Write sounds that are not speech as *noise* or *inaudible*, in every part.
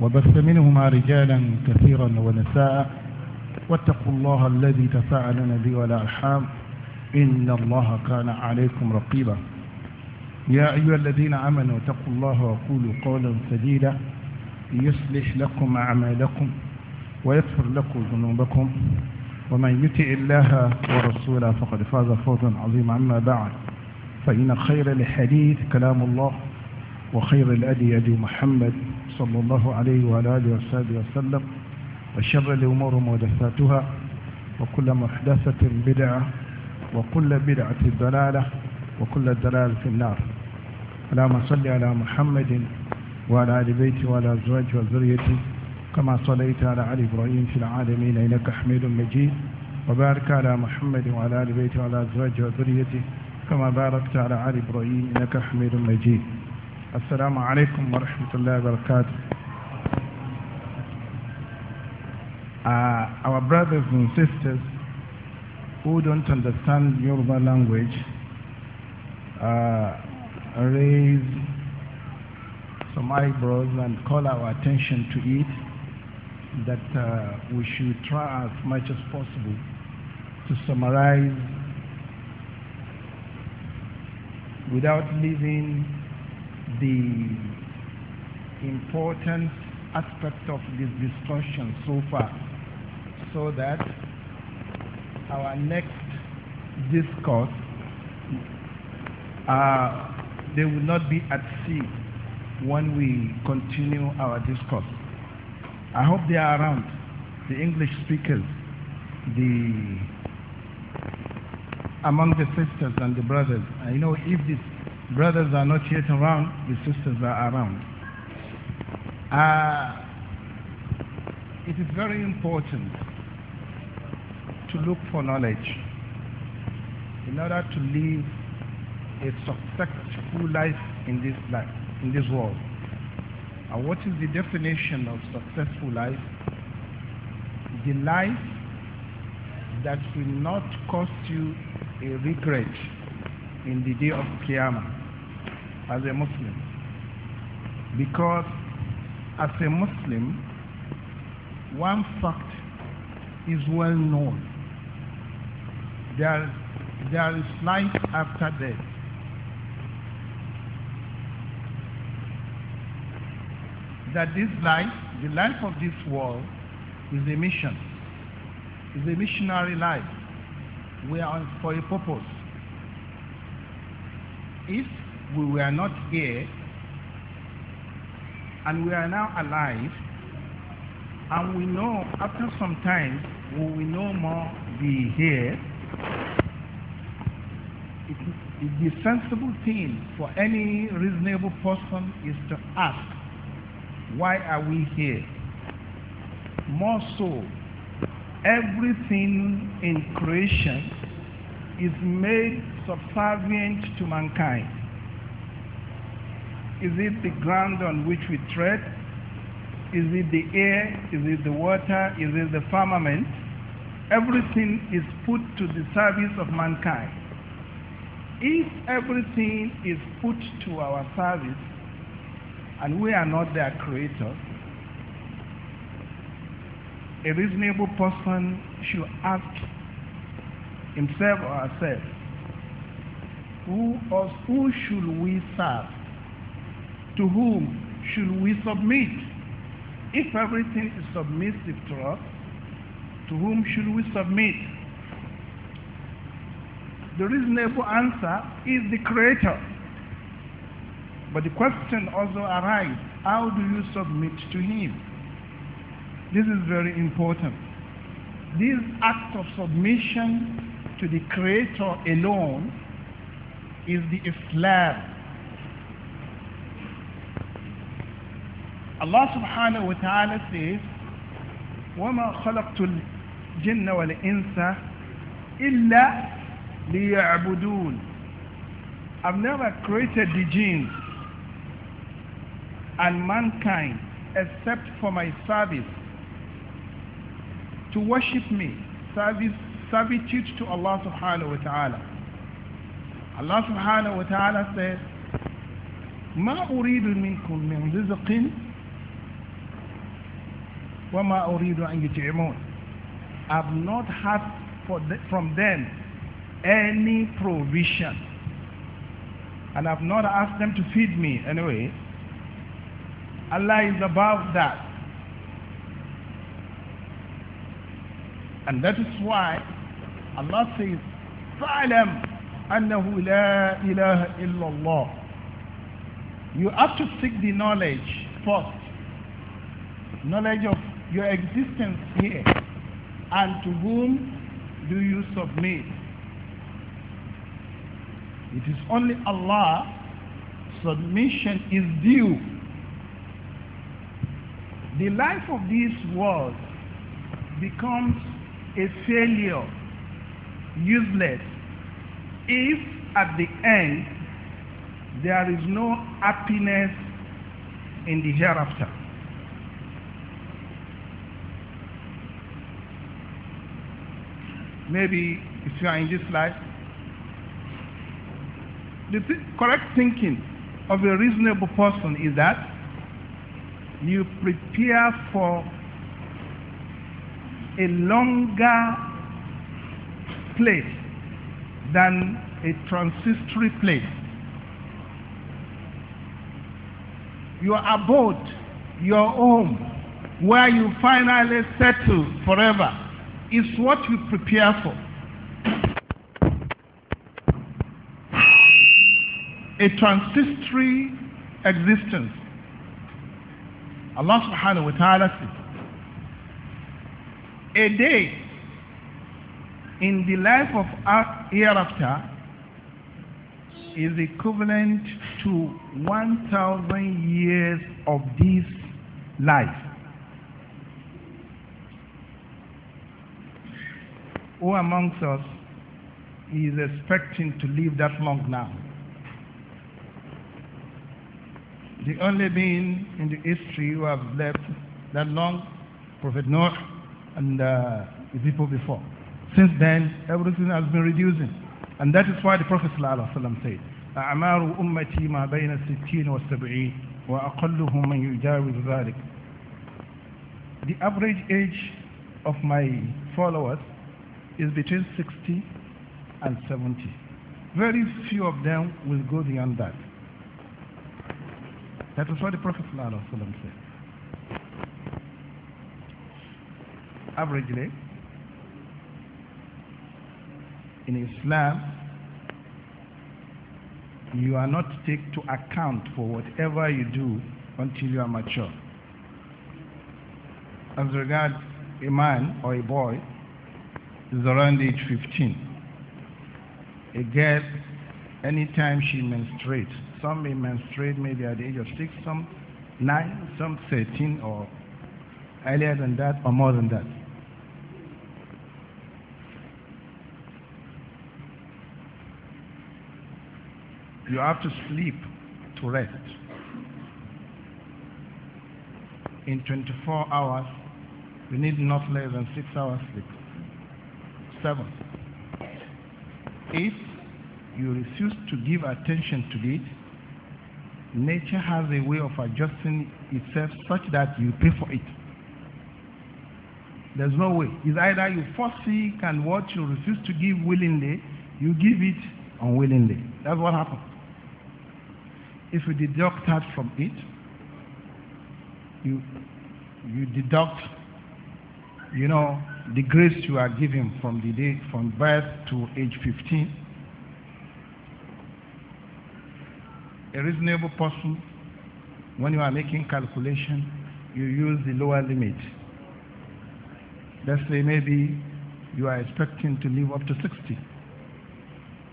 وبث منهما رجالا كثيرا ونساء واتقوا الله الذي نبي ولا أرحام إن الله كان عليكم رقيبا يا أيها الذين آمنوا اتقوا الله وقولوا قولا سديدا يصلح لكم أعمالكم ويغفر لكم ذنوبكم ومن يطع الله ورسوله فقد فاز فوزا عظيما أما بعد فإن خير الحديث كلام الله وخير الأدي أدي محمد صلى الله عليه وعلى آله وصحبه وسلم وشر الأمور محدثاتها وكل محدثة بدعة وكل بدعة ضلالة وكل ضلال في النار اللهم صل على محمد وعلى آل بيته وعلى أزواجه وذريته كما صليت على علي إبراهيم في العالمين إنك حميد مجيد وبارك على محمد وعلى آل بيته وعلى أزواجه وذريته كما باركت على علي إبراهيم إنك حميد مجيد السلام عليكم ورحمة الله وبركاته. Uh, our brothers and sisters who don't understand Yoruba language uh, raise some eyebrows and call our attention to it that uh, we should try as much as possible to summarize without leaving the important aspect of this discussion so far so that our next discourse uh, they will not be at sea when we continue our discourse. I hope they are around, the English speakers, the among the sisters and the brothers. I know if the brothers are not yet around, the sisters are around. Uh, it is very important to look for knowledge in order to live a successful life in this life, in this world. And what is the definition of successful life? The life that will not cost you a regret in the day of Qiyamah as a Muslim. Because as a Muslim, one fact is well known. There, there is life after death. That this life, the life of this world, is a mission. It's a missionary life. We are for a purpose. If we were not here and we are now alive and we know after some time we will no more be here it, it, the sensible thing for any reasonable person is to ask why are we here more so everything in creation is made subservient to mankind is it the ground on which we tread? Is it the air? Is it the water? Is it the firmament? Everything is put to the service of mankind. If everything is put to our service and we are not their creator, a reasonable person should ask himself or herself, who, or who should we serve? To whom should we submit? If everything is submissive to us, to whom should we submit? The reasonable answer is the Creator. But the question also arises, how do you submit to Him? This is very important. This act of submission to the Creator alone is the Islam Allah subhanahu wa ta'ala says, وَمَا خَلَقْتُ الْجِنَّ وَالْإِنسَ إِلَّا لِيَعْبُدُونَ I've never created the jinn and mankind except for my service, to worship me, service, servitude to Allah subhanahu wa ta'ala. Allah subhanahu wa ta'ala says, ما أريد منكم من رزق وَمَا أُرِيدُ أَنْ يُتِعِمُونَ I've not had from them any provision. And I've not asked them to feed me anyway. Allah is above that. And that is why Allah says, فَعْلَمْ أَنَّهُ لَا إِلَهَ إِلَّا اللَّهُ You have to seek the knowledge first. Knowledge of your existence here and to whom do you submit? It is only Allah submission is due. The life of this world becomes a failure, useless, if at the end there is no happiness in the hereafter. maybe if you are in this life. The th correct thinking of a reasonable person is that you prepare for a longer place than a transitory place. Your abode, your home, where you finally settle forever is what you prepare for. A transitory existence. Allah subhanahu wa ta'ala says, A day in the life of earth hereafter is equivalent to 1,000 years of this life. who amongst us is expecting to live that long now? The only being in the history who have lived that long, Prophet Noah and uh, the people before. Since then, everything has been reducing. And that is why the Prophet ﷺ said, أعمار أمتي ما بين الستين والسبعين وأقلهم من يجاوز ذلك. The average age of my followers is between 60 and 70. Very few of them will go beyond that. That is what the Prophet said. Averagely, in Islam, you are not take to account for whatever you do until you are mature. As regards a man or a boy, is around age 15. A girl, anytime she menstruates, some may menstruate maybe at the age of 6, some 9, some 13 or earlier than that or more than that. You have to sleep to rest. In 24 hours, you need not less than 6 hours sleep. Seven, if you refuse to give attention to it, nature has a way of adjusting itself such that you pay for it. There's no way. It's either you foresee and what you refuse to give willingly, you give it unwillingly. That's what happens. If you deduct that from it, you you deduct, you know, the grace you are given from the day from birth to age 15 a reasonable person when you are making calculation you use the lower limit let's say maybe you are expecting to live up to 60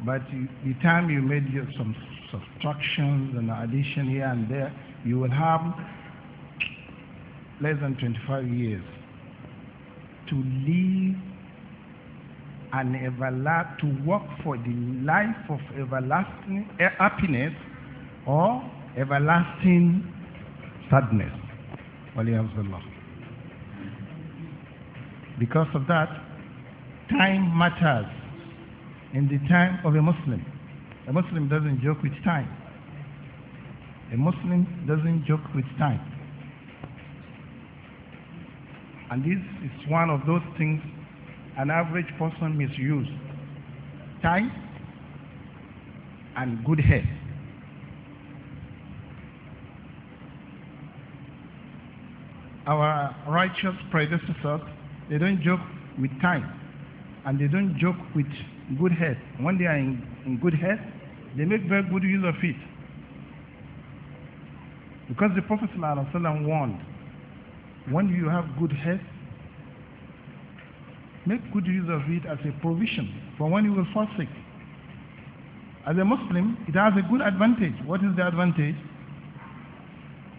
but the time you made some subtractions and addition here and there you will have less than 25 years to live an everlast to work for the life of everlasting eh, happiness or everlasting sadness. Because of that, time matters in the time of a Muslim. A Muslim doesn't joke with time. A Muslim doesn't joke with time. And this is one of those things an average person misuses. Time and good health. Our righteous predecessors, they don't joke with time and they don't joke with good health. When they are in, in good health, they make very good use of it. Because the Prophet ﷺ warned when you have good health, make good use of it as a provision for when you will fall sick. As a Muslim, it has a good advantage. What is the advantage?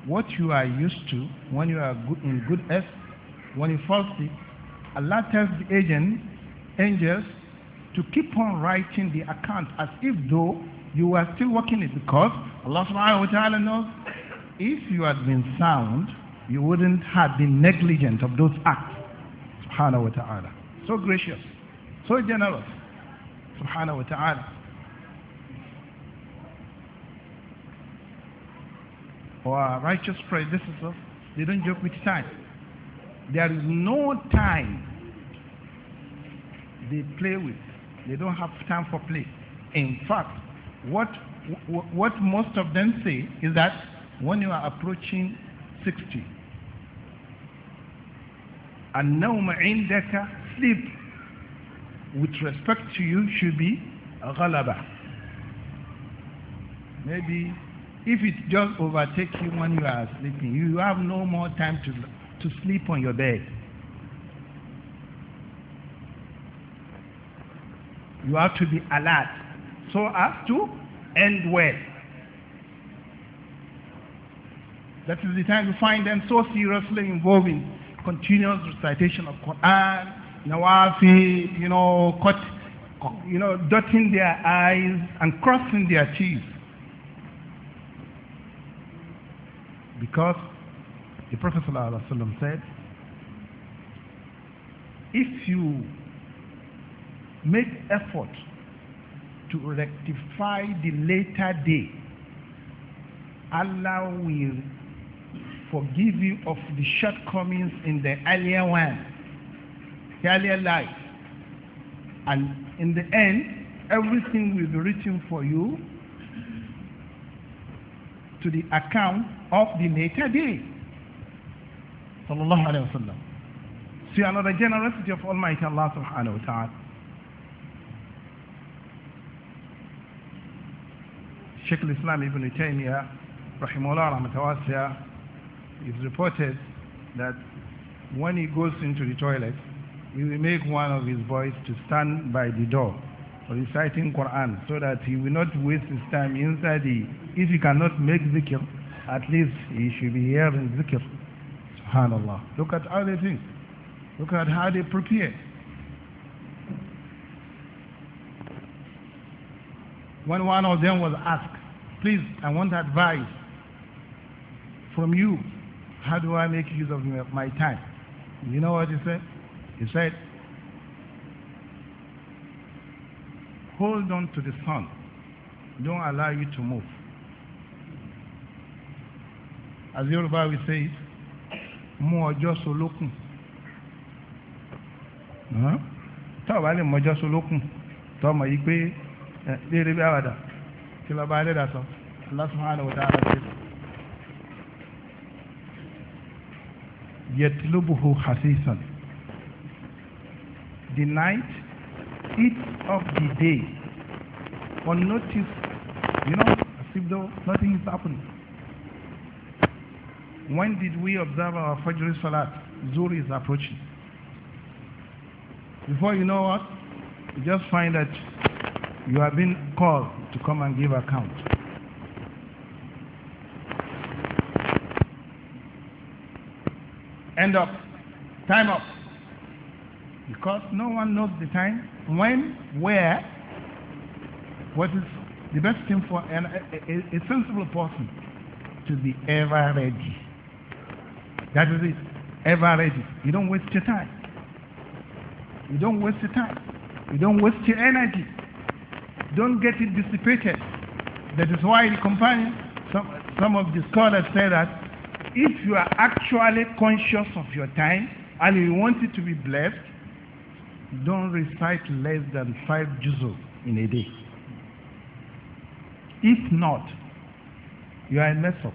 What you are used to when you are good, in good health, when you fall sick, Allah tells the agent, angels to keep on writing the account as if though you were still working it because Allah subhanahu wa ta'ala knows if you had been sound, you wouldn't have been negligent of those acts. Subhanahu wa ta'ala. So gracious. So generous. Subhanahu wa ta'ala. Our righteous predecessors, they don't joke with time. There is no time they play with. They don't have time for play. In fact, what what most of them say is that when you are approaching 60, النوم عندك sleep with respect to you should be غلبة maybe if it just overtakes you when you are sleeping you have no more time to, to sleep on your bed you have to be alert so as to end well that is the time you find them so seriously involving continuous recitation of Quran, Nawafi, you know, cut, you know, dotting their eyes and crossing their teeth. Because the Prophet ﷺ said, if you make effort to rectify the later day, Allah will forgive you of the shortcomings in the earlier one, the earlier life. And in the end, everything will be written for you to the account of the later day. Sallallahu Alaihi Wasallam. See another generosity of Almighty Allah subhanahu wa ta'ala. Sheikh islam Ibn Taymiyyah, rahimahullah rahmatawasiyah, it's reported that when he goes into the toilet, he will make one of his boys to stand by the door reciting Quran so that he will not waste his time inside the, if he cannot make zikr, at least he should be hearing zikr. Subhanallah. Look at how they think. Look at how they prepare. When one of them was asked, please, I want advice from you How do I make use of my time? You know what he said? He said, Hold on to the sun. Don't allow you to move. As Yoruba we say it, mú ọjọ́ solókùn. Tọ́ọ̀bá lè mọjọ́ solókùn tọmọ yìí pé léèrè eh, bí àwàdà kí lọ́ba alẹ́ dà sọ. Allah subhanahu wa ta'ala yetlubuhu hasisan. The night, each of the day, unnoticed, you know, as if though nothing is happening. When did we observe our Fajr Salat? Zuhr is approaching. Before you know what, you just find that you have been called to come and give account. End up. Time up. Because no one knows the time, when, where, what is the best thing for an, a, a sensible person to be ever ready. That is it. Ever ready. You don't waste your time. You don't waste your time. You don't waste your energy. Don't get it dissipated. That is why the companion, some, some of the scholars say that if you are actually conscious of your time and you want it to be blessed, don't recite less than five juzul in a day. If not, you are a mess up.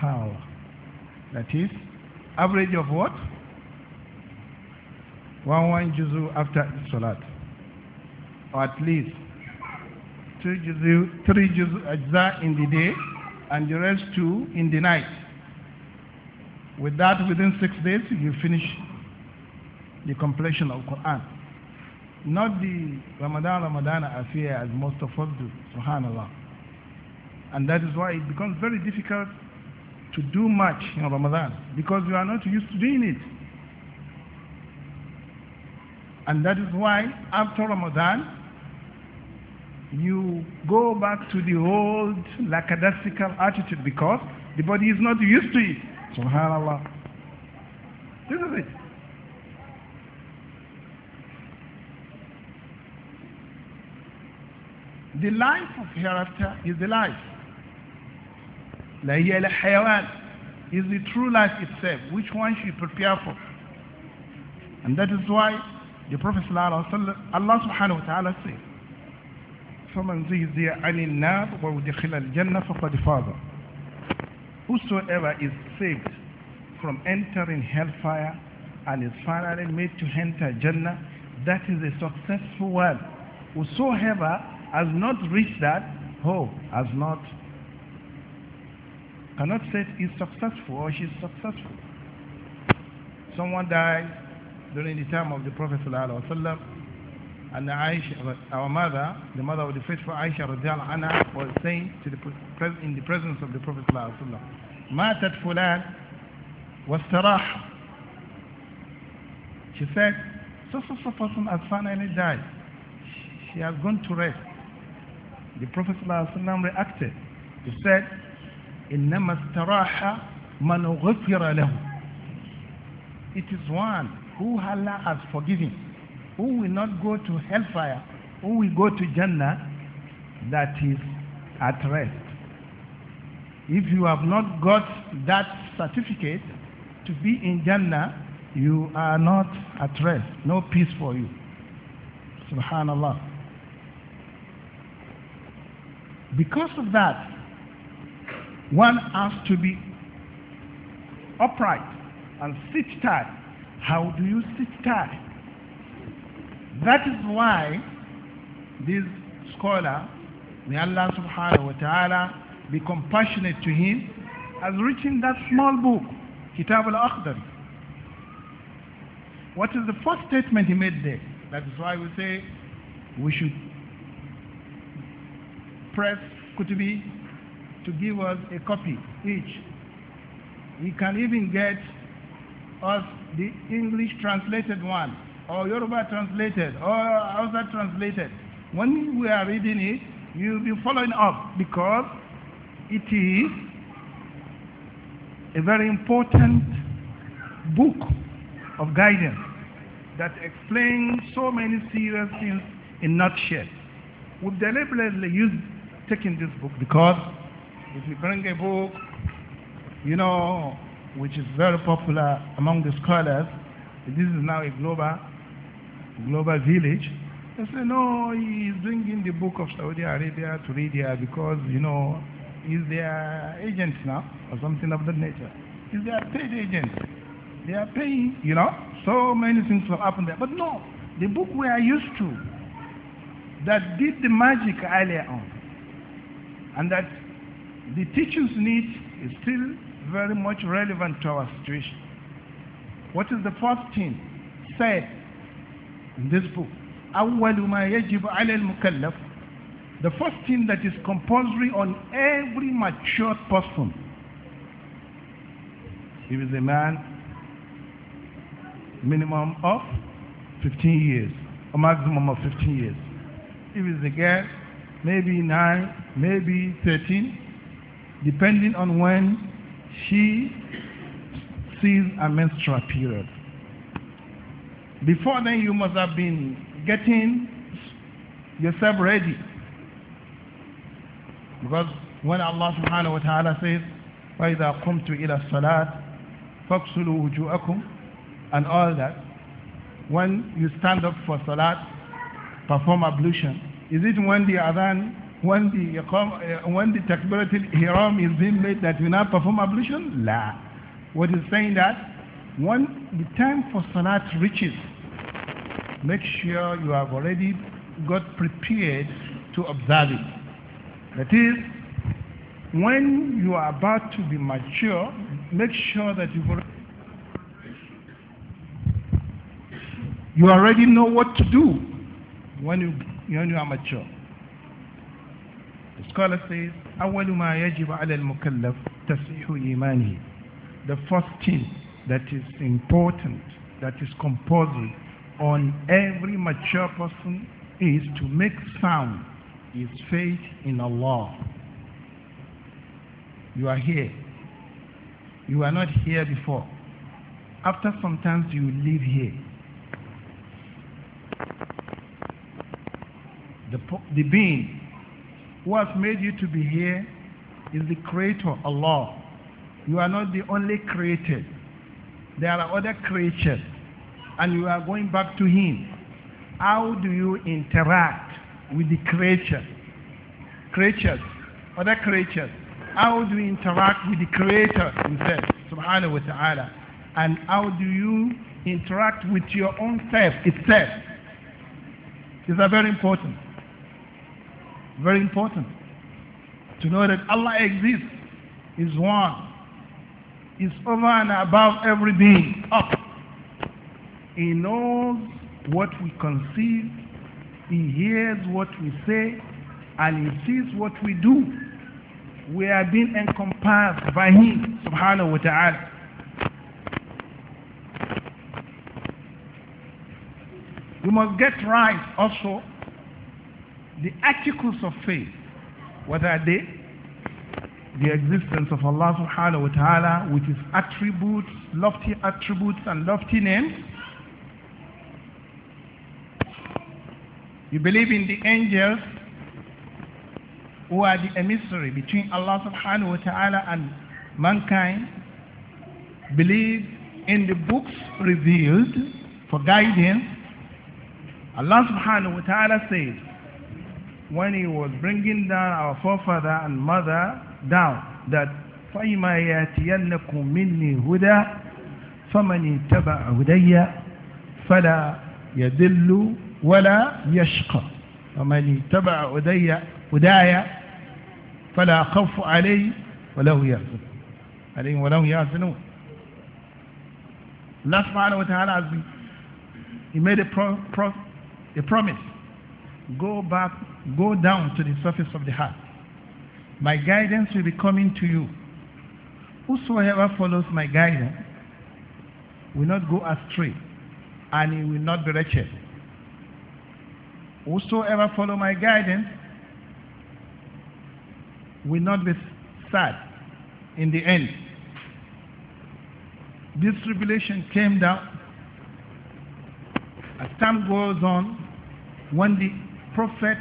how? That is, average of what? One one juzu after salat. Or at least two juzu, three juzu ajza in the day and the rest two in the night. With that, within six days, you finish the completion of Quran. Not the Ramadan, Ramadan affair as most of us do, subhanAllah. And that is why it becomes very difficult to do much in Ramadan because you are not used to doing it. And that is why after Ramadan, you go back to the old lackadaisical attitude because the body is not used to it. Subhanallah. This is it. The life of hereafter is the life. La hayawan is the true life itself, which one should prepare for. And that is why the Prophet Allah subhanahu wa ta'ala says. فمن زهزه عن النار وادخل الجنة فقد فاز whosoever is saved from entering hellfire and is finally made to enter Jannah that is a successful one whosoever has not reached that oh has not cannot say he's successful or she's successful someone died during the time of the Prophet sallallahu alaihi wasallam and Aisha, our mother, the mother of the faithful Aisha radiallahu anha, was saying to the, in the presence of the Prophet sallallahu alaihi wasallam, "Matat fulan wastaraha." She said, "So so so person has finally died. She has gone to rest." The Prophet sallallahu reacted. He said, "Innama istaraha man ghufira lahu." It is one who Allah has forgiven who will not go to hellfire, who will go to Jannah, that is at rest. If you have not got that certificate to be in Jannah, you are not at rest. No peace for you. Subhanallah. Because of that, one has to be upright and sit tight. How do you sit tight? That is why this scholar, may Allah subhanahu wa ta'ala be compassionate to him, has written that small book, Kitab al-Akhdari. is the first statement he made there? That is why we say we should press Kutubi to give us a copy each. He can even get us the English translated one or Yoruba translated or Hausa translated, when we are reading it, you'll be following up because it is a very important book of guidance that explains so many serious things in nutshell. We deliberately used taking this book because if you bring a book, you know, which is very popular among the scholars, this is now a global global village, they say, no, he's bringing the book of Saudi Arabia to read here because, you know, he's their agent now or something of that nature. He's their paid agent. They are paying, you know, so many things will happen there. But no, the book we are used to that did the magic earlier on and that the teachings need is still very much relevant to our situation. What is the first thing said nisbu awwalu ma yajibu ala al-mukallaf the first thing that is compulsory on every mature person if he's a man minimum of 15 years a maximum of 15 years if he's a girl maybe 9 maybe 13 depending on when she sees a menstrual period Before then, you must have been getting yourself ready. Because when Allah subhanahu wa ta'ala says, وَإِذَا قُمْتُ إِلَى الصَّلَاةِ فَاقْسُلُوا وُجُوءَكُمْ and all that, when you stand up for salat, perform ablution. Is it when the adhan, when the, uh, when the takbiratul ihram is being made that you now perform ablution? La. What is saying that? When the time for salat reaches, make sure you have already got prepared to observe it. That is, when you are about to be mature, make sure that you've already you already know what to do when you, when you are mature. The scholar says, أول ما يجب على المكلف تصحيح إيمانه. The first thing that is important, that is composed on every mature person is to make sound his faith in Allah. You are here. You were not here before. After some time, you live here. The, the being who has made you to be here is the creator, Allah. You are not the only created. There are other creatures, and you are going back to Him. How do you interact with the creature? Creatures, other creatures. How do you interact with the Creator Himself, Subhanahu wa Taala? And how do you interact with your own self itself? These are very important. Very important. To know that Allah exists is one. is over and above everything up. He knows what we conceive, He hears what we say, and He sees what we do. We are being encompassed by Him, subhanahu wa ta'ala. We must get right also the articles of faith, what are they? the existence of Allah subhanahu wa ta'ala with his attributes, lofty attributes and lofty names. You believe in the angels who are the emissary between Allah subhanahu wa ta'ala and mankind. Believe in the books revealed for guidance. Allah subhanahu wa ta'ala says, when he was bringing down our forefather and mother down that فَإِمَا يَأْتِيَنَّكُمْ مِنِّي هُدَى فَمَنِ اتَّبَعَ هُدَيَّ فَلَا يَدِلُّ وَلَا يَشْقَى فَمَنِي اتَّبَعَ هُدَيَّ هُدَايَ فَلَا خَوْفٌ عَلَيْهِ وَلَا هُمْ يَحْزَنُونَ عليهم ولا يحزنون Allah subhanahu wa ta'ala has been, he made a, pro, pro, a promise. Go back, go down to the surface of the heart. My guidance will be coming to you. Whosoever follows my guidance will not go astray and he will not be wretched. Whosoever follow my guidance will not be sad in the end. This tribulation came down. As time goes on, when the prophet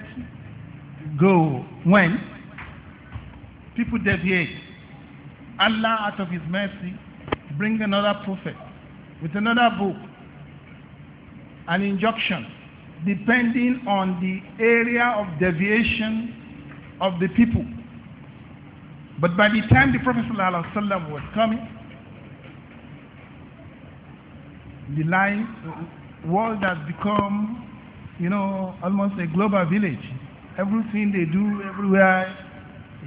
go when people deviate. Allah, out of His mercy, bring another prophet with another book, an injunction, depending on the area of deviation of the people. But by the time the Prophet ﷺ was coming, the life, uh, world has become, you know, almost a global village. Everything they do everywhere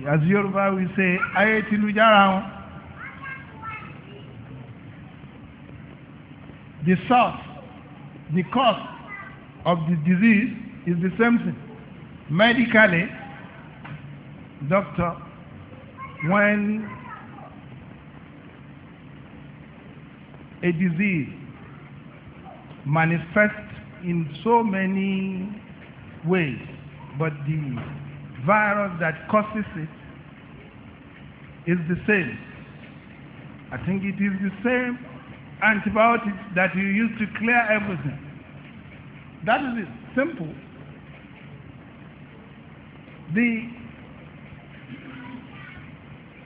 as Yorùbá we say ayé ti lu jára wọn. The source, the cause of the disease is the same thing. Medically, doctor, when a disease manifests in so many ways, but the virus that causes it is the same. I think it is the same antibiotics that you use to clear everything. That is it. Simple. The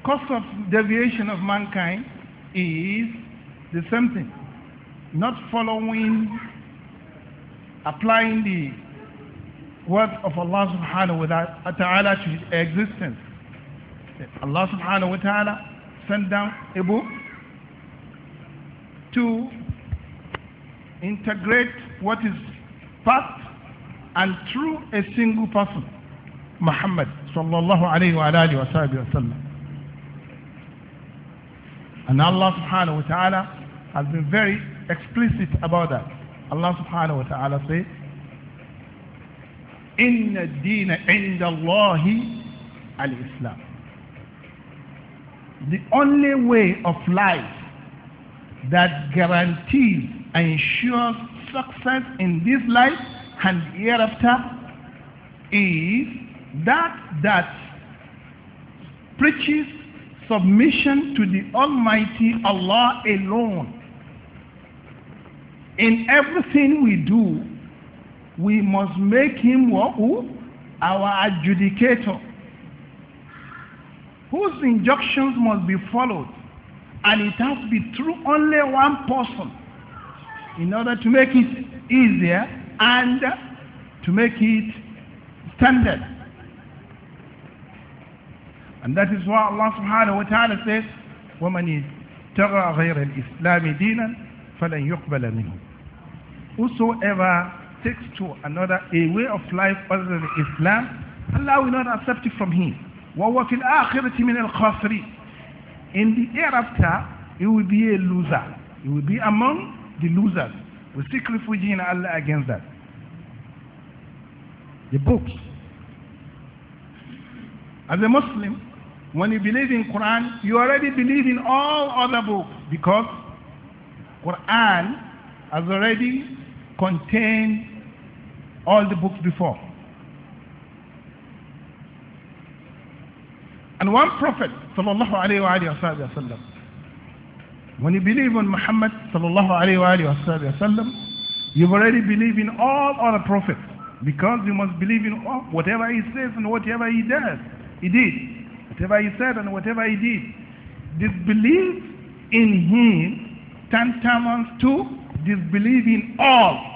cost of deviation of mankind is the same thing. Not following, applying the word of Allah subhanahu wa ta'ala to existence. Allah subhanahu wa ta'ala sent down a book to integrate what is past and through a single person, Muhammad sallallahu alayhi wa alayhi wa sallam. And Allah subhanahu wa ta'ala has been very explicit about that. Allah subhanahu wa ta'ala says, inna dina inda Allahi al the only way of life that guarantees and ensures success in this life and hereafter is that that preaches submission to the Almighty Allah alone. In everything we do, we must make him who? Our adjudicator, whose injunctions must be followed, and it has to be through only one person in order to make it easier and to make it standard. And that is why Allah subhanahu wa ta'ala says, وَمَنِ اتَّغَى غَيْرَ الْإِسْلَامِ دِينًا فَلَنْ يُقْبَلَ مِنْهُ Whosoever takes to another a way of life other than Islam, Allah will not accept it from him. وَهُوَ فِي الْآخِرَةِ مِنَ الْخَاسِرِينَ In the hereafter, he will be a loser. He will be among the losers. We seek refuge in Allah against that. The books. As a Muslim, when you believe in Quran, you already believe in all other books because Quran has already contained all the books before. And one prophet, sallallahu alayhi sallam. when you believe in Muhammad, sallallahu alayhi sallam, you've already believe in all other prophets because you must believe in all, whatever he says and whatever he does, he did. Whatever he said and whatever he did. Disbelief in him tantamounts to disbelief in all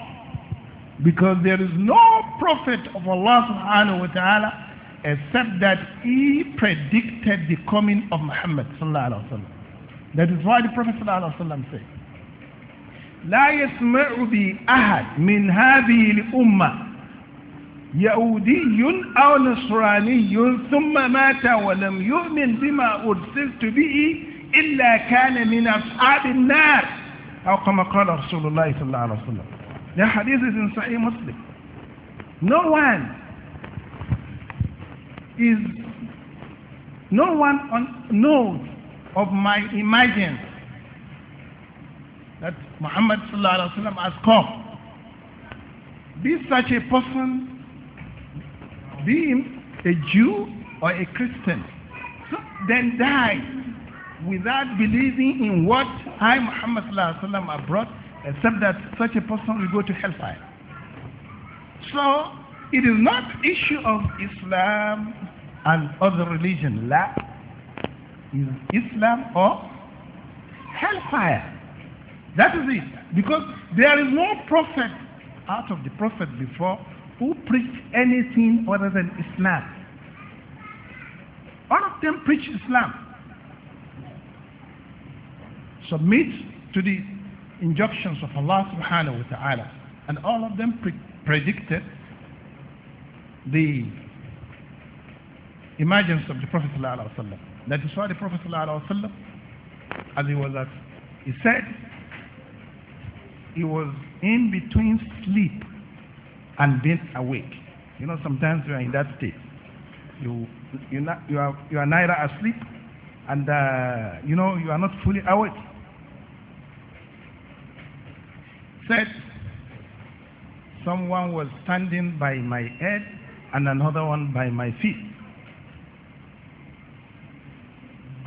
because there is no prophet of Allah subhanahu wa ta'ala except that he predicted the coming of Muhammad sallallahu alaihi wasallam. That is why the Prophet sallallahu alaihi wasallam said, لا يسمع بي أحد من هذه الأمة يهودي أو نصراني ثم مات ولم يؤمن بما أرسلت به إلا كان من أصحاب النار أو كما قال رسول الله صلى الله عليه وسلم The hadith is in Sahih Muslim. No one is, no one on, knows of my imagine that Muhammad sallallahu alaihi wasallam has come. Be such a person, be a Jew or a Christian, so then die without believing in what I Muhammad sallallahu alaihi wasallam have brought except that such a person will go to hellfire. So it is not issue of Islam and other religion. La is Islam or hellfire. That is it. Because there is no prophet out of the prophet before who preached anything other than Islam. All of them preach Islam. Submit to the injunctions of Allah subhanahu wa ta'ala. And all of them pre predicted the emergence of the Prophet sallallahu alaihi wasallam. That is why the Prophet sallallahu alaihi wasallam, as he was at, he said, he was in between sleep and being awake. You know, sometimes you are in that state. You you, not, you are you are neither asleep, and uh, you know you are not fully awake. said, someone was standing by my head and another one by my feet.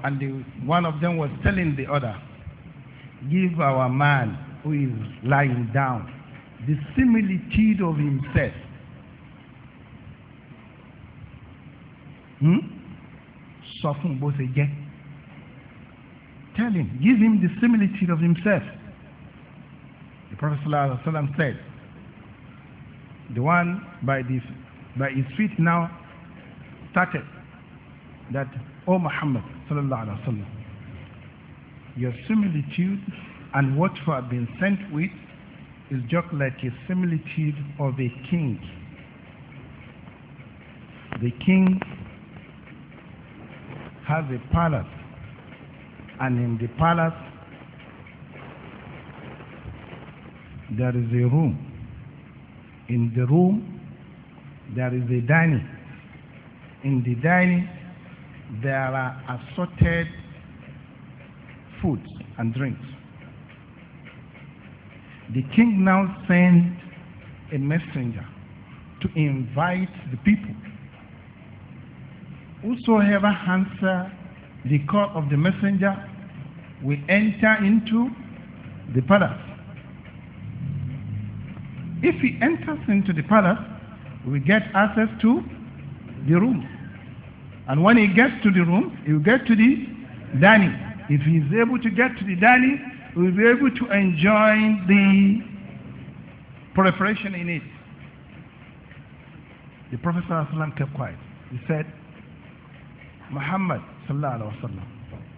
And the, one of them was telling the other, give our man who is lying down the similitude of himself. Hmm? Soften both again. Tell him, give him the similitude of himself. Prophet ﷺ said, the one by, this, by his feet now started that, O Muhammad ﷺ, your similitude and what you have been sent with is just like a similitude of a king. The king has a palace, and in the palace there is a room. In the room, there is a dining. In the dining, there are assorted foods and drinks. The king now sent a messenger to invite the people. Whosoever answer the call of the messenger will enter into the palace. If he enters into the palace, we get access to the room. And when he gets to the room, he will get to the dining. If he is able to get to the dining, he will be able to enjoy the preparation in it. The Prophet ﷺ kept quiet. He said, Muhammad sallallahu alaihi wasallam,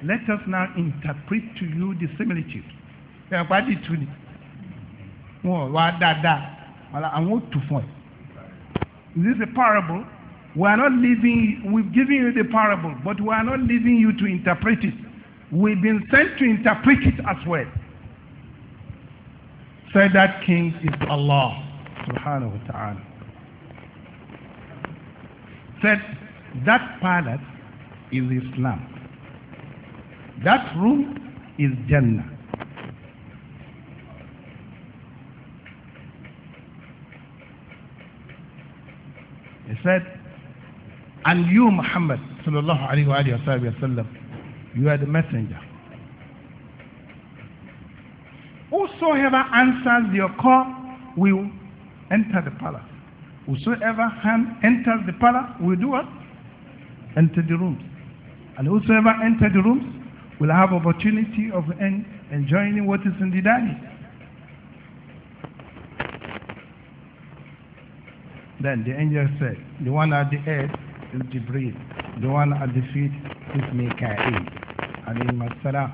let us now interpret to you the similitude wọn wá dáadáa àwọn ò tù fún ẹ. Is this a parable? We are not leaving, we've given you the parable, but we are not leaving you to interpret it. We've been sent to interpret it as well. Said that king is Allah subhanahu wa ta'ala. Said that palace is Islam. That room is Jannah. said, And you, Muhammad, sallallahu alayhi wa, alayhi wa, sallam, you are the messenger. Whosoever answers your call will enter the palace. Whosoever enters the palace will do what? Enter the rooms. And whosoever enters the rooms will have opportunity of enjoying what is in the dining. Then the angel said, The one at the head is Jibril, the one at the feet is Mikael. Alayhi salam.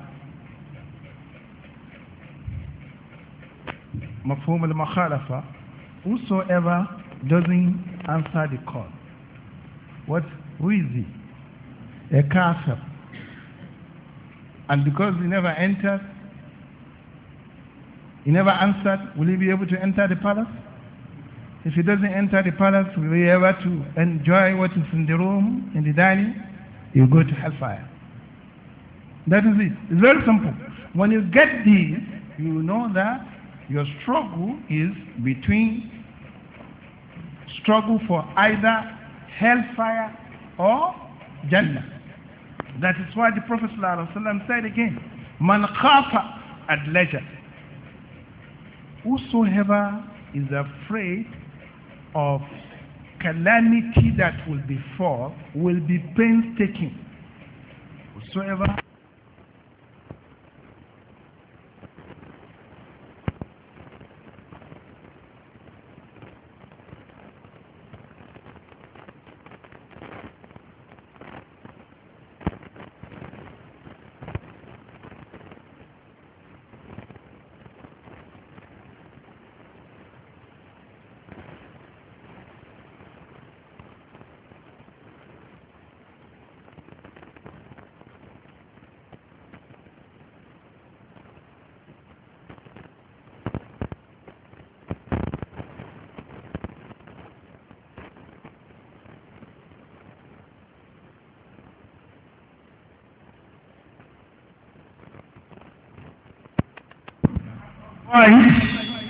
Mafhum al-Makhalafa, whosoever doesn't answer the call, what, who is he? A castle. And because he never entered, he never answered, will he be able to enter the palace? If he doesn't enter the palace, will be able to enjoy what is in the room, in the dining? You go to hellfire. That is it. It's very simple. When you get this, you know that your struggle is between struggle for either hellfire or Jannah. That is why the Prophet ﷺ said again, Man khafa at leisure. Whosoever is afraid of calamity that will befall will be painstaking. Whatsoever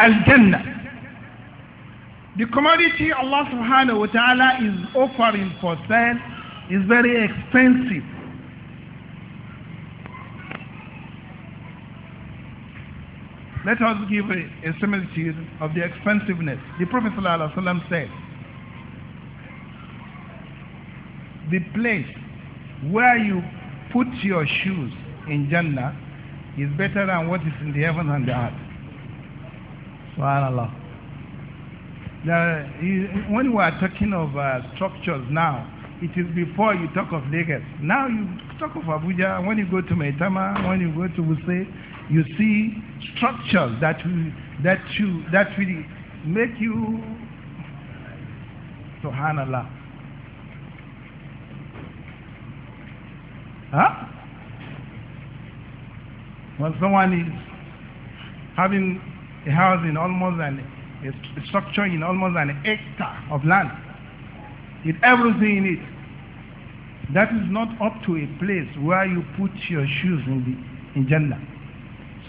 Al-Jannah. The commodity Allah subhanahu wa ta'ala is offering for sale is very expensive. Let us give a, a similitude of the expensiveness. The Prophet ﷺ said, The place where you put your shoes in Jannah is better than what is in the heavens and the earth. Subhanallah. There when we are talking of uh, structures now, it is before you talk of Lagos. Now you talk of Abuja, when you go to Maitama, when you go to Wuse, you see structures that will, that you, that will make you, subhanallah. Huh? When someone is having a house in almost an a structure in almost an hectare of land with everything in it. That is not up to a place where you put your shoes in the in Jannah.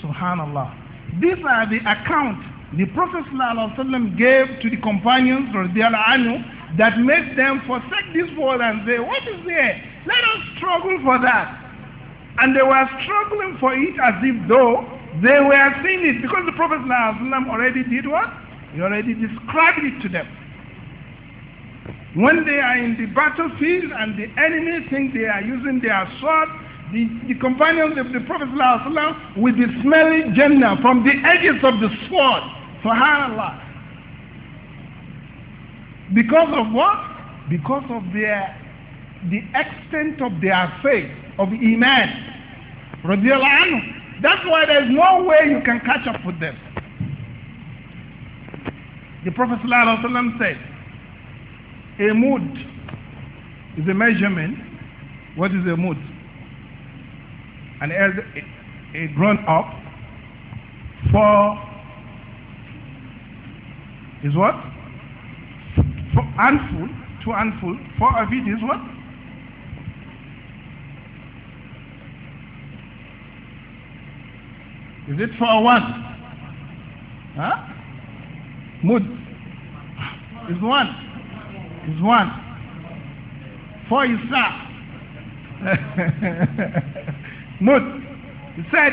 Subhanallah. These are the account the Prophet ﷺ gave to the companions or the anhu, that made them forsake this world and say, What is there? Let us struggle for that. And they were struggling for it as if though They were seeing it because the Prophet already did what? He already described it to them. When they are in the battlefield and the enemy think they are using their sword, the, the companions of the Prophet will be smelling Jannah from the edges of the sword. SubhanAllah. Because of what? Because of their the extent of their faith, of Iman. Radiallahu anhu. That's why there's no way you can catch up with them. The Prophet ﷺ said, a mood is a measurement. What is a mood? And as a grown up, four is what? Four handful, two handful, four of it is what? Is it for one? Huh? Mud. Is one. Is one. For Isa. *laughs* mud. He said,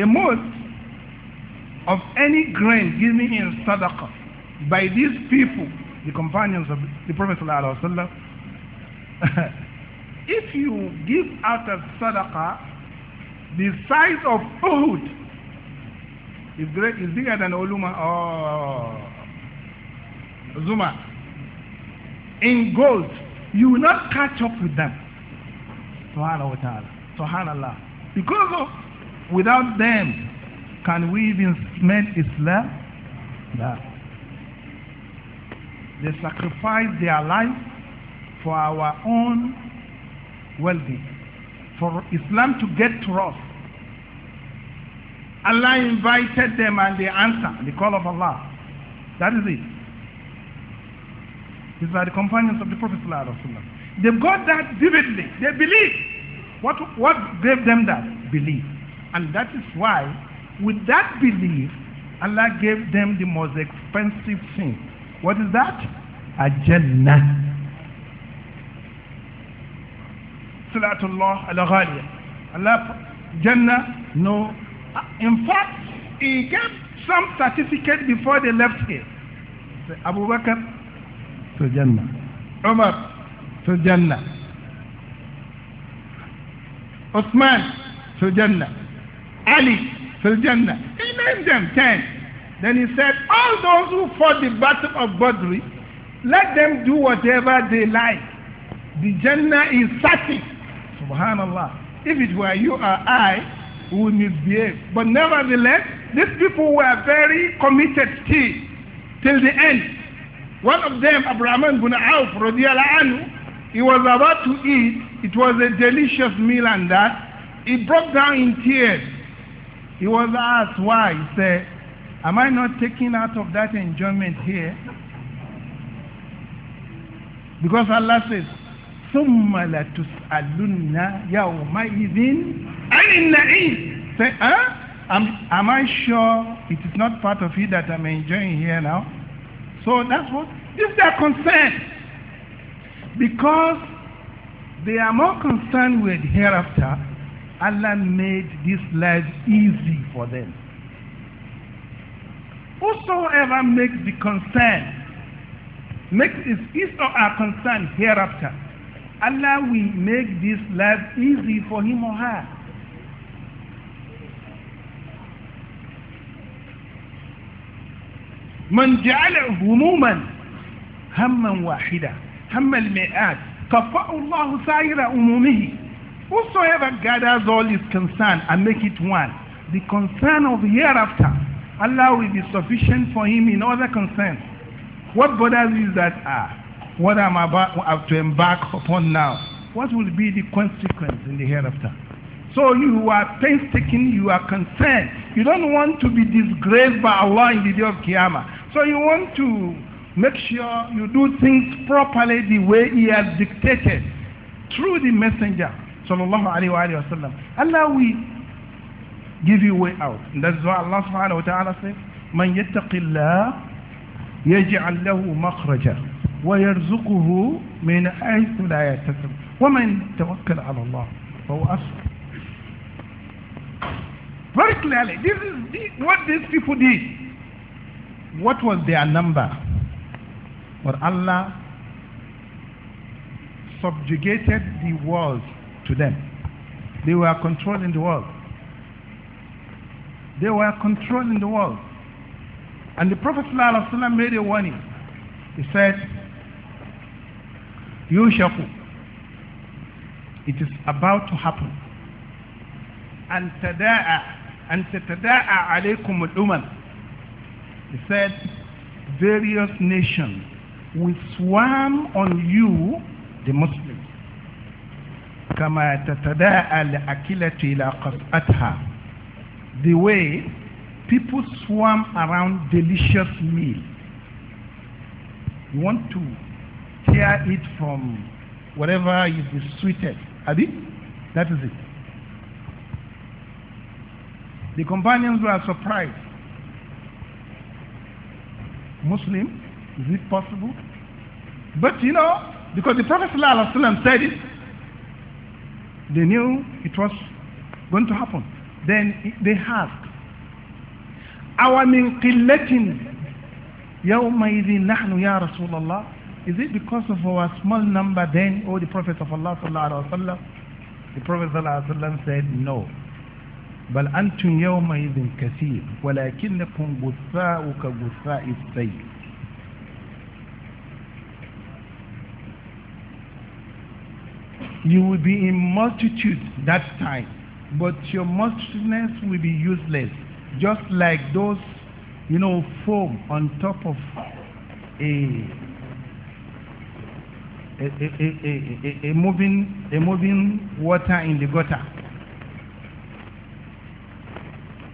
a mud of any grain given in sadaqah by these people, the companions of the Prophet ﷺ, *laughs* if you give out of sadaqah, the size of food is great is bigger than Oluma or oh, Zuma in gold you will not catch up with them subhanahu wa ta'ala subhanallah because of, without them can we even smell Islam no. they sacrifice their life for our own well-being for Islam to get to us. Allah invited them and they answered the call of Allah. That is it. These are the companions of the Prophet. They got that vividly. They believe. What, what gave them that? Belief. And that is why, with that belief, Allah gave them the most expensive thing. What is that? A Jannah. Salatullah al-Ghaliya. Allah, Jannah, no. Uh, in fact, he gave some certificate before they left here. So Abu Bakr to Jannah. Umar to Jannah. Uthman to Jannah. Ali to Jannah. He named them ten. Then he said, all those who fought the battle of Badr, let them do whatever they like. The Jannah is certain. Subhanallah. If it were you or I, we would misbehave. But nevertheless, these people were very committed still, till the end. One of them, Abrahman bin Auf, anhu, he was about to eat. It was a delicious meal and that. He broke down in tears. He was asked why. He said, Am I not taking out of that enjoyment here? Because Allah says, thumma latus'alunna yawma idhin 'anil na'im. Say, huh? Am, am I sure it is not part of it that I'm enjoying here now? So that's what, this is their concern. Because they are more concerned with hereafter, Allah made this life easy for them. Whosoever makes the concern, makes is his or concern hereafter, Allah will make this life easy for him or her. من جعل هموما هما واحدا هم المئات كفأ الله سائر أمومه Whosoever gathers all his concern and make it one, the concern of hereafter, Allah will be sufficient for him in other concerns. What bothers is that ah, what I'm about to embark upon now, what will be the consequence in the hereafter? So you are painstaking, you are concerned. You don't want to be disgraced by Allah in the day of Qiyamah. So you want to make sure you do things properly the way He has dictated through the Messenger. Sallallahu Alaihi Wasallam. Allah will give you way out. And that's why Allah subhanahu wa ta'ala says, Man yattaqillah yaj'al lahu makhraja. ويرزقه من حيث لا يحتسب ومن توكل على الله فهو أصل. Very clearly, this is the, what these people did. What was their number? But Allah subjugated the world to them. They were controlling the world. They were controlling the world. And the Prophet ﷺ made a warning. He said, yushaku it is about to happen and alaykum al he said various nations will swarm on you the muslims kama tatadaa al ila qas'atha the way people swarm around delicious meal you want to tear it from whatever is the sweetest. Abi? That is it. The companions were surprised. Muslim? Is it possible? But you know, because the Prophet ﷺ said it, they knew it was going to happen. Then they asked, "Our أَوَمِنْ قِلَّةٍ يَوْمَئِذٍ نَحْنُ يَا ya اللَّهِ Is it because of our small number then, oh, the Prophet of Allah sallallahu alaihi wasallam? The Prophet sallallahu alaihi wasallam said, no. بل أنتم يومئذ كثير ولكنكم غثاء كغثاء السيل You will be in multitude that time, but your multitudeness will be useless, just like those, you know, foam on top of a a, a, a, a moving a moving water in the gutter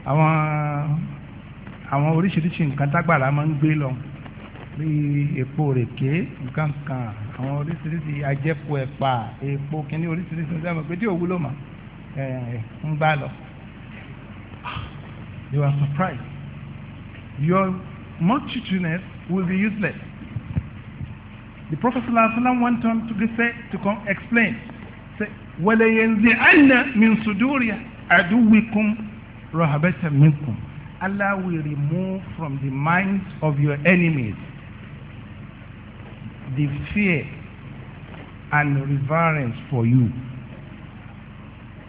àwọn àwọn oríṣiríṣi nǹkan tágbàrá máa ń gbé lọ bíi epo rèké nǹkan kan àwọn oríṣiríṣi ajẹpọ ẹ̀pà epo kínní oríṣiríṣi nǹkan kan pé tí òwú ló mà eh, ń gbá lọ you are surprised your multitudinous will be useless. The Prophet ﷺ went on to, say, to come explain. Say, "Wale وَلَيَنْزِعَنَّ مِنْ صُدُورِ عَدُوِّكُمْ رَهَبَةً مِنْكُمْ Allah will remove from the minds of your enemies the fear and reverence for you.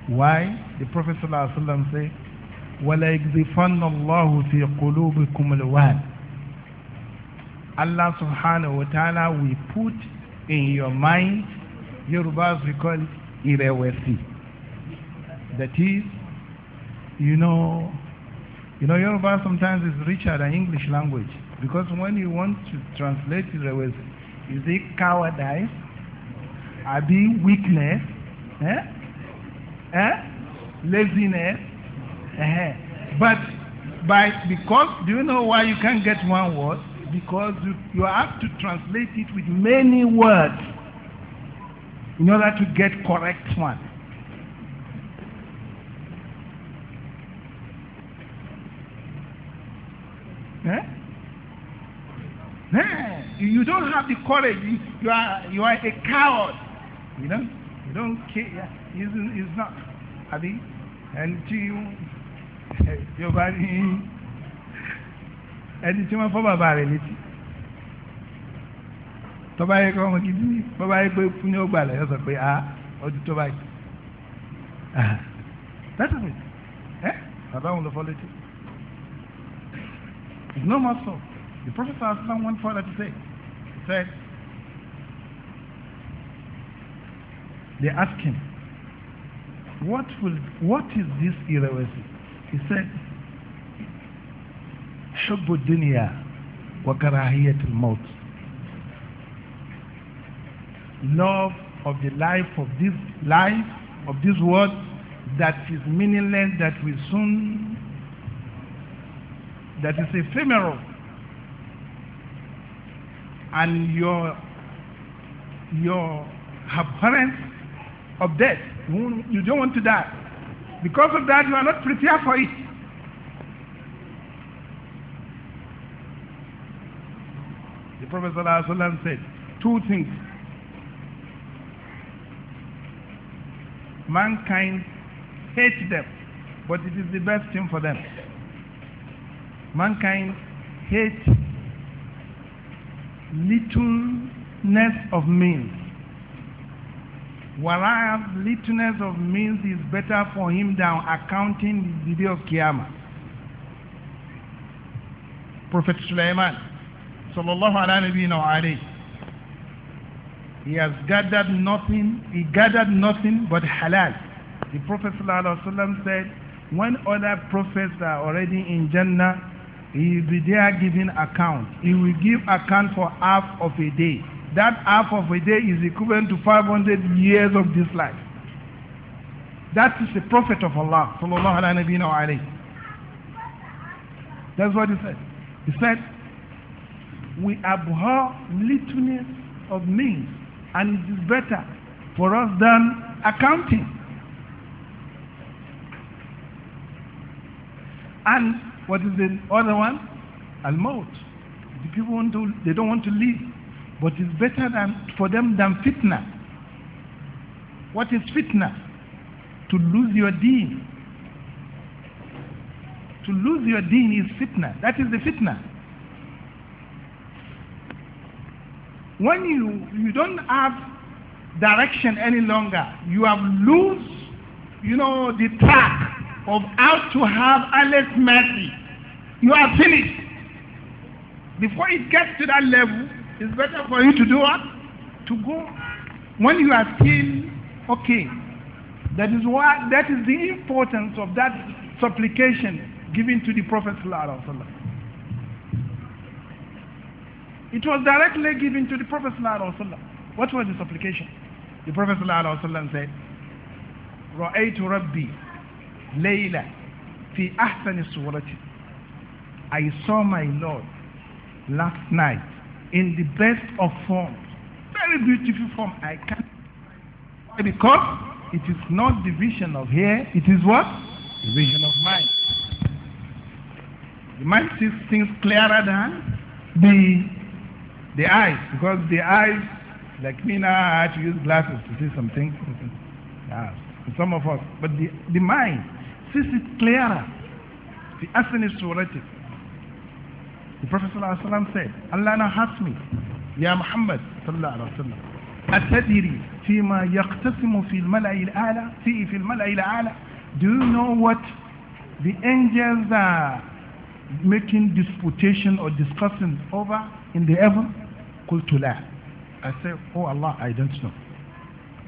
Why? The Prophet ﷺ say, said, وَلَيَكْذِفَنَّ اللَّهُ فِي قُلُوبِكُمُ الْوَادِ Allah subhanahu wa ta'ala will put in your mind, Yorubas we call it irewesi. That is, you know, you know Yoruba sometimes is richer than English language because when you want to translate irewesi, is it cowardice? Abi weakness? Eh? Eh? Laziness? Eh? eh. But by because do you know why you can't get one word? because you, you have to translate it with many words in order to get correct one. Eh? Eh? You don't have the courage. You, you are you are a coward. You know. You don't care. It's, it's not. Abi, and to you, *laughs* your body. ẹni tí wọ́n fọ́ bàbá rẹ̀ létí tọ́ba yẹ kọ́ ọmọ gidi bọ́ba yẹ pé fún yóò gbà lẹ́yìn sọ pé a ah, ọdún tọ́ba yìí ah, that's it ẹ eh? bàbá wọn lọ fọ́ létí it's no more so the prophet sallallahu went further to say he said they asked him what will what is this irreversible he said حب الدنيا وكراهية الموت love of the life of this life of this world that is meaningless that will soon that is ephemeral and your your abhorrence of death you don't want to die because of that you are not prepared for it The Prophet said two things. Mankind hate them, but it is the best thing for them. Mankind hate littleness of means. Whereas littleness of means is better for him than accounting the day of Qiyamah. Prophet Sulaiman sallallahu alayhi wa alayhi. He has gathered nothing, he gathered nothing but halal. The Prophet sallallahu alayhi wa sallam said, when other prophets are already in Jannah, he will be there giving account. He will give account for half of a day. That half of a day is equivalent to 500 years of this life. That is the Prophet of Allah sallallahu alayhi wa alayhi. That's what he said. He said, we abhor littleness of means, and it is better for us than accounting. And what is the other one? al The people want to, they don't want to live, but it's better than, for them than fitna. What is fitna? To lose your deen. To lose your deen is fitna. That is the fitna. when you, you don't have direction any longer, you have lose, you know, the track of how to have Allah's mercy. You are finished. Before it gets to that level, it's better for you to do what? To go when you are still okay. That is why that is the importance of that supplication given to the Prophet Sallallahu Alaihi Wasallam. It was directly given to the Prophet ﷺ. What was his supplication? The Prophet ﷺ said, رَأَيْتُ رَبِّي لَيْلًا فِي أَحْسَنِ صُورَتِ I saw my Lord last night in the best of form. Very beautiful form. I can't. Why? Because it is not the vision of here. It is what? The vision of mind. The mind sees things clearer than the the eyes because the eyes like me now I have to use glasses to see something *laughs* yeah, some of us but the, the mind sees it clearer the essence is relative the Prophet ﷺ said Allah now has me Ya Muhammad sallallahu alaihi wasallam أتدري فيما al في الملأ fi في في الملأ ala. do you know what the angels are making disputation or discussing over in the heaven قلت لا I said oh Allah I don't know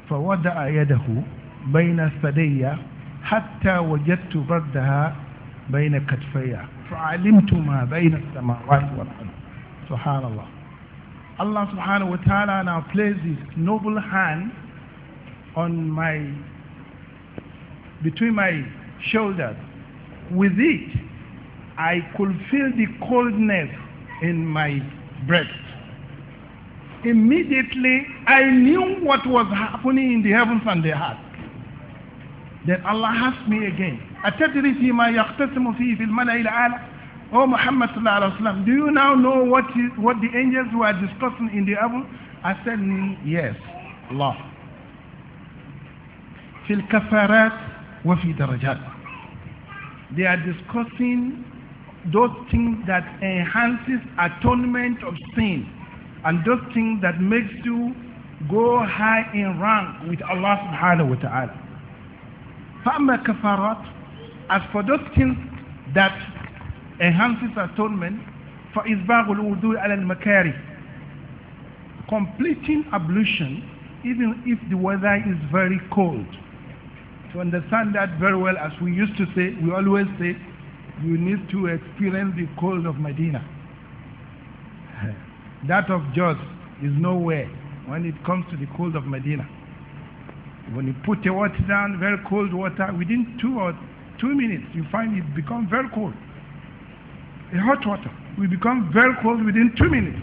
فوضع يده بين ثدي حتى وجدت ردها بين كتفي فعلمت ما بين السماوات والأرض سبحان الله Allah subhanahu wa ta'ala now placed his noble hand on my between my shoulders. With it, I could feel the coldness in my breast. Immediately, I knew what was happening in the heavens and the earth. Then Allah asked me again, أتدري فيما يختصم فيه في الملأ الأعلى Oh Muhammad صلى الله عليه وسلم, do you now know what is, what the angels were discussing in the heaven? I said, yes, Allah. في الكفارات وفي درجات. They are discussing those things that enhances atonement of sin and those things that makes you go high in rank with Allah subhanahu wa ta'ala. فَأَمَّا كَفَارَات As for those things that enhances atonement, for فَإِذْبَاغُ الْوُدُوءِ Al Makari. Completing ablution even if the weather is very cold. To understand that very well, as we used to say, we always say, you need to experience the cold of Medina. That of Jaws is nowhere when it comes to the cold of Medina. When you put the water down, very cold water, within two or two minutes, you find it become very cold. The hot water will become very cold within two minutes.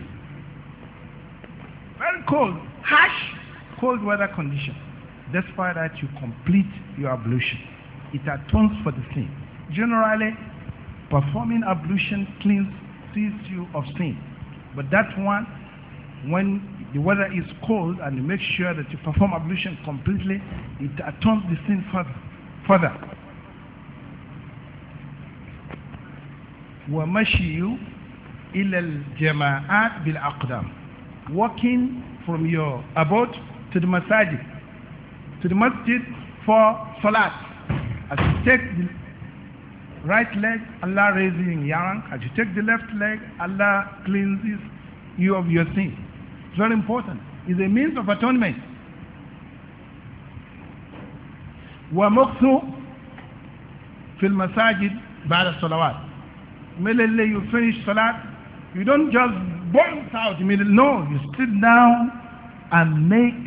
Very cold, harsh, cold weather condition. Despite that, you complete your ablution. It atones for the sin. Generally, performing ablution cleanses you of sin. But that one, when the weather is cold and you make sure that you perform ablution completely, it atones the sin further. further. ومشي إلى الجماعات بالأقدام walking from your abode to the masjid to the masjid for salat as you take the right leg, Allah raises in yarank. As you take the left leg, Allah cleanses you of your sin. It's very important. It's a means of atonement. ومكثوا في المساجد بعد الصلوات immediately you finish salat you don't just bounce out immediately no you sit down and make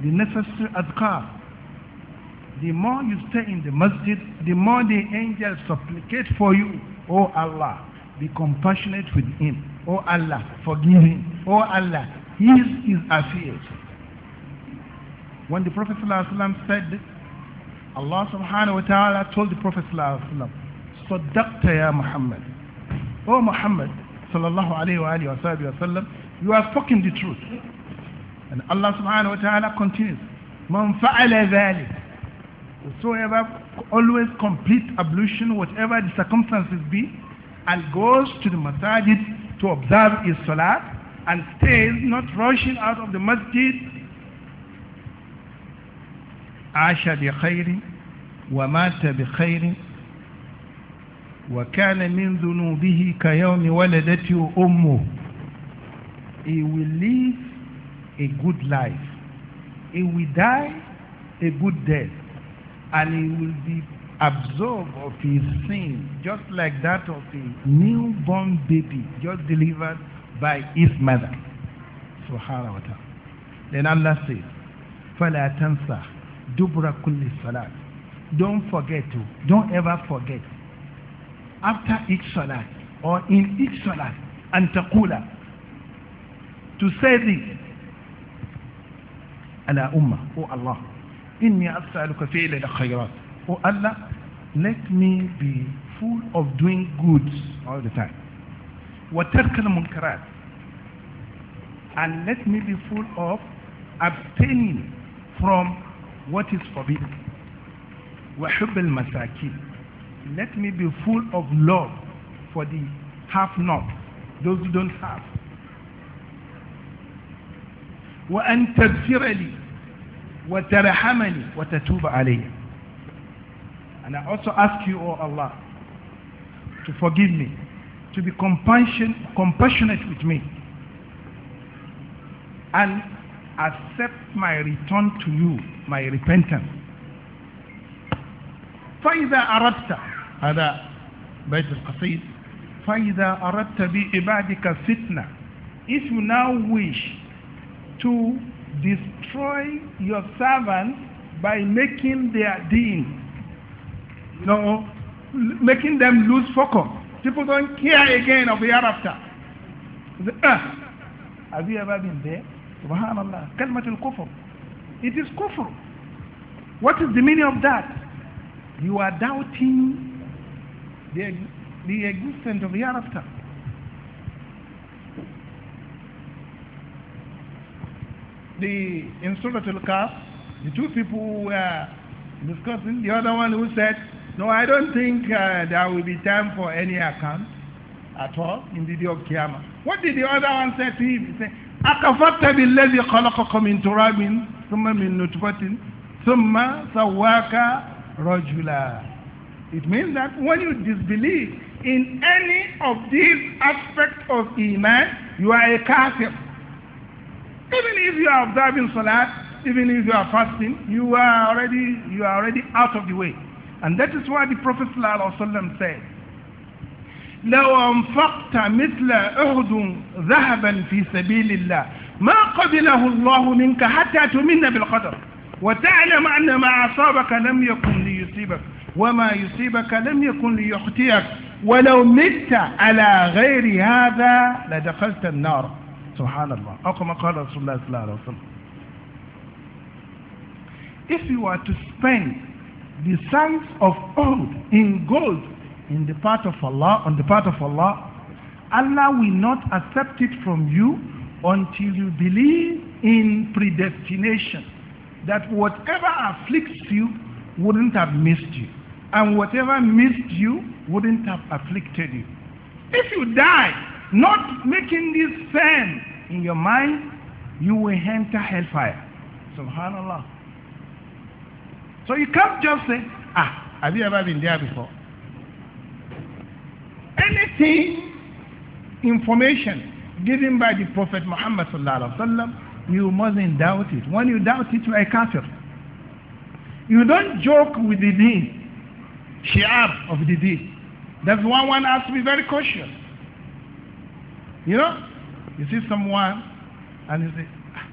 the necessary adhkar the more you stay in the masjid, the more the angels supplicate for you. Oh Allah, be compassionate with him. Oh Allah, forgive him. Oh Allah, his is affairs. When the Prophet ﷺ said, Allah subhanahu wa ta'ala told the Prophet ﷺ, صدقت يا Muhammad. Oh Muhammad, sallallahu alayhi wa alayhi you are talking the truth. And Allah subhanahu wa ta'ala continues, من فعل ذلك Whosoever always complete ablution, whatever the circumstances be, and goes to the masjid to observe his salat and stays, not rushing out of the masjid. wa mata عاش wa kana بخير وكان من ذنوبه waladati wa ummu. He will live a good life. He will die a good death. and he will be absorbed of his sin just like that of a newborn baby just delivered by his mother. Subhanahu wa ta'ala. Then Allah says, Fala tansa dubra kulli salat. Don't forget to, oh, don't ever forget. After each salat or in each salat, antakula, to say this, ala umma, O Allah inni as'aluka fi'l al-khayrat o Allah let me be full of doing good all the time wa tark al-munkarat and let me be full of abstaining from what is forbidden wa hubb al let me be full of love for the half not those who don't have wa an taghfir وترحمني وتتوب علي and I also ask you O oh Allah to forgive me to be compassion, compassionate with me and accept my return to you my repentance فإذا أردت هذا بيت القصيد فإذا أردت بعبادك فتنة if you now wish to destroy your servants by making their deen, you know, making them lose focus. People don't care again of the hereafter. Ah, have you ever been there? Subhanallah. Kalmatul kufr. It is kufr. What is the meaning of that? You are doubting the, the existence of the hereafter. the in Surah Al-Kaf, the two people who were discussing, the other one who said, no, I don't think uh, there will be time for any account at all in the day of Qiyamah. What did the other one say to him? He said, أَكَفَرْتَ بِالَّذِي خَلَقَكَ مِن تُرَابٍ ثُمَّ مِن نُطْفَةٍ ثُمَّ سَوَّاكَ رَجُلًا It means that when you disbelieve in any of these aspects of Iman, you are a kafir. Even if you are observing salat, even if you are fasting, you are already you are already out of the way. And that is why the Prophet ﷺ said, لو أنفقت مثل أحد ذهبا في سبيل الله ما قبله الله منك حتى تؤمن بالقدر وتعلم أن ما أصابك لم يكن ليصيبك وما يصيبك لم يكن ليخطئك ولو مت على غير هذا لدخلت النار subhanallah or kama qala rasulullah sallallahu alaihi wasallam if you were to spend the size of gold in gold in the part of Allah on the part of Allah Allah will not accept it from you until you believe in predestination that whatever afflicts you wouldn't have missed you and whatever missed you wouldn't have afflicted you if you die not making this firm in your mind, you will enter hellfire. Subhanallah. So you can't just say, ah, have you ever been there before? Anything, information given by the Prophet Muhammad sallallahu alaihi wasallam, you mustn't doubt it. When you doubt it, you are a kafir. You don't joke with the deen, shi'ar of the deen. That's why one has to be very cautious. You know, you see someone and you say, ah,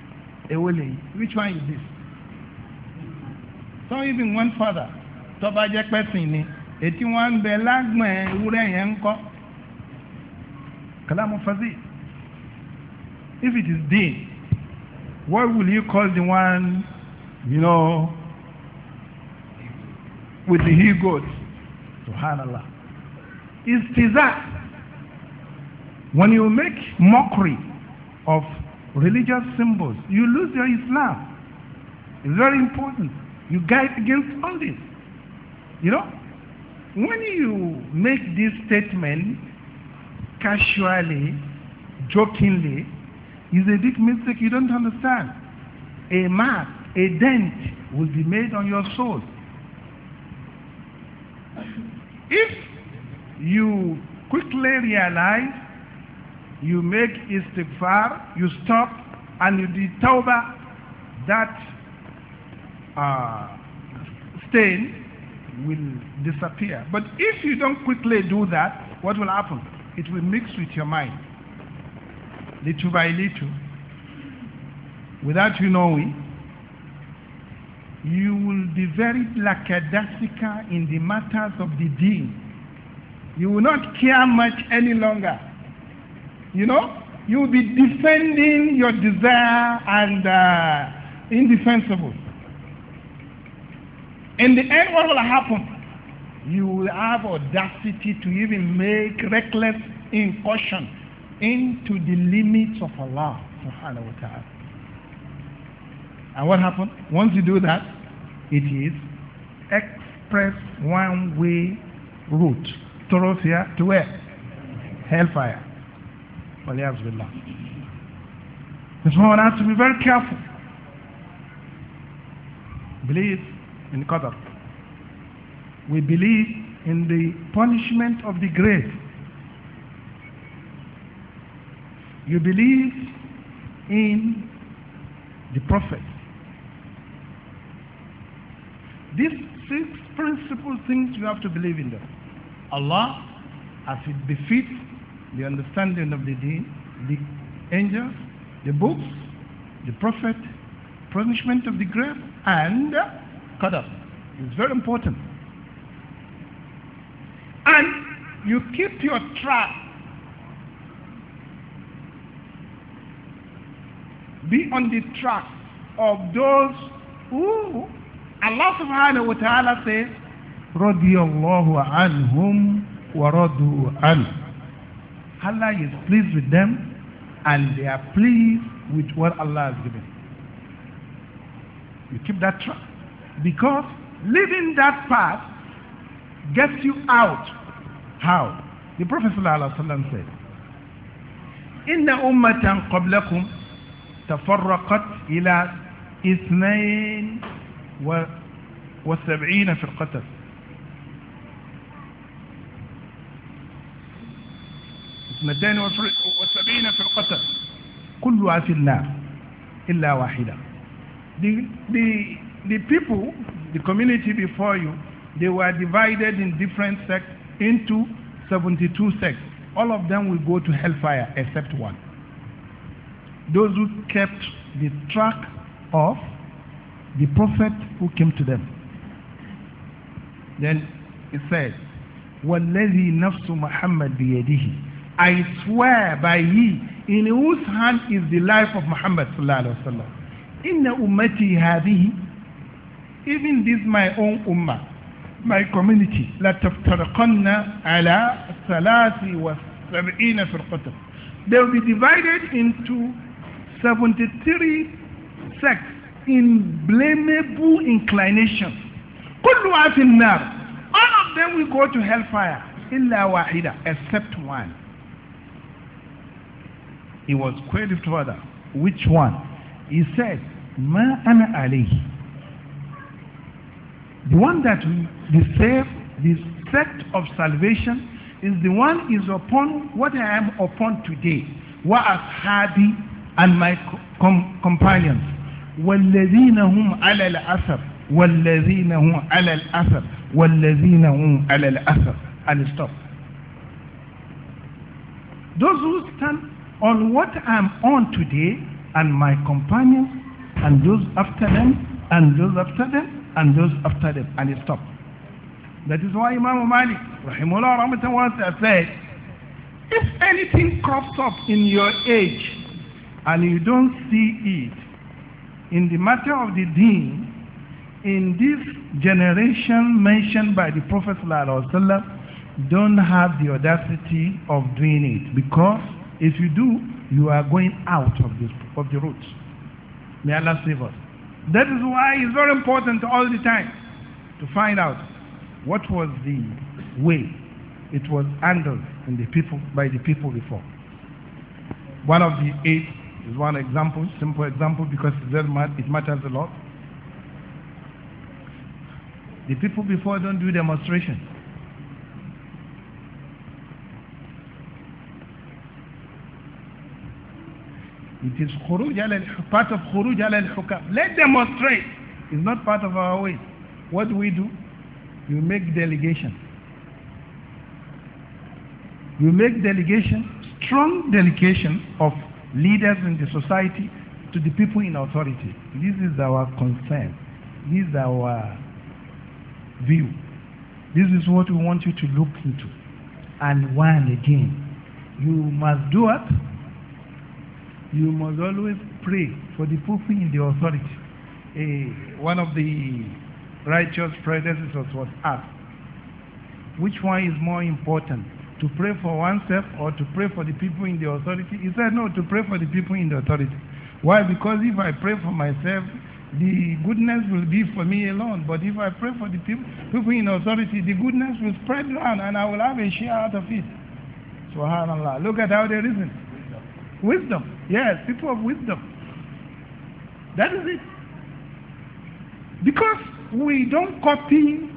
Ewele, which one is this? Some even went further. Tó bá jẹ́ pẹ́sìn ni, ètí wọn ń bẹ lágbọ̀n ewúrẹ́ yẹn ń Kalamu Fazi, if it is deen, what will you call the one, you know, with the he goat? Subhanallah. Istiza. When you make mockery of religious symbols, you lose your Islam. It's very important. You guide against all this. You know, when you make this statement casually, jokingly, is a big mistake you don't understand. A mark, a dent will be made on your soul. If you quickly realize you make istighfar, you stop, and you do tawbah, that uh, stain will disappear. But if you don't quickly do that, what will happen? It will mix with your mind, little by little. Without you knowing, you will be very lackadaisical in the matters of the deen. You will not care much any longer You know, you'll be defending your desire and uh, indefensible. In the end, what will happen? You will have audacity to even make reckless incursion into the limits of Allah subhanahu wa ta'ala. And what happened? Once you do that, it is express one way route. Thoroughfare to where? Hellfire. Waliyahzubillah. That's why one has to be very careful. Believe in Qadr. We believe in the punishment of the grave. You believe in the Prophet. These six principal things you have to believe in them. Allah, as it befits the understanding of the deen, the angels, the books, the prophet, punishment of the grave, and qadr. It's very important. And you keep your track. Be on the track of those who Allah subhanahu wa ta'ala says, رضي الله عنهم ورضوا عنه Allah is pleased with them and they are pleased with what Allah has given. You keep that track. Because living that path gets you out. How? The Prophet ﷺ said, إن أمة قبلكم تفرقت wa اثنين fil فرقة اثنتين وسبعين في القتل كلها في النار إلا واحدة the, the, the people the community before you they were divided in different sects into 72 sects all of them will go to hellfire except one those who kept the track of the prophet who came to them then it said والذي نفس محمد بيده I swear by he in whose hand is the life of Muhammad sallallahu alaihi wasallam. Inna ummati hadhihi, even this my own ummah, my community, la taftariqanna ala salati wa sab'ina firqatan. They will be divided into seventy-three sects in blamable inclination. Kullu fi nar. All of them will go to hellfire. Illa wahida, except one he was queried father. which one? He said, Ma ana alayhi. The one that the save, the sect of salvation, is the one is upon what I am upon today. Wa ashabi and my com companions. والذين هم على الأثر والذين هم على الأثر والذين ala al الأثر and stop. Those who stand on what I'm on today and my companions and those after them and those after them and those after them and it stopped. That is why Imam Malik rahimullah rahmatan wasa said, if anything crops up in your age and you don't see it in the matter of the deen, in this generation mentioned by the Prophet sallallahu alaihi wasallam, don't have the audacity of doing it because If you do, you are going out of the, of the route. May Allah save us. That is why it's very important all the time to find out what was the way it was handled in the people, by the people before. One of the eight is one example, simple example, because it matters a lot. The people before don't do demonstration. It is part of khuruj al-hukam. Let demonstrate. It's not part of our way. What do we do? You make delegation. You make delegation, strong delegation of leaders in the society to the people in authority. This is our concern. This is our view. This is what we want you to look into. And one again, you must do it you must always pray for the people in the authority. one of the righteous predecessors was asked, which one is more important, to pray for oneself or to pray for the people in the authority? He said, no, to pray for the people in the authority. Why? Because if I pray for myself, the goodness will be for me alone. But if I pray for the people, people in authority, the goodness will spread around and I will have a share out of it. Subhanallah. Look at how they reason. Wisdom. Wisdom. Yes, people of wisdom. That is it. Because we don't copy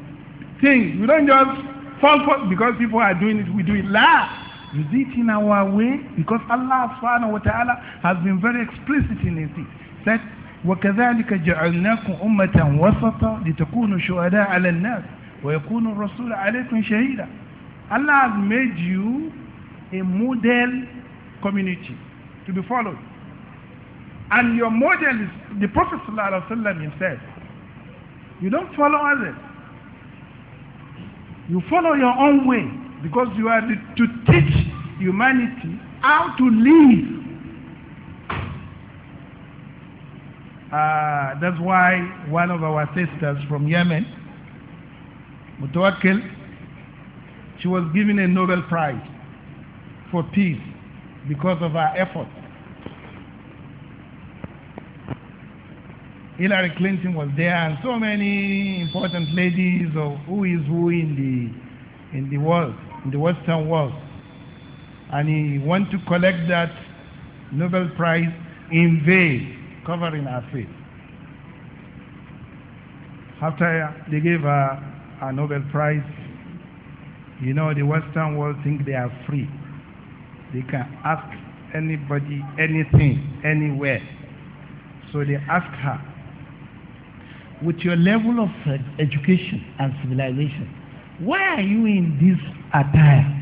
things. We don't just fall for because people are doing it, we do it. La! Is it in our way? Because Allah subhanahu wa ta'ala has been very explicit in it. That وكذلك جعلناكم أمة وسطا لتكونوا شهداء على الناس ويكون الرسول عليكم شهيدا Allah has made you a model community to be followed. And your model is the Prophet ﷺ himself. You don't follow others. You follow your own way because you are to teach humanity how to live. Uh, that's why one of our sisters from Yemen, Mutawakil, she was given a Nobel Prize for peace because of her efforts. Hillary Clinton was there, and so many important ladies of who is who in the in the world, in the Western world. And he went to collect that Nobel Prize in vain, covering her face. After they gave her a Nobel Prize, you know the Western world think they are free. They can ask anybody anything, anywhere. So they asked her with your level of education and civilization, why are you in this attire?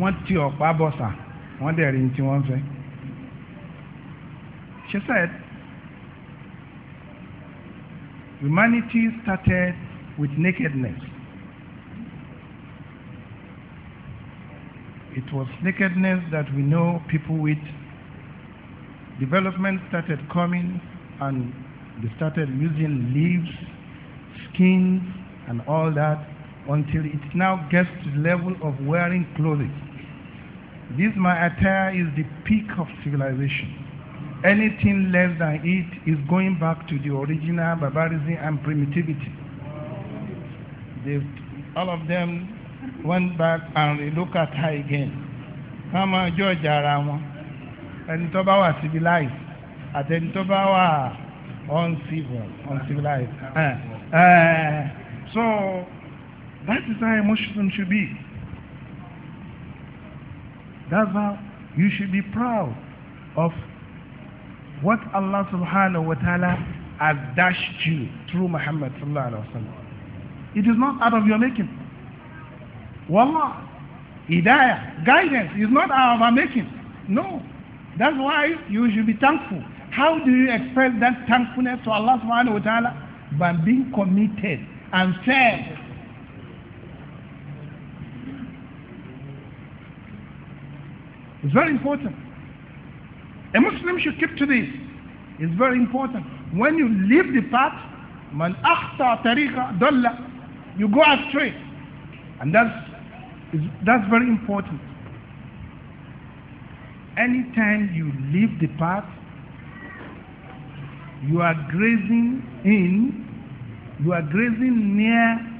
wọ́n ti ọ̀pá bọ̀sà wọ́n dẹ̀ rí tí wọ́n fẹ́. She said, humanity started with nakedness. It was nakedness that we know people with development started coming and they started using leaves, skins, and all that until it now gets to the level of wearing clothing. This, my attire, is the peak of civilization. Anything less than it is going back to the original barbarism and primitivity. They've, all of them went back and look at her again. Come on, George Arawan ẹni tó bá wà civilized àtẹni tó bá wà uncivil uncivilized. so that is how a Muslim should be. That's how you should be proud of what Allah subhanahu wa ta'ala has dashed you through Muhammad sallallahu alaihi wasallam. It is not out of your making. Wallah, hidayah, guidance is not out of our making. No. That's why you should be thankful. How do you express that thankfulness to Allah subhanahu wa ta'ala? By being committed and fair? It's very important. A Muslim should keep to this. It's very important. When you leave the path, man akhta tariqa dalla, you go astray. And that's, that's very important anytime you leave the path, you are grazing in, you are grazing near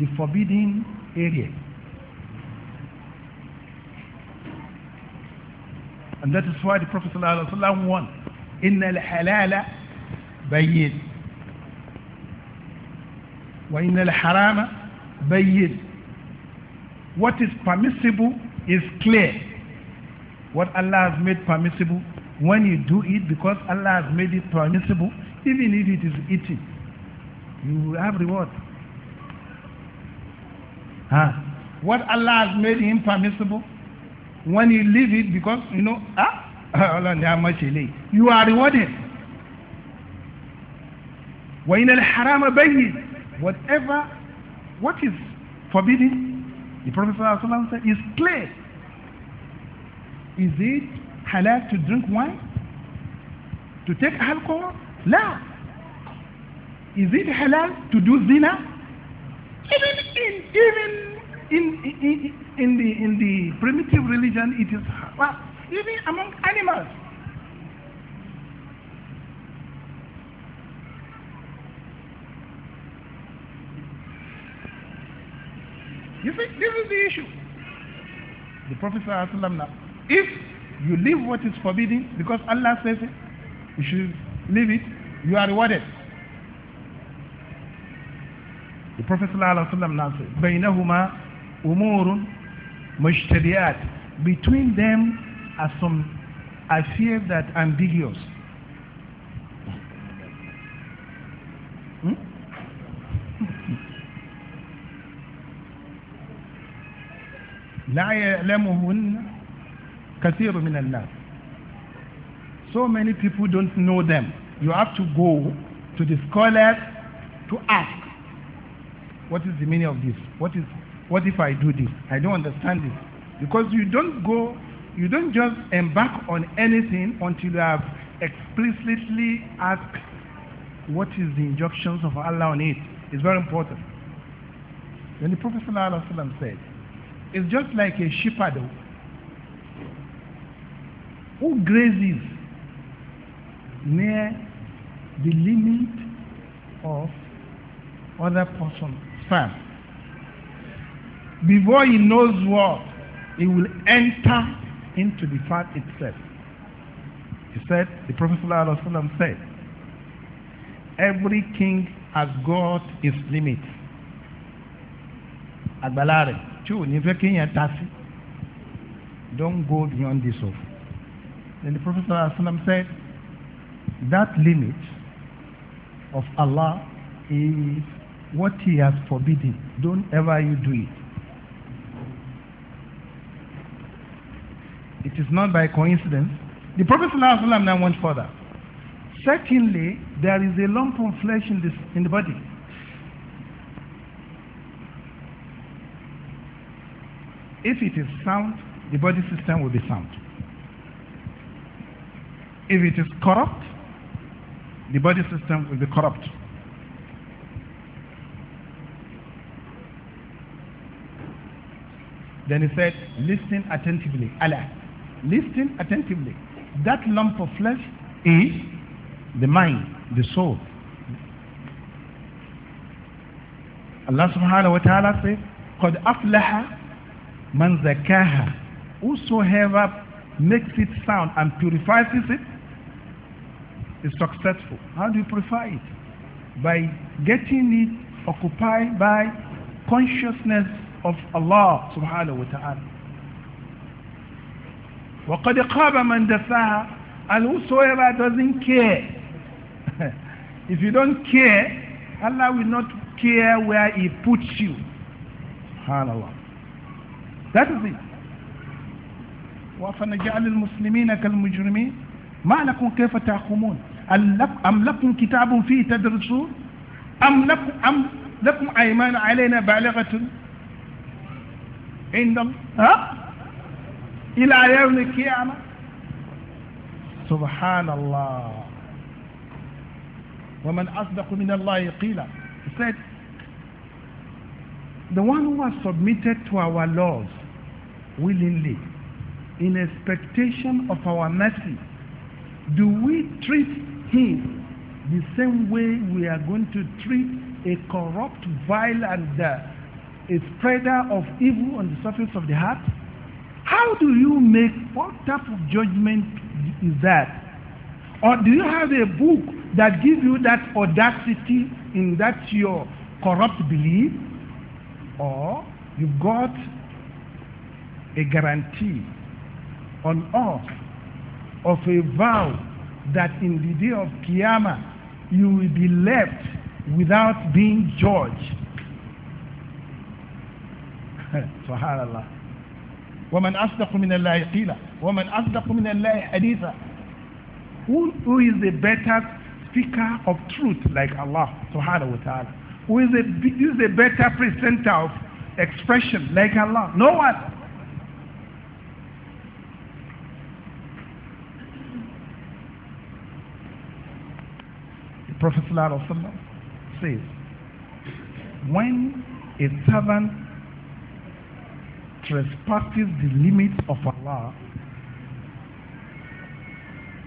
the forbidden area. And that is why the Prophet ﷺ al-Halala إِنَّ wa بَيِّنْ al-Harama bayyid." What is permissible is clear. what Allah has made permissible when you do it because Allah has made it permissible even if it is eating you will have reward huh? what Allah has made impermissible when you leave it because you know ah *laughs* you are rewarded wa inal harama bayyin whatever what is forbidden the Prophet said is clear Is it halal to drink wine? To take alcohol? No. Is it halal to do zina? Even in, even in, in, in, the, in the primitive religion, it is well, even among animals. You see, this is the issue. The Prophet now If you leave what is forbidden because Allah says it, you should leave it, you are rewarded. The Prophet ﷺ now said, Between them are some, I fear that ambiguous. لا hmm? يعلمهن *laughs* كثير من الناس so many people don't know them you have to go to the scholars to ask what is the meaning of this what is what if I do this I don't understand this because you don't go you don't just embark on anything until you have explicitly asked what is the injunctions of Allah on it it's very important when the Prophet ﷺ said it's just like a shepherd who grazes near the limit of other person's farm. Before he knows what, he will enter into the farm itself. He said, the Prophet ﷺ said, every king has got his limit. Agbalare, rẹ̀ tí Don't go beyond this of. And the Prophet ﷺ said, that limit of Allah is what He has forbidden. Don't ever you do it. It is not by coincidence. The Prophet ﷺ went further. Secondly, there is a lump of flesh in, this, in the body. If it is sound, the body system will be sound. If it is corrupt, the body system will be corrupt. Then he said, listen attentively. Allah, listen attentively. That lump of flesh is the mind, the soul. Allah subhanahu wa ta'ala said, قَدْ أَفْلَحَ مَنْ زَكَاهَا Whosoever makes it sound and purifies it is successful. How do you purify it? By getting it occupied by consciousness of Allah subhanahu wa ta'ala. وَقَدْ قَابَ مَنْ دَسَاهَا And whosoever doesn't care, *laughs* if you don't care, Allah will not care where He puts you. SubhanAllah. That is it. وفنجعل المسلمين كالمجرمين ما لكم كيف تحكمون أم لكم كتاب فيه تدرسون أم لكم, أم لكم أيمان علينا بالغة عند الله ها إلى يوم القيامة سبحان الله ومن أصدق من الله قيلا He said the one who has submitted to our laws willingly in expectation of our mercy, do we treat him the same way we are going to treat a corrupt, vile, and uh, a spreader of evil on the surface of the heart? How do you make, what type of judgment is that? Or do you have a book that gives you that audacity in that your corrupt belief? Or you've got a guarantee on us of a vow that in the day of Qiyamah you will be left without being judged. *laughs* Subhanallah. ومن أصدق من الله قيلا ومن أصدق من الله حديثا who, who is the better speaker of truth like Allah subhanahu wa ta'ala who is a, who is a better presenter of expression like Allah no one Prophet ﷺ says, when a servant trespasses the limits of Allah,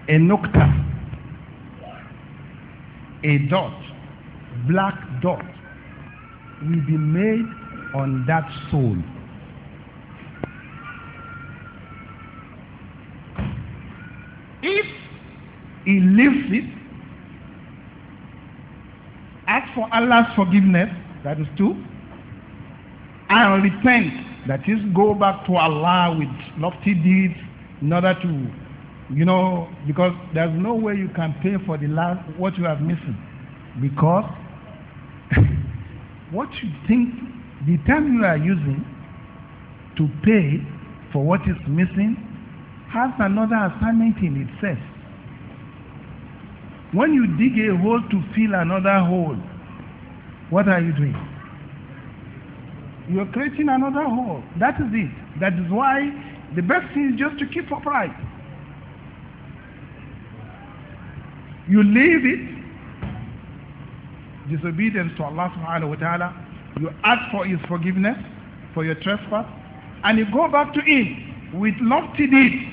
a nokta, a dot, black dot, will be made on that soul. If he leaves it, Ask for Allah's forgiveness, that is two. And repent, that is go back to Allah with lofty deeds in order to, you know, because there's no way you can pay for the last, what you have missing. Because *laughs* what you think, the time you are using to pay for what is missing has another assignment in itself. When you dig a hole to fill another hole, what are you doing? You're creating another hole. That is it. That is why the best thing is just to keep upright. You leave it, disobedience to Allah subhanahu wa ta'ala, you ask for his forgiveness for your trespass, and you go back to it with lofty deeds.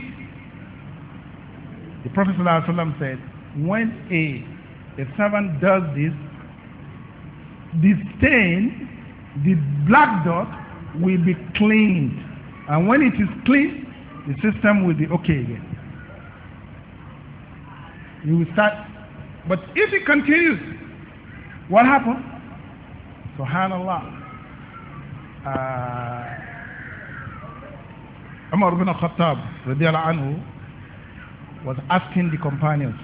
The Prophet ﷺ said, when a, a servant does this, the stain, the black dot will be cleaned. And when it is cleaned, the system will be okay again. You will start. But if it continues, what happens? Subhanallah. Uh, Umar bin Khattab radiallahu anhu was asking the companions,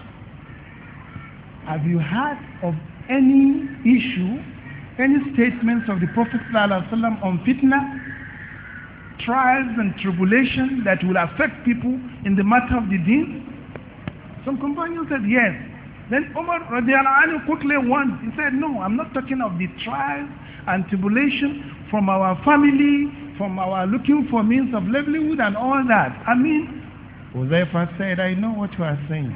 Have you heard of any issue, any statements of the Prophet ﷺ on fitna, trials and tribulation that will affect people in the matter of the deen? Some companions said yes. Then Umar radiallahu quickly warned. He said, no, I'm not talking of the trials and tribulation from our family, from our looking for means of livelihood and all that. I mean, Uzaifa said, I know what you are saying.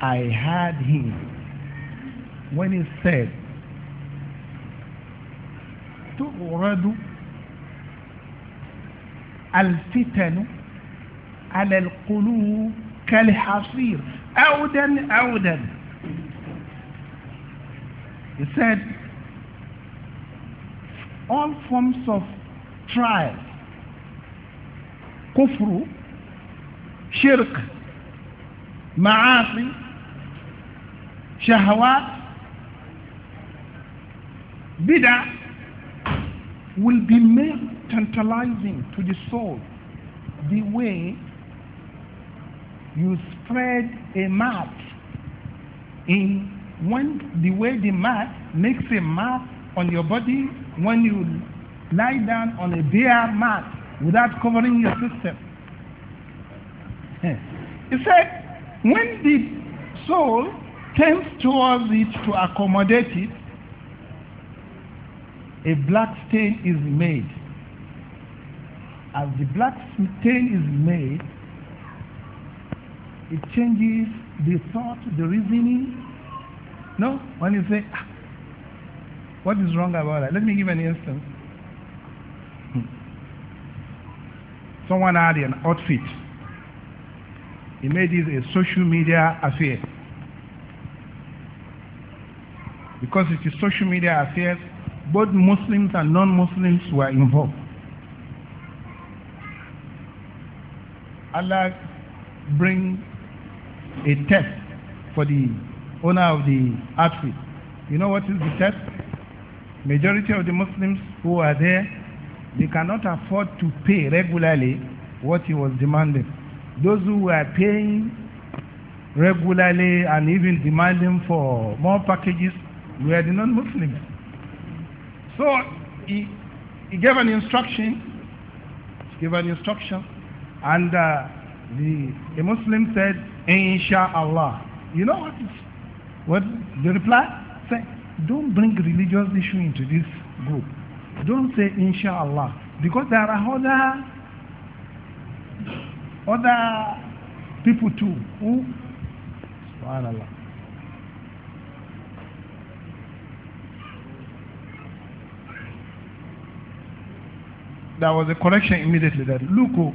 I heard him when he said, تُعْرَضُ الفتن على القلوب كالحصير عودا عودا He said, all forms of trial, kufru, shirk, ma'asi, shahawat bidah will be made tantalizing to the soul the way you spread a mat in when the way the mat makes a mat on your body when you lie down on a bare mat without covering your system. Eh. He said, when the soul tends towards it to accommodate it, a black stain is made. As the black stain is made, it changes the thought, the reasoning. No, when you say, ah, what is wrong about that? Let me give an instance. Hmm. Someone had an outfit. He made it a social media affair because it is social media affairs, both Muslims and non-Muslims were involved. Allah bring a test for the owner of the outfit. You know what is the test? Majority of the Muslims who are there, they cannot afford to pay regularly what he was demanding. Those who were paying regularly and even demanding for more packages, We are the non-Muslims. So he, he gave an instruction, he gave an instruction, and uh, the, a Muslim said, Insha'Allah. You know what, is, what the reply? Say, don't bring religious issue into this group. Don't say Insha'Allah, because there are other, other people too who, subhanAllah. there was a correction immediately that, look, oh,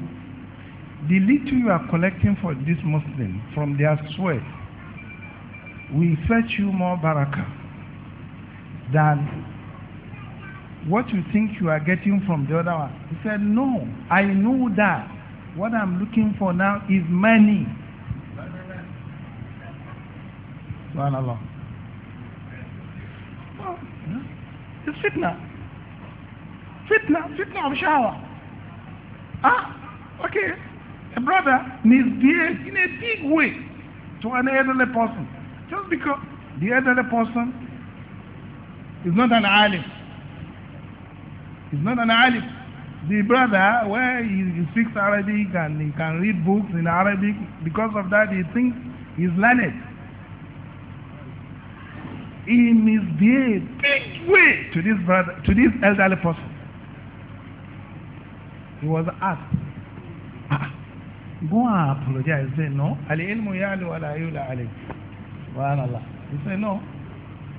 the little you are collecting for this Muslim from their sweat will fetch you more barakah than what you think you are getting from the other one. He said, no, I know that. What I'm looking for now is money. Subhanallah. Well, it's fitna. Fitna, fitna of shower. Ah, okay. A brother be in a big way to an elderly person. Just because the elderly person is not an alim. He's not an alim. The brother, where he, he speaks Arabic and he can read books in Arabic, because of that he thinks he's learned. He misbehaved big way to this brother, to this elderly person. He was asked, ah, go and apologize. He said, no. Al-ilmu ya'lu wa la yula alayh. Subhanallah. He said, no.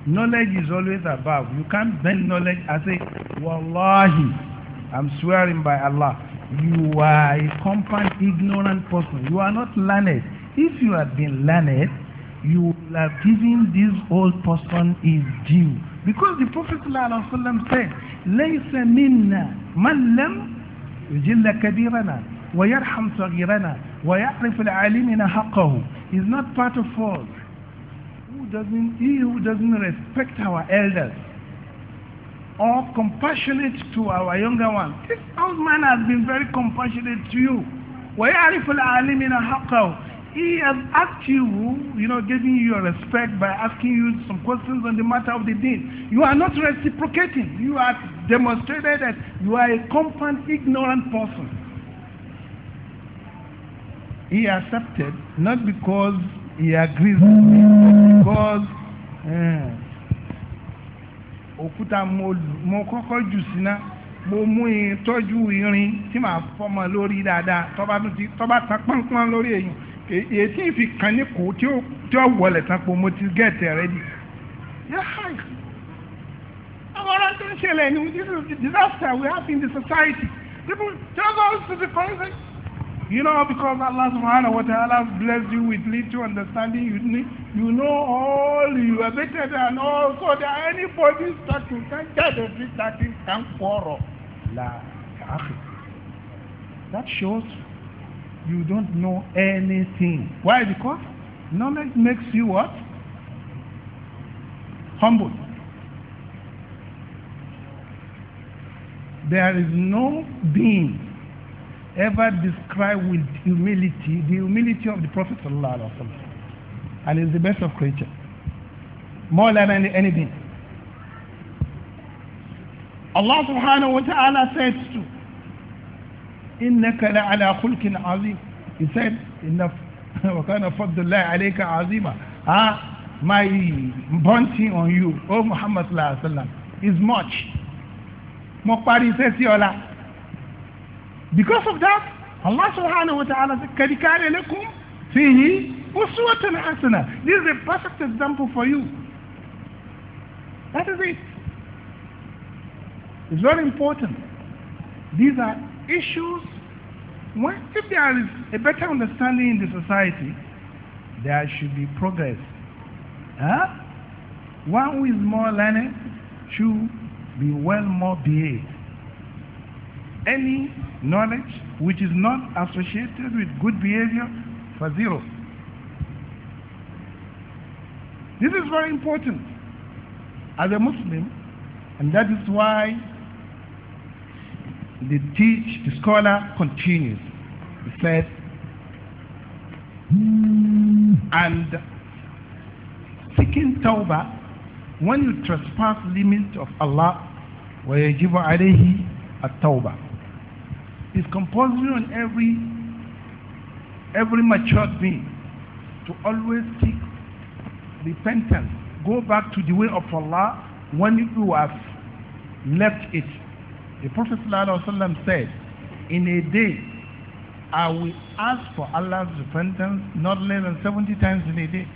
Knowledge is always above. You can't bend knowledge. I say, Wallahi, I'm swearing by Allah. You are a compound ignorant person. You are not learned. If you had been learned, you would have given this old person his due. Because the Prophet ﷺ said, لَيْسَ مِنَّا مَنْ لَمْ يجل كبيرنا ويرحم صغيرنا ويعرف العالمنا حقه is not part of us who doesn't he who doesn't respect our elders or compassionate to our younger ones this old man has been very compassionate to you ويعرف العالمنا حقه he has asked you, you know, giving you your respect by asking you some questions on the matter of the deen. You are not reciprocating. You are demonstrated that you are a compound ignorant person. He accepted not because he agrees with me, but because eh, òkúta mo kọ́kọ́ jù síná mo mú in tọ́jú irin tí màá fọmọ lórí dáadáa tọ́ba tán pọ́npọ́n lórí èèyàn èyí tí ì fi kàn ní kò tí ó wọlé tán pé mo ti gẹ̀ẹ́tì rẹ ọ̀rọ̀ tó ń ṣẹlẹ̀ ni this is the disaster we have in the society people travel to the concert you know because Allah subhanahu wa ta'ala bless you with little understanding you need you know all you are better than all so that anybody start to can get a bit that thing can quarrel la that shows you don't know anything why because knowledge makes you what humble There is no being ever described with humility, the humility of the Prophet and is the best of creatures, more than any, anything. Allah subhanahu wa ta'ala says to إِنَّكَ لَعَلَى خُلْكٍ عَظِيمٍ He said, إِنَّ وَكَانَ فَضْلُ اللَّهِ عَلَيْكَ عَظِيمًا Ah, my bounty on you, O Muhammad sallallahu alayhi wa sallam, is much mo parí iṣẹ́ sí ọ̀la because of that Allah subhanahu wa ta'ala said kadi lakum fihi uswatun hasana this is a perfect example for you that is it it's very important these are issues when if there is a better understanding in the society there should be progress huh? one who is more learned should be well more behaved. Any knowledge which is not associated with good behavior, for zero. This is very important as a Muslim, and that is why the teach, the scholar continues. He said, and seeking tawbah when you trespass limits of Allah ويجب عليه التوبة It's compulsory on every every matured being to always seek repentance. Go back to the way of Allah when you have left it. The Prophet ﷺ said, In a day, I will ask for Allah's repentance not less than 70 times in a day.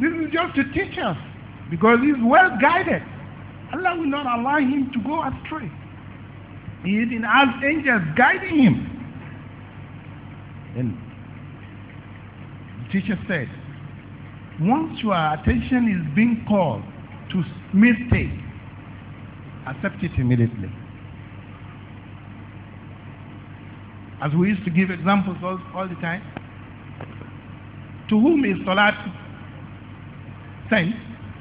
This is just to teach us because he's well guided. Allah will not allow him to go astray. He even has angels guiding him. And the teacher said, once your attention is being called to mistake, accept it immediately. As we used to give examples all, all the time, to whom is Salat sent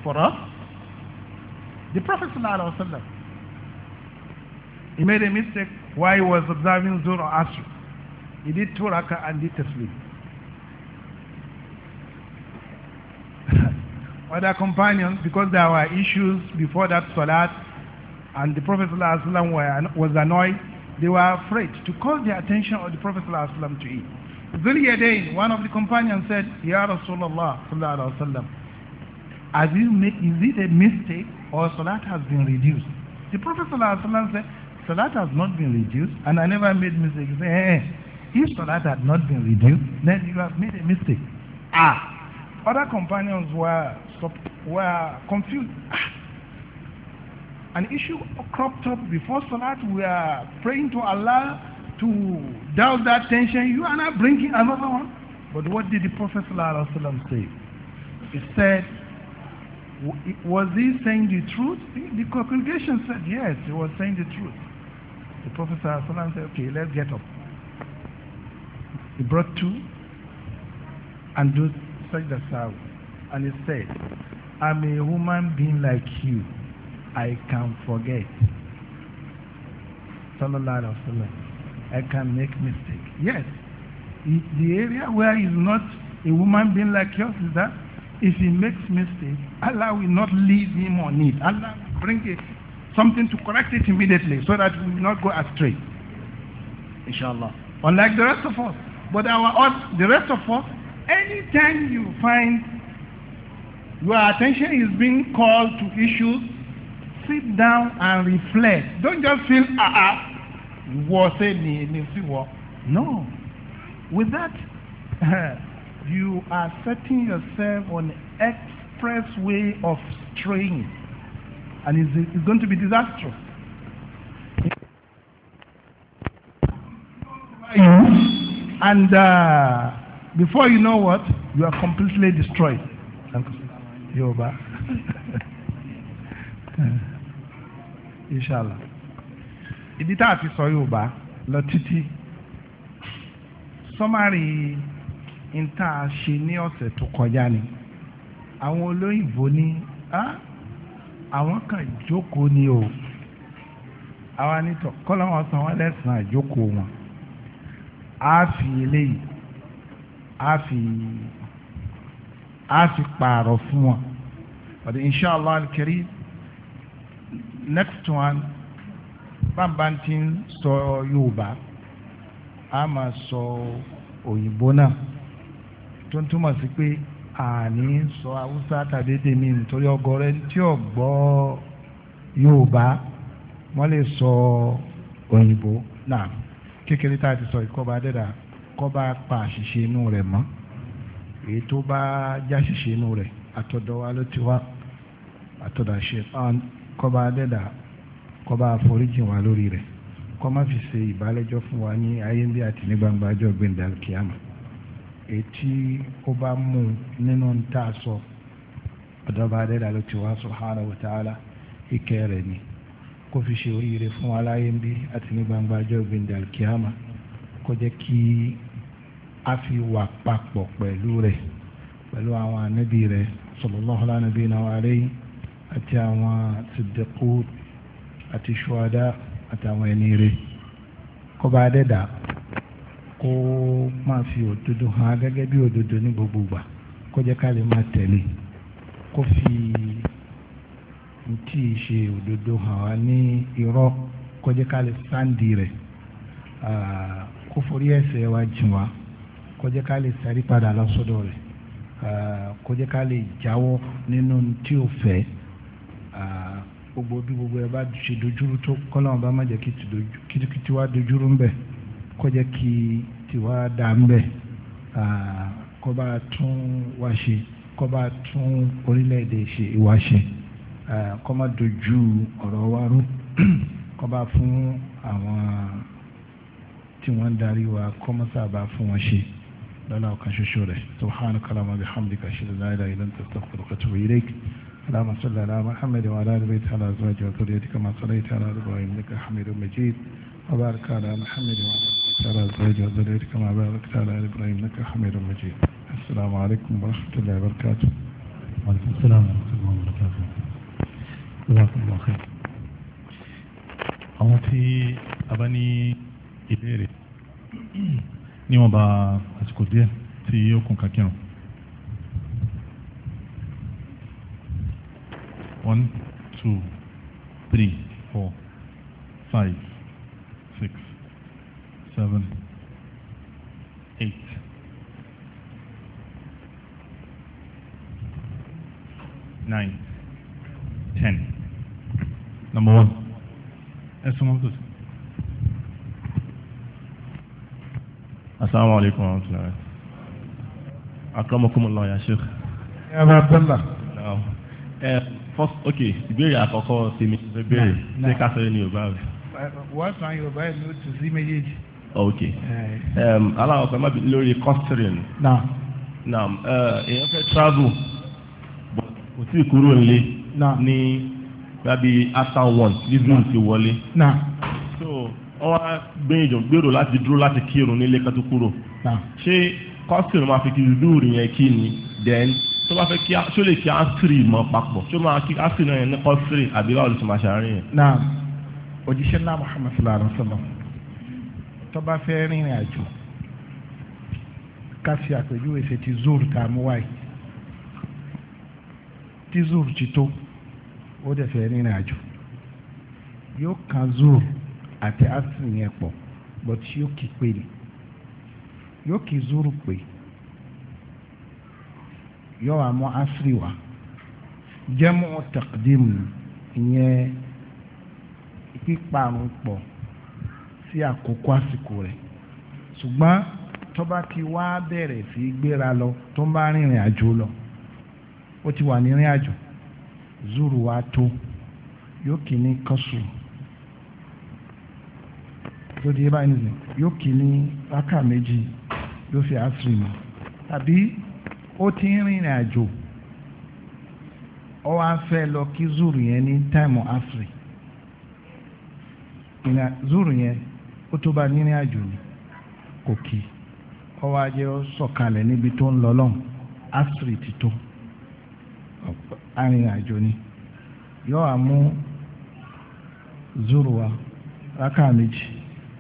for us? The Prophet ﷺ, he made a mistake while he was observing Zuhr or Asr. He did two rakah and did taslim. *laughs* Other companions, because there were issues before that salat, and the Prophet ﷺ was annoyed, they were afraid to call the attention of the Prophet ﷺ to it. Zul day, one of the companions said, Ya Rasulullah sallallahu alayhi wa sallam, made, is it a mistake or salat has been reduced? The Prophet said, salat has not been reduced and I never made mistake. He said, hey, eh, eh, if salat had not been reduced, then you have made a mistake. Ah! Other companions were, were confused. Ah. An issue cropped up before salat. We are praying to Allah to dull that tension. You are not bringing another one. But what did the Prophet say? He said, was he saying the truth? The congregation said yes, he was saying the truth. The Prophet said, okay, let's get up. He brought two and do such the sound. And he said, I'm a human being like you. I can forget. Sallallahu Alaihi I can make mistake. Yes. The area where he's not a woman being like yours is that If he makes mistake, Allah will not leave him on it. Allah will bring it, something to correct it immediately so that we will not go astray. Inshallah. Unlike the rest of us. But our the rest of us, anytime you find your attention is being called to issues, sit down and reflect. Don't just feel, ah, ah, wọ́ọ́ sẹ́ni ẹni sí wọ́. No. With that, *laughs* you are setting yourself on express way of straying, and it's, it's going to be disastrous. And uh, before you know what, you are completely destroyed. Thank you. Ibi *laughs* Inshallah. a ti sọ Yorùbá lọ títí n tá a ṣe ní ọ̀sẹ̀ tó kọjá ni àwọn olóyìnbó ní àwọn kan jókòó ni o àwa nítọ̀ kọ́lá wọn san wọn lẹ́sàn-án àjókòó wọn á fi eléyìí á fi á fi pààrọ̀ fún wọn but inshallah al next one bàbá ti ń sọ Yorùbá a máa sọ òyìnbó náà tó ń túmọ̀ sí pé àní sọ haúsá tàbí tèmi nítorí ọgọrẹ tí ò gbọ́ yorùbá wọ́n lè sọ òyìnbó náà kékeré tá a ti sọ ìkọba dẹ́dà kọ́ba pa àṣìṣe inú rẹ̀ mọ́ èyí tó bá jáṣìṣe inú rẹ̀ àtọ̀dọ̀ wa ló ti wá àtọ̀dọ̀ ṣe kọ́ba dẹ́dà kọ́ba àforíjì wa lórí rẹ̀ kọ́ má fi ṣe ìbálẹ́jọ́ fún wa ní ayé bí àti ní gbangba ọjọ́ gbẹ̀ndàlù Eti ó mu mú nínú tá a sọ ọ̀dọ́ba adéda ló ti wá subhanahu wa ta'ala ike rẹ̀ ni kó fi ṣe oríire fún aláyé ń bí àti ní gbangba ọjọ́ ìgbìndà kíámà kó jẹ́ kí a fi wà papọ̀ pẹ̀lú rẹ̀ pẹ̀lú àwọn ànábì rẹ̀ sallallahu ala nabina wa alayhi àti àwọn siddiqun àti shuhada àti àwọn ẹni rẹ̀ kó bá kó máa fi òdodo hàn gẹ́gẹ́ bí òdodo ní gbogbo ìgbà kó jẹ́ ká lè máa tẹ̀lé kó fi ntí ṣe òdodo hàn wá ní irọ́ kó jẹ́ ká lè sáǹdì rẹ̀ kó forí ẹ̀ṣẹ̀ wa jìn wá kó jẹ́ ká lè sẹ́rí padà lọ rẹ̀ kó jẹ́ ká lè jáwọ́ nínú tí ò gbogbo bí gbogbo ẹ bá ṣe dojúrú tó kọ́lọ́mù bá má jẹ́ kí tiwa dojúrú ń bẹ̀ kọjá kí tiwa dà ń bẹ̀ kọba tún wá ṣe kọba tún orílẹ̀-èdè ṣe ìwà ṣe kọ́má dojú ọ̀rọ̀ wa rú *clears throat* kọ́ba fún àwọn tí wọ́n ń darí wa kọ́má sábà fún wọn ṣe lọ́la ọ̀kan ṣoṣo rẹ̀ subhanaka allahumma bihamdika ashhadu an la ilaha illa anta astaghfiruka wa atubu ilayk. اللهم صل على محمد وعلى ال بيت على ازواجه وذريته كما صليت على ابراهيم انك حميد مجيد وبارك على محمد وعلى أزواجه وذريته كما باركت على آل إبراهيم إنك حميد مجيد السلام عليكم ورحمة الله وبركاته وعليكم السلام ورحمة الله وبركاته جزاكم الله خير àwọn أبني a نيما با ìbéèrè níwọ̀nba àsìkò díẹ̀ tí one two three four five. six seven eight. Nine, ten. Number one. Ẹ̀sùn mọ́tò sí. Asalaamu alaykum wa rahmatulah. Akramakumullah ya Sheikh. Ẹ bá Abdallah. Ẹ eh, first okay ìbéèrè àkọ́kọ́ tèmi ṣe béèrè ṣé ká sọ ní Yorùbá rẹ̀ wọ́n sàn yorùbá ẹ̀ ní oṣù sí méjèèjì. ok eh. um, aláwọ̀ kan má bi lórí costrin. naam naam eh, èèyàn fẹ́ travel but kò tí ì kúrò nílé. naam ní gbàbí after one reason ti wọlé. naam so wọ́n á gbìyànjú gbèrò láti dúró láti kírun nílé kátó kúrò. naam ṣé costrin máa fi kí zúùrù yẹn kí ni then tó bá fẹ́ kí ṣó lè kí asiri mọ́ papọ̀ ṣó máa kí asiri náà yẹn ní costrin àbí báwo ló ti máa ṣàárín yẹn. naam òjíṣẹ́ ńlá Muhammad sallallahu alaihi wa sallam tó bá fẹ́ rìnrìn àjò ká fi àpèjúwe ṣe ti zoro tá a mú wáyé tí zoro ti tó ó dẹ̀ fẹ́ rìnrìn àjò yóò kan zoro àti asiri yẹn pọ̀ bọ́ tí yóò kí pé ni yóò kí zoro pé yóò wá mú asiri wá jẹ́mu taqdim ìyẹn. píparun pọ̀ sí àkókò àsìkò rẹ̀ ṣùgbọ́n tó bá ti wá bẹ̀rẹ̀ sí gbéra lọ tó ń bá rìnrìn àjò lọ ó ti wà àjò zuru wa tó yóò kì ní kọ́sù tó di báyìí yóò kì ní méjì yóò fi àṣírí mọ́ tàbí ó ti ń rìnrìn àjò ó wá fẹ́ lọ kí zuru yẹn ní táìmù àṣírí ìrìn zuru yẹn o tó bá àjò ni kò ọ wá jẹ́ ọ sọ̀kalẹ̀ níbi tó ń lọ lọ́hùn asiri ti tó arìnrìn àjò ni yóò àmú zuru wa raka méjì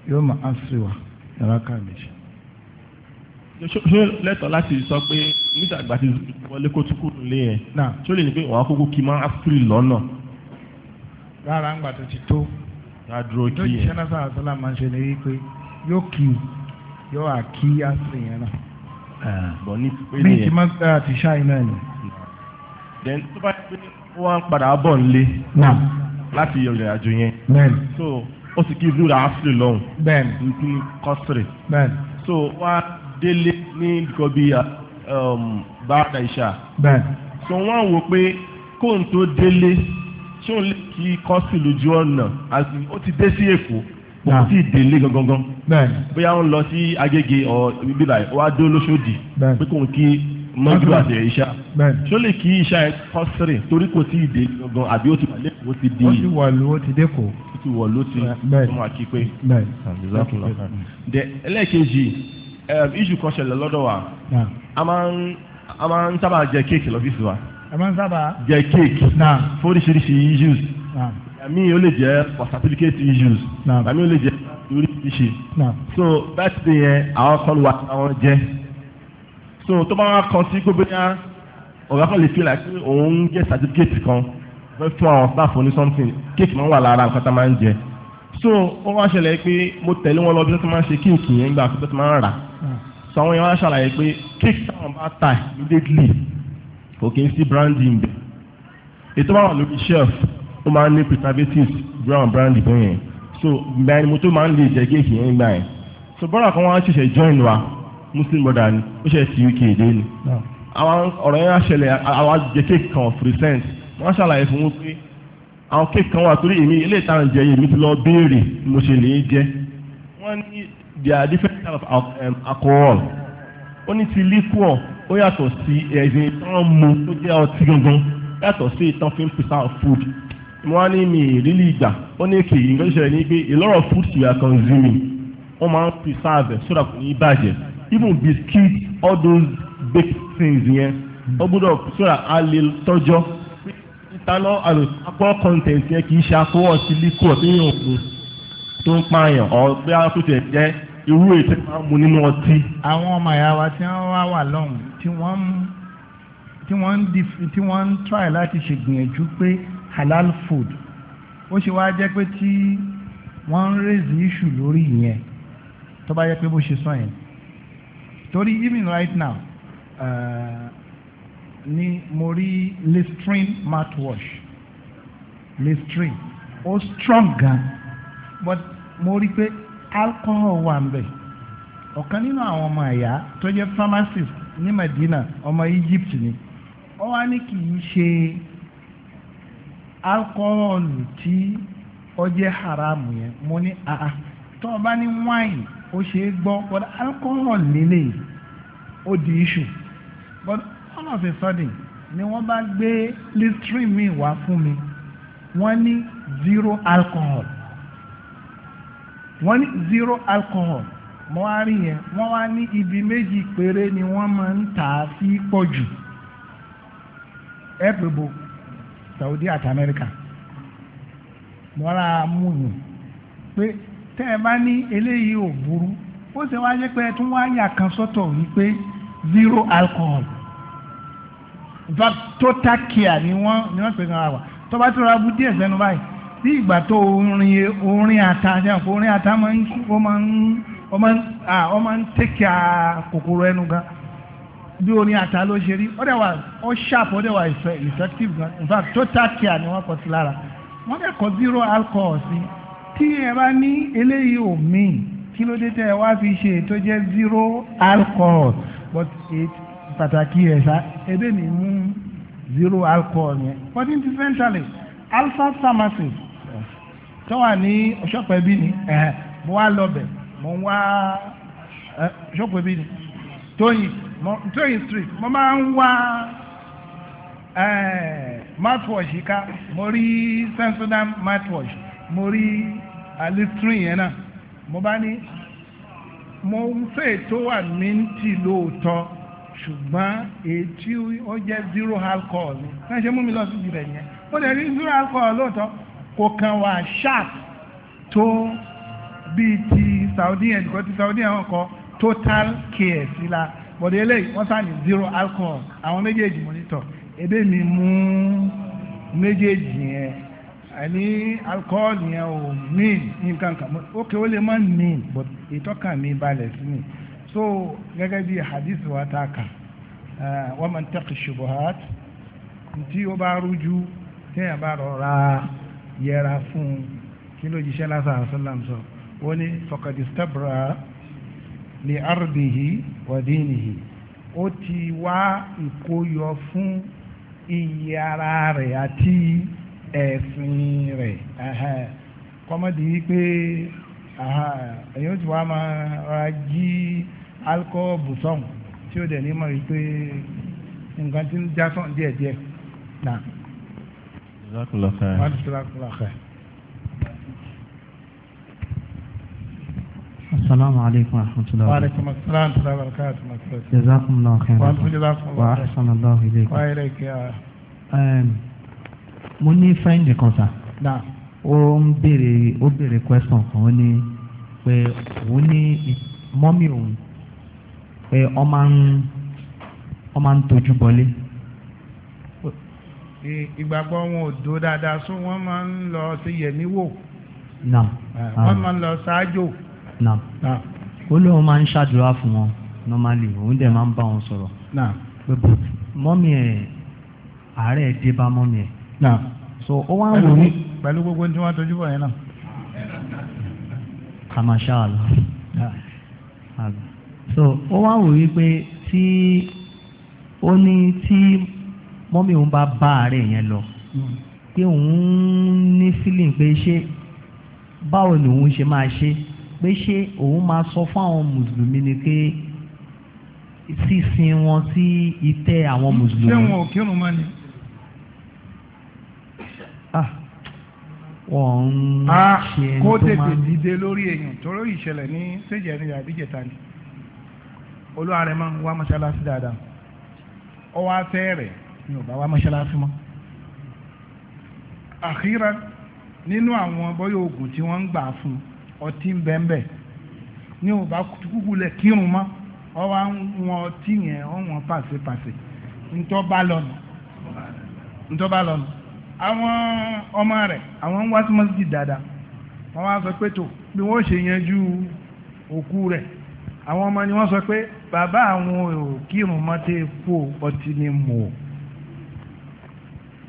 yóò mọ asiri wa raka méjì. ṣé lẹ́tọ̀ọ́ láti sọ pé nígbà àgbà tí wọlé kó nílé yẹn ṣé ó lè ní pé òun àkókò ti tó. adúró kí ẹ. lójú sẹ́nà sáà sọ́lá máa ń ṣe ni wípé yóò kì í yóò à kí àsìn yẹn náà. bọ̀ ní pélé yẹn bí jimá gbára ti ṣáì náà ni. then tó bá yẹ pé wọ́n padà bọ̀ nílé láti ìrìn àjò yẹn. bẹ́ẹ̀ni. so ó sì kí zura afri lọ́hùn. bẹ́ẹ̀ni. ní kọ́sìrì. bẹ́ẹ̀ni. so wá délé ní nǹkan bíi bá ìṣá. bẹ́ẹ̀ni. so wọ́n wò pé kóun délé ṣé òun lè kí kọ́sì lójú ọ̀nà àti ó ti dé sí èkó kò tí ì délé gangan bóyá ó ń lọ sí agége ọ ibi báyìí ó wá dó lóṣòdì pé kò ń kí mọ́jú àti ìṣá ṣó lè kí ìṣá ẹ kọ́sìrì torí kò tí ì dé gangan àbí ó ti wà lẹ́kọ̀ọ́ ó ti dé. ó ti wà ló ó ti dé kò. ti wọ̀ ló ti mú àkí pé. ẹlẹ́ẹ̀kejì um, iṣu kan ṣẹlẹ̀ lọ́dọ̀ wa a máa ń sábà jẹ kéèkì lọ́fíìsì wa ẹ máa ń sábà. jẹ kéèkì fóríṣiríṣi issues àmì ó lè jẹ certificate issues àmì ó lè jẹ oríṣiríṣi so birthday yẹn àwọn kan wà àwọn jẹ so tó bá wà kan sí gbogbo yẹn ọ̀gá kan lè fi là pé òun jẹ certificate kan fẹ́ fún àwọn staff ní something kéèkì máa ń wà lára nǹkan tá a máa ń jẹ so ó wá ṣẹlẹ̀ pé mo tẹ̀lé wọn lọ bí wọ́n ti máa ń ṣe kéèkì yẹn gbà tó ti máa ń rà so àwọn yẹn wá ṣàlàyé pé kéèkì táwọn bá tà immediately kò kí n sí branding bẹ̀ ètò bá wà lórí shelf ó máa ń ní preservatives brown brandy fún yẹn so ìgbà ẹni mo tó máa ń lè jẹ́ kéèkì yẹn gbà yẹn so bọ́dà kan wá ṣẹ̀ṣẹ̀ join wa muslim brother ni ó ṣe ti uk dé ni àwọn ọ̀rọ̀ yẹn ṣẹlẹ̀ àwọn jẹ́ kéèkì kan of recent wọ́n ṣàlàyé fún wọn pé àwọn kéèkì kan wà torí èmi ilé ìtàn jẹ èmi ti lọ béèrè mo ṣe lè jẹ wọ́n ní there are different types of um, alcohol ó ní ti liquor ó yàtọ̀ sí ẹ̀sìn tán mu tó jẹ́ ọtí gangan yàtọ̀ sí ìtàn fi ń pèsè food mo wá ní mi ìrírí ìgbà ó ní kì í nǹkan ṣẹlẹ̀ ní pé a lot of food we are consuming wọ́n máa ń preserve so that kò ní bàjẹ́ even biscuit all those baked things yẹn ó gbọ́dọ̀ so that a lè tọ́jọ́ ìtaná alcohol content yẹn kì í ṣe alcohol ti liquor tó ń pààyàn ọ̀ pé a tó tẹ̀ jẹ́ irú ètò máa ń mu nínú ọtí. àwọn ọmọ ìyá wa tí wọ́n wá wà lọ́hùn tí wọ́n tí wọ́n ń try láti ṣègbìyànjú pé halal food ó ṣe wá jẹ́ pé tí wọ́n ń raise issue lórí ìyẹn tó bá yẹ pé bó ṣe sàn yẹn torí even right now uh, ni mo rí Listerine mouthwash Listerine ó strong gan but mo rí pé alcohol wà ń bẹ̀ nínú àwọn ọmọ ẹ̀yà tó jẹ́ pharmacist ní Medina ọmọ Egypt ni ó wá ní kì í ṣe alcohol tí ó jẹ́ haram yẹn mo ní àá tó o bá ní wine o ṣe é gbọ́ but alcohol lélẹ̀ ó di issue but all of a sudden ni wọ́n bá gbé listerine mi wá fún mi wọ́n ní zero alcohol. wọ́n ní zero alcohol wọ́n wá rí yẹn wọ́n wá ní ibi méjì péré ni wọ́n máa ń tà á sí pọ̀ ẹ̀pẹ̀bọ Saudi àti America. wọ́n ra amúyàn pé tẹ́ ẹ bá ní eléyìí ò burú ó ṣe wá jẹ́ pé ẹ tún wá yà kan sọ́tọ̀ wípé zero alcohol total care ni wọ́n ni wọ́n pè é kan wá wà tó bá tó ra bu díẹ̀ sẹ́nu báyìí sí ìgbà tó orin orin ata jẹ́ àpò orin ata máa ń ó máa ń ó máa ń ó máa ń tẹ́kì kòkòrò ẹnu gan bí orin ata ló ṣe rí ó dẹ̀ wà sharp ó dẹ̀ wà effective gan in fact total care ni wọ́n kọ sí lára wọ́n dẹ̀ kọ zero alcohol sí tí ẹ bá ní eléyìí ò míì kí ló dé tẹ́ ẹ wá fi ṣe tó jẹ́ zero alcohol but it pàtàkì ẹ̀ sá ebí mi mú zero alcohol yẹn but incidentally alpha pharmacy tó wà ní ọ̀ṣọ́pẹ́ bí ni mo wá lọ bẹ̀ mo wá ọ̀ṣọ́pẹ́ bí ni tóyìn tóyìn street mo máa ń wá mouthwash ká mo rí sensodyne mouthwash mo rí alistrin yẹn náà mo bá ní mo ń fẹ́ tó wà mintì lóòótọ́ ṣùgbọ́n èyí ó jẹ́ zero alcohol ni wọ́n ṣe mú mi lọ sí ìbẹ̀ yẹn mo dẹ̀ rí zero alcohol lóòótọ́ kò kan wà sharp tó bíi ti Saudi ẹnìkan ti Saudi ẹ̀wọ̀n kan total care sí la bọ̀dé eléyìí wọ́n sàn ní zero alcohol àwọn méjèèjì monitor ebe mi mú méjèèjì yẹn àní alcohol yẹn ò mean nǹkan kan ok ó lè má mean but ìtọ́kàn mi balẹ̀ sí mi so gẹ́gẹ́ bí hadith wa ta kà wa man taqi shubuhat tí ó bá rújú téèyàn bá rọra yẹra fún un kí ló jíṣẹ́ lásán àṣọlám sọ wọ́n ní fọkàdìsítàbùrà ní àrùdìhì wọ̀dínìhì ó ti wá ìkóyọ fún iye ara rẹ̀ àti ẹ̀sìn rẹ̀ kọ́mọ́dé wípé èyàn ti wá máa ra jí alcohol bùsọ̀n tí ó dẹ̀ ní mọ̀ wípé nǹkan ti ń já sàn díẹ̀díẹ̀ náà. السلام عليكم ورحمة الله وعليكم السلام ورحمة الله وبركاته جزاكم الله خيرا وأنتم الله وأحسن الله إليكم وإليك يا mo ní fẹ́ǹdì kan sà. ó ń béèrè ó béèrè question kan ó òun ní mọ́mí òun pé ọ ń ọ máa ìgbàgbọ́ wọn ò dó dáadáa sún wọ́n máa ń lọ sí yẹ̀mí wò wọ́n máa ń lọ ṣáájò. ó lóun máa ń ṣàdúrà fún wọn normally òun dẹ̀ máa ń bá wọn sọ̀rọ̀ pẹ̀lú mọ́mí ẹ̀ àárẹ̀ dé bá mọ́mí ẹ̀ so ó wá ń wò ní. pẹ̀lú gbogbo tí wọ́n tọ́jú bọ̀ yẹn náà. kàmáṣáàlà so ó wá ń wò wípé tí ó ní tí mọ́mí òun bá bá àárẹ̀ yẹn lọ hmm. pé òun ní feeling pé ṣé báwo ni òun ṣe máa ṣe pé ṣé òun máa sọ fún àwọn mùsùlùmí ni pé sísin wọn sí ìtẹ́ àwọn hmm. mùsùlùmí. ṣé wọn ò kírun mọ́ ni. Ah, wọ́n ń ah, ṣe ẹni tó máa. kó tètè dìde lórí èèyàn tóró ìṣẹ̀lẹ̀ ní ṣèjẹ́rìí àbíjẹta ni olúwa rẹ̀ máa ń wá mọ́ṣáláṣí dáadáa ó wá rẹ̀ ni ò bá wá mọ́ṣáláṣí mọ́ àkírà nínú àwọn bọ́yọ̀ oògùn tí wọ́n ń gbà fún ọtí ń ni ò bá kúkú lẹ̀ kírun mọ́ ọ wá wọn ọtí yẹn ọ wọn pàṣẹpàṣẹ ntọ́ bá lọ́nà ntọ́ bá lọ́nà àwọn ọmọ rẹ̀ àwọn ń wá sí mọ́sídìí dáadáa wọ́n wá sọ pé tó bí wọ́n ṣe yanjú òkú rẹ̀ àwọn ọmọ ni wọ́n sọ pé bàbá àwọn ò kírun mọ́tẹ́ kú ọtí ni mò ó.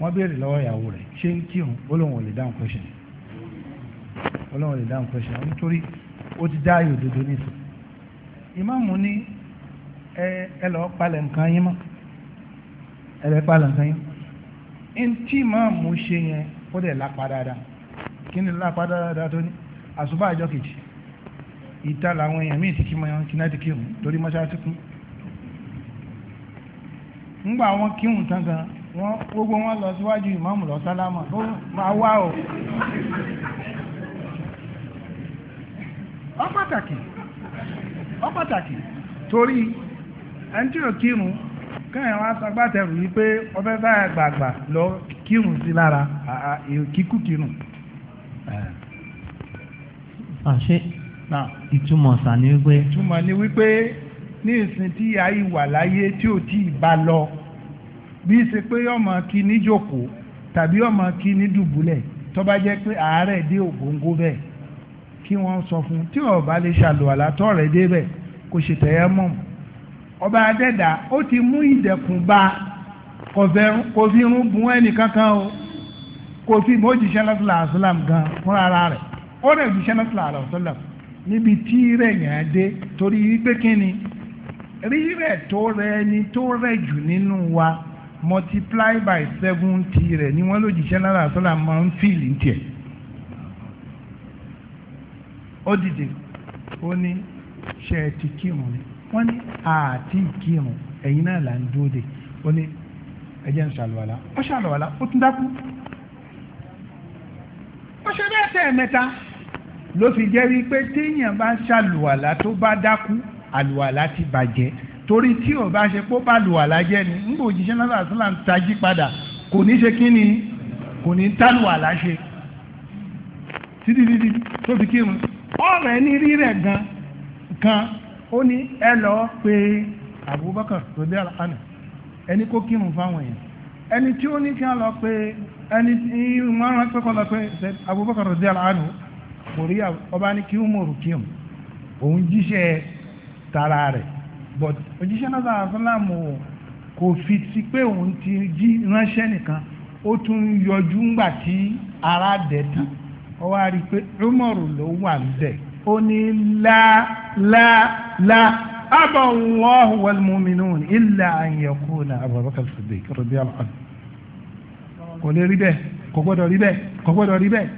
wọ́n béèrè lọ́wọ́ ìyàwó rẹ̀ ṣé ń kírun ó lóun ò dáhùn ó lóun dáhùn question nítorí ó ti dá òdodo ìmáàmù ní ẹ lọ́ọ́ palẹ̀ nǹkan yín mọ́ ẹ lọ́ọ́ palẹ̀ nǹkan yín ìmáàmù ṣe yẹn ó dẹ̀ tó ní àṣùbà kejì ìta làwọn èèyàn míì ti kí mọ́ kí náà ti torí mọ́ṣáláṣí wọ́n gbogbo wọn lọ síwájú ìmáàmù lọ sálámà ó máa wá o. ọ pataki torí ẹni ò kírun kẹ́yìn wá sagbátẹrù yìí pé ọbẹ̀ báyà gbàgbà lọ kírun sí lára kíkú kírun. àṣé ìtumọ̀ ni wípé. ìtumọ̀ ni wípé ní ìsìn tí ayé wà láyé tí ò tí lọ. bí ṣe pé ọmọ kí ní jókòó tàbí ọmọ kí ní dùbúlẹ̀ tó bá jẹ́ pé àárẹ̀ dé ògóńgó bẹ́ẹ̀ kí wọ́n sọ fún tí ó bá lè ṣàlùwàlà tọ́ rẹ̀ dé bẹ́ẹ̀ kò ṣe tẹ̀yẹ́ mọ́ ọba adẹ́dà ó ti mú ìdẹ̀kùn bá kò fi irun gun ẹnì kankan o kò fi bó jíṣẹ́ lọ́sọ̀lá àṣọlám gan fún rẹ̀ ó rẹ̀ jíṣẹ́ lọ́sọ̀lá àṣọlám níbi tí rẹ̀ yàn dé torí wípé kí ni rírẹ̀ tó rẹ̀ ẹni tó rẹ̀ jù nínú wa multiply by seven rẹ̀ ni wọ́n lójijì náírà sọ́là máa ń fìlì ń tiẹ̀. ó dìde ó ní ṣe é ti kírun ni wọ́n ní àti kírun ẹ̀yin náà là ń dúró de ó ní ẹjẹ́ ń ṣàlùwàlá ó ṣàlùwàlá ó tún dákú. ó ṣe bẹ́ẹ̀ tẹ́ mẹ́ta ló fi jẹ́ wípé téèyàn bá ṣàlùwàlá tó bá dákú àlùwàlá ti bàjẹ́. torí tí ò bá ṣe pó bá lù wà lájẹ́ ni ńgbò ń tají padà kò ní ṣe kí ni kò ní tálù wà láṣe títí tó fi kírun ọ̀rọ̀ ẹni rẹ̀ gan kan ó ní ẹ lọ pé Abubakar rọdí àlàkánà ẹni kó kírun fáwọn èèyàn ẹni tí ó ní kí lọ pé ẹni tara rẹ̀ but òjíṣẹ́ náà sáà fúnlámù kò fi ti pé òun ti jí ránṣẹ́ nìkan ó tún yọjú ńgbà tí ara dẹ̀ tán ó wá rí i pé rúmọ̀rù ló wà níbẹ̀ ó ní láláálá abà Allah wal mu'minun illa an yakuna Abubakar Siddiq radiyallahu anhu kò lè rí bẹ́ẹ̀ kò gbọ́dọ̀ rí bẹ́ẹ̀ kò gbọ́dọ̀ rí bẹ́ẹ̀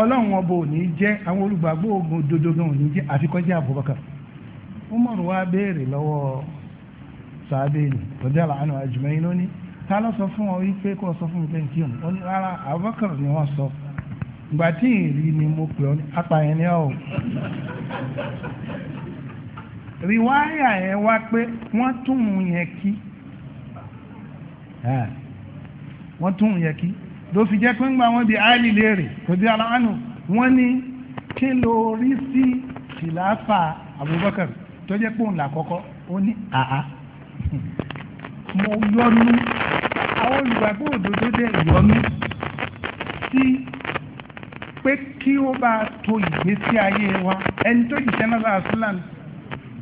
ọlọ́run ọba ò ní jẹ́ àwọn olùgbàgbọ́ ògùn dodo gan ò ní jẹ́ àfikọ́jẹ́ Abubakar umar wa béèrè lọ́wọ́ sàbẹ̀lì tọ́jà làánú àjùmọ̀yìn lónìí ta ló sọ fún ọ wípé kó sọ fún pé kí òun ní rárá abubakar ni wọ́n sọ ìgbà tí ìrì ni mo pè ọ ní apààyàn ni ọ riwaya yẹn wá pé wọ́n tún un yẹn kí wọ́n tún un yẹn kí ló fi jẹ́ pé ńgbà wọ́n di áìlì léèrè kò wọ́n ní kí ló rí sí kìláfà Abubakar tó jẹ́ pé òun là kọ́kọ́ ó ní àá mo yọnu àwọn olùgbàgbọ́ òdodo dẹ̀ yọnu sí pé kí ó bá to ìgbésí ayé wa ẹni tó jìṣẹ́ náà sàásùlàn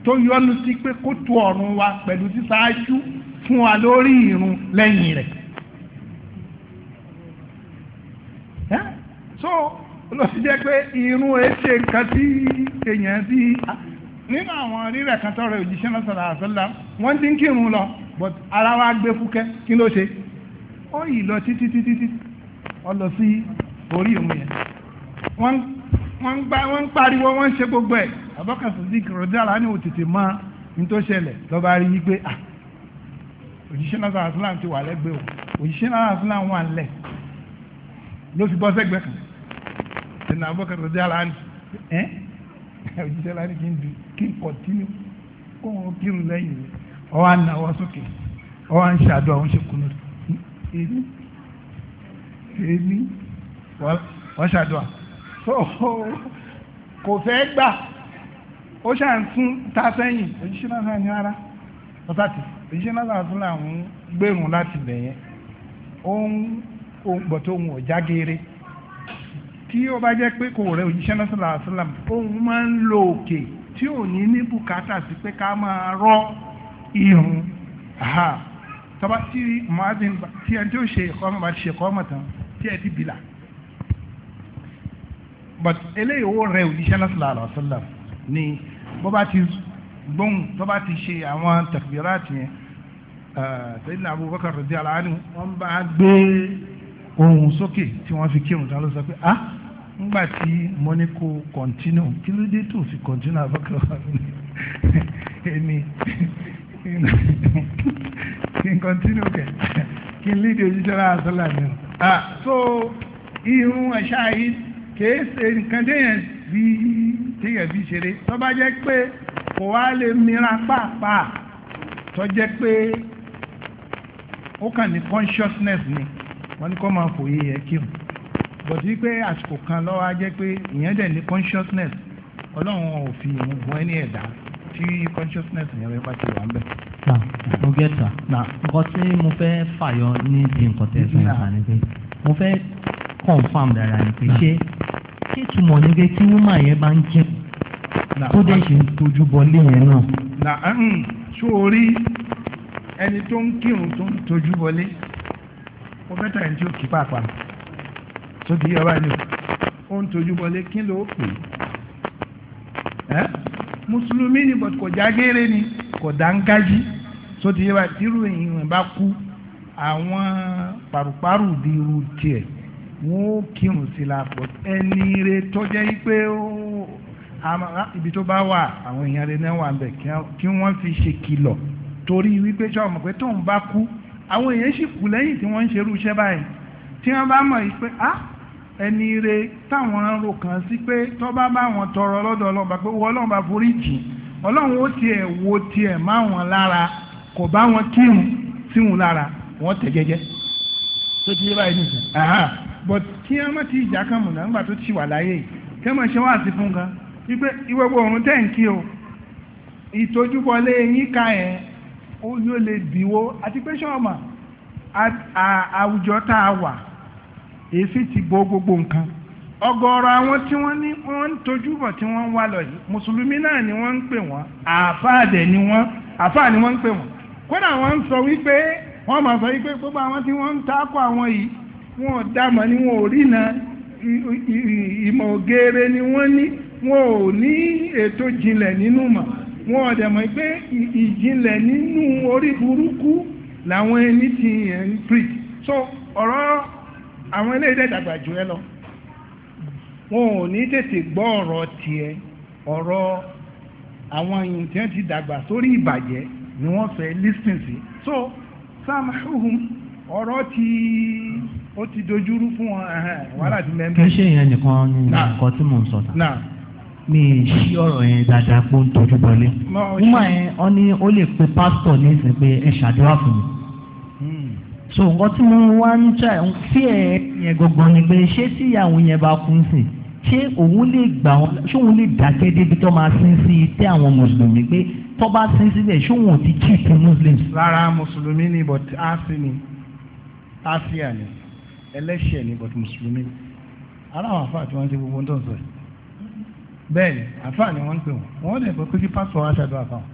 tó yọnu sí pé kó to ọ̀run wa pẹ̀lú sísáájú fún wa lórí ìrun lẹ́yìn rẹ̀. so lọ sí jẹ́ pé ìrun ẹ̀ ṣe nǹkan tí èèyàn bíi nínú àwọn rírẹ̀ kan tọrọ òjíṣẹ́ lọ́sọ̀rọ̀ àṣọlá wọ́n ti ń kírun lọ but ara wa gbé fúkẹ́ kí ló ṣe ó yìí lọ títí títí títí ó lọ sí orí òun yẹn wọ́n ń pariwo wọ́n ń ṣe gbogbo ẹ̀ abọ́kàṣọ sí kìrọ̀dálà ni ò tètè mọ ní tó ṣẹlẹ̀ lọ́ba rí i pé ah òjíṣẹ́ lọ́sọ̀rọ̀ àṣọlá ti wà lẹ́gbẹ̀ẹ́ o òjíṣẹ́ lọ́sọ̀rọ̀ àṣọlá wà *laughs* òjíṣẹ́ láti kí n di kí n kọ̀tínú kó wọn kírun lẹ́yìn mi ọwọ́ ànáwọ́ sókè ọwọ́ à ń ṣàdúrà òun ṣe kùnú èmi èmi wọ́n ṣàdúrà kò fẹ́ gbà ó ṣàn ta sẹ́yìn òjíṣẹ́ náà sàn ní ara ọ̀tá òjíṣẹ́ náà sàn fún làwọn gbèrún láti bẹ̀yẹn òun òun gbọ̀tọ̀ òun ò jágeere tí ó bá jẹ́ pé kò rẹ òjíṣẹ́ náà sọ̀rọ̀ àṣàlám òun máa ń lo òkè tí ò ní ní bùkátà sí pé ká máa rọ́ irun tọ́ba tí muhammed tí ẹni tí ó ṣe ìkọ́ ọmọ ṣe ìkọ́ ọmọ tán tí ẹ ti bìlà but eléyìí ó rẹ òjíṣẹ́ náà sọ̀rọ̀ àṣàlám ni bó bá ti gbóhùn tó bá ti ṣe àwọn takbirat yẹn sẹ́yìn Abubakar radiyallahu anhu wọ́n bá gbé ohùn sókè tí wọ́n fi kírun tán ló sọ pé ah ńgbà tí mo ní kó kọ̀ntínú kí ló dé tó fi kọ̀ntínú abọ́kẹ́ wa èmi kí n kọ̀ntínú kẹ̀ kí n lídìí ojúṣe mi o. so irun ẹ̀ṣá yìí kìí ṣe nǹkan déyàn bí téyàn bí ṣeré tó bá jẹ́ pé kò wá lè mìíràn pàápàá tó jẹ́ pé ó kàn ní consciousness ni wọ́n ní kó máa fòye yẹ kírun bọ̀dù wípé àsìkò kan lọ́wọ́ á jẹ́ pé ìyẹn dẹ̀ ní consciousness ọlọ́run ò fi ìrùn gun ẹni ẹ̀dá tí consciousness yẹn bá ti wà ń bẹ̀. ta mo gẹ́ta nǹkan tí mo fẹ́ fàyọ níbi nǹkan tẹ̀ sọ yẹn ni pé mo fẹ́ confam dára ni pé ṣé ṣé ìtumọ̀ ni pé kí woman yẹn bá ń jẹ́ tó dẹ̀ ṣe ń tójú bọlé yẹn náà. Um, ṣó o rí ẹni tó ń kírun tó ń tójú bọlé ó bẹ́tà ẹni tí ó kí pàápàá tó ti yọba ni ó ń tojú bọlé kí ló pè é mùsùlùmí ni bọ̀t kò jágéré ni kò dángájí tó ti yọba tírú ìwọ̀n bá kú àwọn pàrùpàrù di irú tiẹ̀ wọ́n ó kírun sí la pọ̀ ẹni rẹ tọ́jẹ́ pé ibi tó bá wà àwọn èèyàn rẹ náà wà ń bẹ̀ kí wọ́n fi ṣe kìlọ̀ torí wípé sọ́ọ̀mù pé tóun bá kú àwọn èèyàn sì kú lẹ́yìn tí wọ́n ń ṣerú iṣẹ́ báyìí tí wọ́n bá mọ̀ pé ah ẹni re táwọn ń ro kàn sí pé tọ́ba bá wọn tọrọ lọ́dọ̀ ọlọ́ba pé wọ́n ọlọ́ba forí jì ọlọ́run ó tiẹ̀ wo tiẹ̀ má wọn lára kò bá wọn kírun síhun lára wọ́n tẹ̀ jẹ́jẹ́ tó ti yé báyìí nìkan but kí ẹ má ti ìjà kan mọ̀ náà nígbà tó ti wà láyé yìí kí ẹ má ṣe wá sí fún kan wípé ìwé gbogbo òun tẹ̀ ń kí o ìtójúbọlé yín ká ẹ̀ ó yóò lè dìwó àti pé ṣọ́ọ̀mà àwùjọ tá a wà èéfín ti gbọ́ gbogbo nǹkan ọ̀gọ̀rọ̀ àwọn tí wọ́n ní wọ́n ń tojú bọ̀ tí wọ́n ń wá lọ yìí mùsùlùmí náà ni wọ́n ń pè wọ́n àáfàá ni wọ́n àáfàá ni wọ́n ń pè wọ́n kódà wọ́n ń sọ wípé wọ́n máa sọ wípé gbogbo àwọn tí wọ́n ń takò àwọn yìí wọn ò dámọ̀ ni wọn ò rí na ìmọ̀ ògèrè ni wọ́n ní wọn ò ní ètò jinlẹ̀ nínú mọ̀ wọn ò dẹ̀ mọ̀ pé ìjìnlẹ̀ nínú orí burúkú làwọn ẹni tí yẹn ń pè so ọ̀rọ̀ àwọn eléyìí dẹ̀ dàgbà jù ẹ lọ wọn ò ní tètè gbọ́ ọ̀rọ̀ tiẹ̀ ọ̀rọ̀ àwọn èèyàn tí wọ́n ti dàgbà sórí ìbàjẹ́ ni wọ́n fẹ́ lísìn sí so samahum ọ̀rọ̀ ti ó ti dojúrú fún wọn wàhálà ti mẹ́mbẹ́. kí ṣe ìyẹn nìkan ni nǹkan tí mò ń sọ ta mi ṣí ọ̀rọ̀ yẹn dáadáa pé ó ń tojú bọlé. wúmọ̀ yẹn ó ní ó lè pe pásítọ̀ ní ìsìn pé ẹ ṣàdúrà fún mi so nǹkan tí mo wá ń tà fí ẹ yẹn gbọ̀ngàn ni pé ṣé tí ìyàwó yẹn bá kú sí ṣé òun lè gbà wọn ṣé òun lè dákẹ́ débi tó máa sin sí tẹ́ àwọn mùsùlùmí pé tó bá sin síbẹ̀ ṣé òun ò ti kí ìpín muslims. rárá mùsùlùmí ni but áṣì ni áṣíà ni ẹlẹ́ṣẹ̀ ni but mùsùlùmí ni ará àwọn àfáà tí wọ́n ti gbogbo ń tọ̀ sọ yìí bẹ́ẹ̀ ni àfáà ni wọ́n ń pè wọ́n wọ́n lè gbọ́ pé kí pásítọ̀ wá ṣàdúrà fáwọn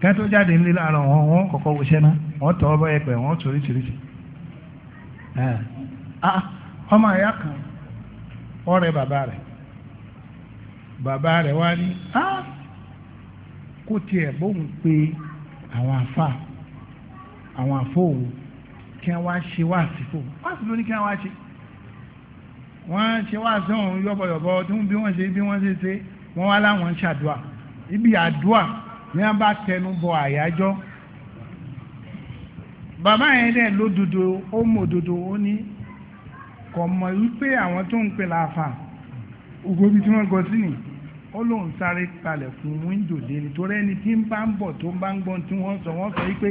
kẹ́ jáde ńlẹ̀ láàárọ̀ wọn wọn kọ̀kọ́ wo ṣẹ́ná wọn tọ́ ọba ẹ̀pẹ̀ wọn torí tìrìtì ọmọ àyà kan ọ̀rẹ́ bàbá rẹ̀ bàbá rẹ̀ wá ní ah, kó tiẹ̀ bóun pé àwọn àfa àwọn àfọ òun kí wọ́n wá ṣe wá àsìkò wá sí lóní kí wọ́n wá ṣe wọ́n ṣe wá sí ọ̀hún yọ̀bọ̀yọ̀bọ̀ tí wọ́n bí wọ́n ṣe bí wọ́n ṣe ṣe wọ́n wá láwọn ṣàdúà ibi àdúà ní wọn bá tẹnu bọ àyájọ́ bàbá yẹn dẹ̀ lódodo ó mòdodo ó ní kò mọ̀ wípé àwọn tó ń pè láàfà ògbóbi tí wọ́n gọ sí ni ó lóun sáré palẹ̀ fún wíńdò dé nítorí ẹni tí ń bá ń bọ̀ tó ń bá ń gbọ́n tí wọ́n sọ wọ́n sọ wípé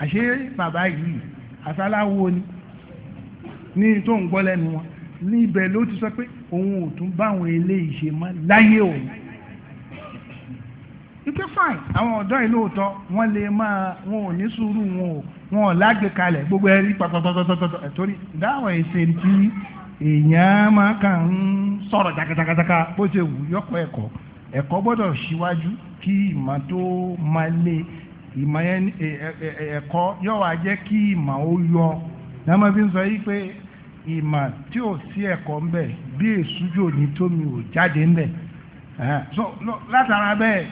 àṣé bàbá yìí àsáláwo ni ní tó ń gbọ́ lẹ́nu wọn níbẹ̀ ló ti sọ pé òun ò tún báwọn eléyìí ṣe mọ́ láyé òun ike fine àwọn ọ̀dọ́ yìí lóòótọ́ wọ́n lè máa wọn ò ní sùúrù wọn ò wọn ò lágbè kalẹ̀ gbogbo ẹ̀rí pàpàpàpàpàpà torí dáwọ̀ èsè tí èèyàn máa kàn ń sọ̀rọ̀ jakajakajaka bó ṣe wù yọkọ̀ ẹ̀kọ́ ẹ̀kọ́ gbọ́dọ̀ síwájú kí ìmọ̀ tó máa lé ìmọ̀ yẹn ẹ̀kọ́ yóò wá jẹ́ kí ìmọ̀ ó yọ nàmọ́ fi ń sọ yí pé ìmọ̀ tí ò sí ẹ̀kọ́ ń bẹ bí èsújò ní tómi ò jáde ń bẹ látara bẹ́ẹ̀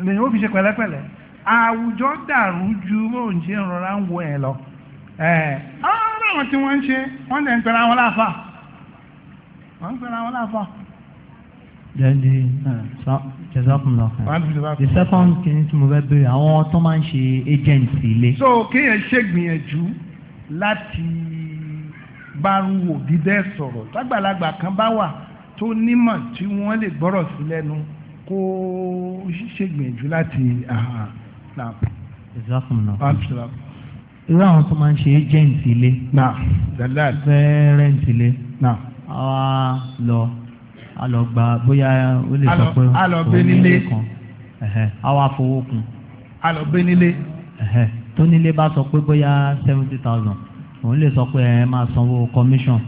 lèyìn ó fi ṣe pẹ̀lẹ́pẹ̀lẹ́ àwùjọ dàrú ju bóun ṣe ń rọra ń wo ẹ̀ lọ. ọ̀rọ̀ àwọn tí wọ́n ń ṣe wọ́n lè ń pẹ̀lú àwọn láàfà wọ́n ń pẹ̀lú àwọn láàfà. then the jazakumullah the second kìíní tí mo fẹ́ béèrè àwọn tó máa ń ṣe agent ilé. so kéèyàn ṣègbìyànjú láti bárú òbí bẹ́ẹ̀ sọ̀rọ̀ tágbàlagbà kan bá wà tó nímọ̀ tí wọ́n lè gbọ́rọ̀ sí lẹ́nu kó ṣègbìyànjú láti nà. irú àwọn tó máa ń ṣe agent ilé. nà dalal. fẹ́ rent ilé. nà. àwa lọ a lọ gba bóyá ó lè sọ pé òun ní ilé kan àwa fowó kun. a lọ gbé nílé. tó nílé bá sọ pé bóyá seventy thousand òun lè sọ pé ẹ máa sanwó commission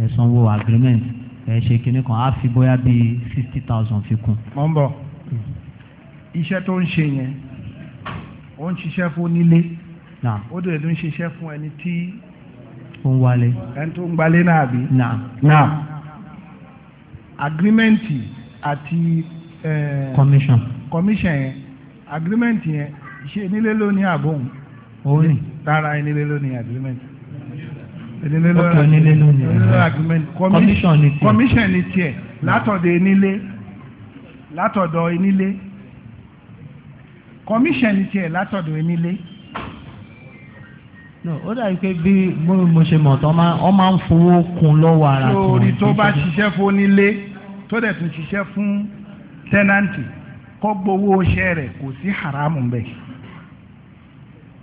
ẹ sanwó agreement fẹ́ ṣe kinní kan á fi bóyá bíi sixty thousand fi kún. mọ̀ ń bọ̀ iṣẹ́ tó ń ṣe yẹn ó ń ṣiṣẹ́ fún nílé ó dẹ̀ ló ń ṣiṣẹ́ fún ẹni tí ó ń wálé ẹni tó ń gbalé náà bí. agirimẹ́ǹtì àti commission commission yẹn agirimẹ́ǹtì yẹn ṣe nílé lónìí àbóhùn. òun ni rárá nílé lónìí agirimẹ́ǹtì ọkọ̀ onílé lónìí commission ni tiẹ̀ commission ni tiẹ̀ látọ̀dọ̀ enílé látọ̀dọ̀ enílé commission ni tiẹ̀ látọ̀dọ̀ enílé. no ó dàbí pé bí mo ṣe mọ̀ tán ọ máa ń fowó kun lọ́wọ́ ara kan. lórí tó bá ṣiṣẹ́ fún onílé tó dẹ̀ tún ṣiṣẹ́ fún tẹ́nàntì kọ́ gbowó iṣẹ́ rẹ̀ kò sí haramu bẹ́ẹ̀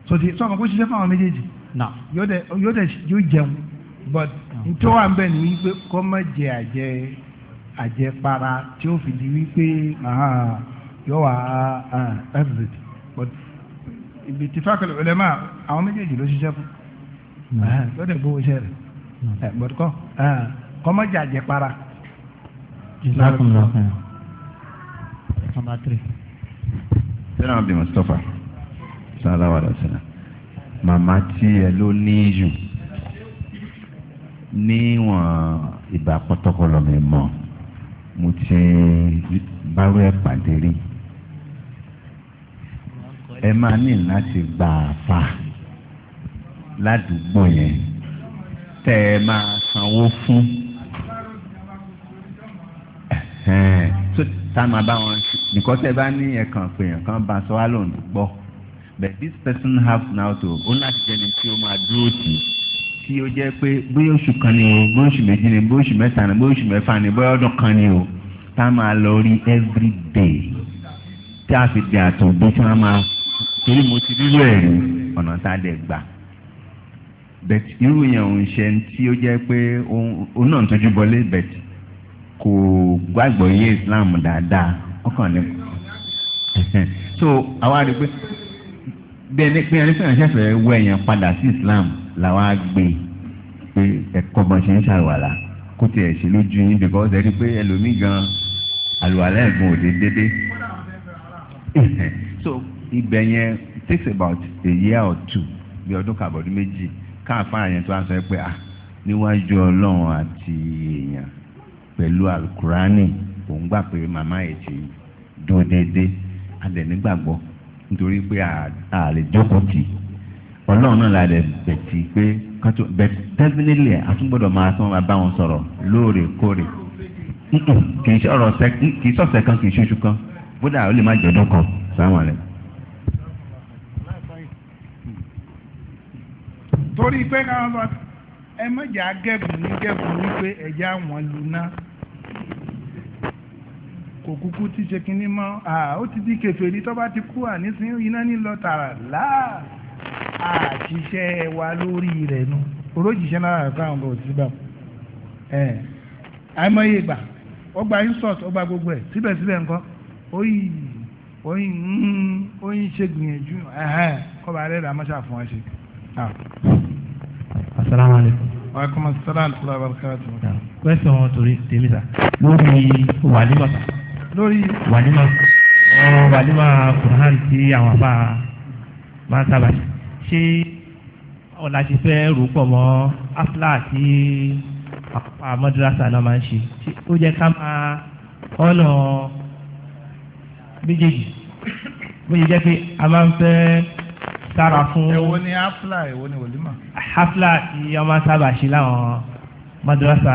sọ̀tì sọ̀kan kó ṣiṣẹ́ fún àwọn méjèèjì yóò dẹ̀ yóò jẹun but nítorí wà ń bẹ̀ ni wípé kọ́ má jẹ àjẹ àjẹpara tí ó fi di wípé yóò wá everything but ibi tí fákàlì ulama àwọn méjèèjì ló ṣiṣẹ́ fún yóò dẹ̀ gbowó iṣẹ́ rẹ̀ but kọ́ kọ́ má jẹ àjẹpara. Number three. Sẹ́nà Abdi Mustapha, sàlámà àdàsẹ́nà màmá tí ẹ ló ní jù níwọ̀n ìgbà pọ́tọ́kọlọ mi mọ̀ mo ti bárò ẹ̀ pàdé rí ẹ máa ní láti gbà àfà ládùúgbò yẹn tẹ́ ẹ máa sanwó fún tó tá a máa bá wọn ṣe nìkan tẹ́ bá ní ẹ̀kan pèèyàn kan bá sọ wá lòun gbọ́ but this person have now to ó láti jẹ́ ni tí ó máa dúró tì í tí ó jẹ́ pé bóyá oṣù kan ni o bóyá oṣù méjì ni bóyá oṣù mẹ́ta ni bóyá oṣù mẹ́fà ni bóyá ọdún kan ni o tá a lọ rí every day tí a fi dè àtọ̀gbẹ́ tí wọ́n máa torí mo ti rírò ẹ̀ ọ̀nà tá a lè gbà but irú yẹn òun ṣe tí ó jẹ́ pé òun náà tójú bọlé but kò gbàgbọ́ yé Islam dáadáa ọkàn ni *laughs* so àwa rí i pé bẹ́ẹ̀ni pé ẹni fẹ́ràn ṣẹ̀fẹ̀ wọ ẹ̀yàn padà sí Islam làwọn á gbé pé ẹ̀kọ́ bọ́n ṣe ń ṣàlùwàlà kó tiẹ̀ ṣe lójú yín because ẹni pé ẹlòmíì gan àlùwàlà ẹ̀gbọ́n òde dédé *laughs* so ibẹ̀ yẹn takes about a year or two bí ọdún kàbọ̀dún méjì káàfáà yẹn tó wá sọ pé ah níwájú ọlọ́run àti èèyàn pẹ̀lú alukurani òun gbà pé màmá ẹ̀ ti dúró déédéé adẹ̀ nígbàgbọ́ nítorí pé a lè jókòó tì ọlọ́run náà la lè bẹ̀tì pé kátó bẹ̀tì definitely àtúgbọ́dọ̀ máa tún máa bá wọn sọ̀rọ̀ lóòrèkóòrè kì í sọ̀rọ̀ mm, kì í sọ̀sẹ̀ kan kì í ṣoṣù kan ó lè má sáwọn rẹ̀. torí pé káwọn bá ẹ mọ̀jà gẹ̀bù ní gẹ̀bù ní pé kò kúkú tí ṣe kinní mọ́ ó ti di kèfèrí tó bá ti kú ànísìn iná nílọ tààrà láà àṣìṣe wa lórí rẹ̀ nu orójìṣẹ́ náà rà fáwọn ọ̀gá òsínbà ẹ̀ àìmọye ìgbà ọgbà insult ọgbà gbogbo ẹ̀ síbẹ̀síbẹ̀ nǹkan oyin oyin oyin ṣe gbìyànjú kọba rẹ̀ rà mọ́ṣá fún wa ṣe. asalaamualeykum. wa alaykum asalaam wa rahmatulahi wa barakatuh. torí tèmi sa lórí wàlímọ̀ta lórí. wàlímà eh, wàlímà kùrán tí àwọn àbá máa ń sábà ṣe ọ̀la ti fẹ́ rò pọ̀ mọ́ afla àti àpá mọ́dúrásà náà máa ń ṣe ó jẹ́ ká máa ọ̀nà méjèèjì bóyá jẹ́ pé a máa ń fẹ́ sára fún. èwo ni afla èwo ni wòlímà. afla tí wọ́n máa ń sábà ṣe láwọn mọ́dúrásà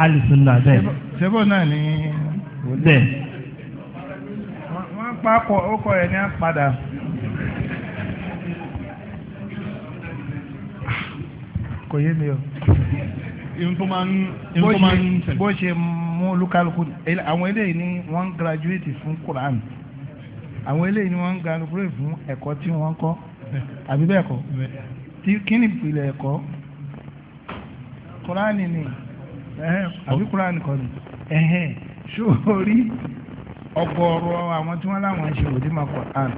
alùsùn bẹ́ẹ̀ ṣẹ́bọ̀ náà ní bẹ́ẹ̀. wọ́n pa ọkọ̀ ọkọ̀ rẹ̀ ní àpadà. kò yé mi o. bó ṣe mú olúkálukú àwọn eléyìí ni wọ́n ń graduate fún Quran àwọn eléyìí ni wọ́n ń graduate fún ẹ̀kọ́ tí wọ́n kọ́ àbí bẹ́ẹ̀ kọ́ kí ni ìpìlẹ̀ ẹ̀kọ́ Quran ni àbí Quran kọ́ ni ẹ̀hẹ́n sórí ọgọ́rọ̀ àwọn tí wọ́n láwọn ṣe òdì máa kọ àn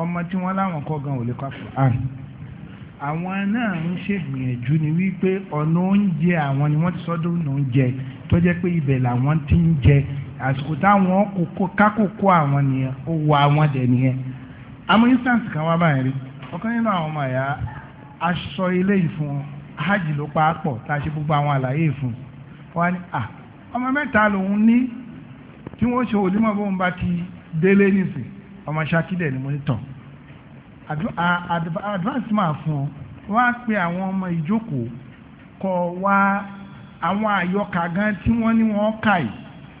ọmọ tí wọ́n láwọn kọ́ gan òlè kọ́ àn àwọn náà ń ṣègbìyànjú ni wípé ọ̀nà oúnjẹ àwọn ni wọ́n ti sọ́dọ̀ ọ̀nà oúnjẹ tó jẹ́ pé ibẹ̀ làwọn ti ń jẹ àsìkò táwọn kókó kákòókò àwọn nìyẹn ó wọ àwọn dẹ̀ nìyẹn àmọ́ kan wá báyìí rí ọ̀kan nínú àwọn ọmọ ẹ̀yà aṣọ ilé ìfún hajj ló pa á pọ̀ tá a ṣe gbogbo àwọn àlàyé ìfún wọn á ní à ọmọ mẹ́ta lòun ní tí wọ́n ṣe òlímọ̀ bóun bá ti délé ọmọ ṣakídẹ̀ ni mo ń tàn advance fún ọ wá pé àwọn ọmọ ìjókòó kọ wá àwọn àyọkà gan tí wọ́n ní wọ́n kà yìí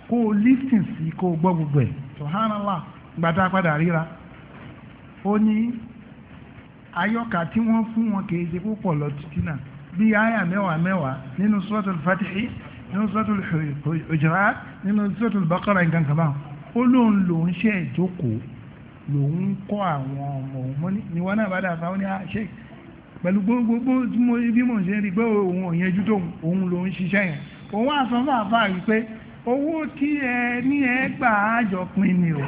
kó o sí kó o gbọ́ gbogbo ẹ̀ subhanallah gbàtà padà ríra ó ní tí wọ́n fún wọn kì í ṣe púpọ̀ lọ náà nínú sọ́tò Hujurat nínú sọ́tò Baqara nǹkan kan báwọn ó lóun lòun ṣe ìjókòó lòun kọ́ àwọn ọmọ òun ni wọn náà bá dà fáwọn ní àṣẹ ah, pẹ̀lú gbogbogbò tí mo bí mò ń ṣe rí pé òun òun yẹjú tó òun lòun ṣiṣẹ́ yẹn òun wà sọ fún àfáà wípé owó tí ẹ ní ẹ gbà àjọ pin ni o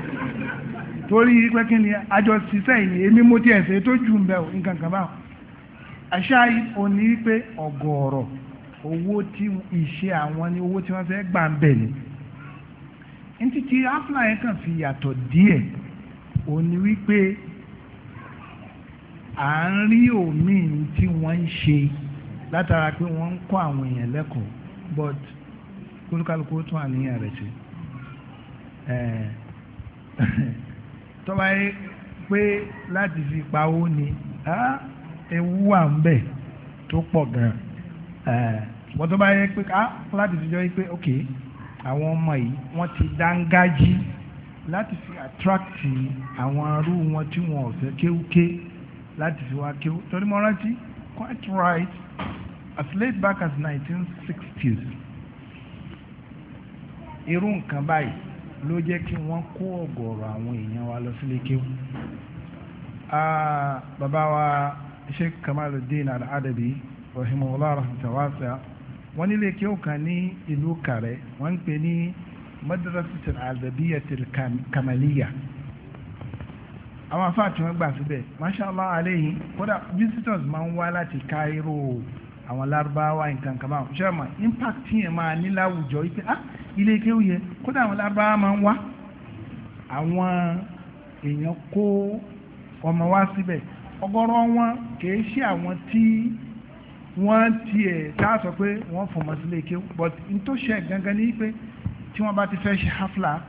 torí pé kí ni àjọ ṣiṣẹ́ yìí èmi mo tiẹ̀ ṣe tó jù ń bẹ̀ nǹkan kan báwọn àṣà òní pé ọ̀gọ̀ọ̀rọ̀ owó tí ìṣe àwọn ni owó tí wọ́n fẹ́ gbà ń bẹ̀ ni ntí tí afla yẹn kàn fi yàtọ̀ díẹ̀ òun ni wípé à ń rí òmíì tí wọ́n ń ṣe látara pé wọ́n ń kọ́ àwọn èèyàn lẹ́kọ̀ọ́ but kólúkálukú tún àníyàn rẹ̀ ṣe *laughs* tọ́ba yẹ pé láti fi pawó ni ewu wà ń bẹ̀ tó pọ̀ gan-an ṣùgbọ́n tó bá yẹ pé ká láti fi jọ yí pé ok àwọn ọmọ yìí wọ́n ti dángájí láti fi attract àwọn arú wọn tí wọn ò fẹ́ kéwúké láti fi wá kéwú torí mo rántí quite right as late back as 1960s irú nǹkan báyìí ló jẹ́ kí wọ́n kó ọ̀gọ̀ọ̀rọ̀ àwọn èèyàn wa lọ sílé kéwú. Ah, bàbá wa sheikh kamaluddin al-adabi rahimahullah rahmatulahi wọ́n nílé kí ó kàn ní ìlú kàrẹ́ wọ́n ń pè ní madrasatul adabiyatul kamaliya àwọn afáà tí wọ́n gbà síbẹ̀ mashallah aleyhi kódà visitors máa ń wá láti Cairo àwọn lárúbáwá nǹkan kan báwọn ṣé ọmọ impact yẹn máa ní láwùjọ yìí pé ah ilé kéwù yẹn kódà àwọn lárúbáwá máa ń wá àwọn èèyàn kó ọmọ wá síbẹ̀ ọ̀gọ̀rọ̀ wọn kìí ṣe àwọn tí wọ́n tiẹ̀ tá a sọ pé wọ́n fọmọ sílé kéwú but n tó ṣe gangan ní pé tí wọ́n bá ti fẹ́ ṣe hafla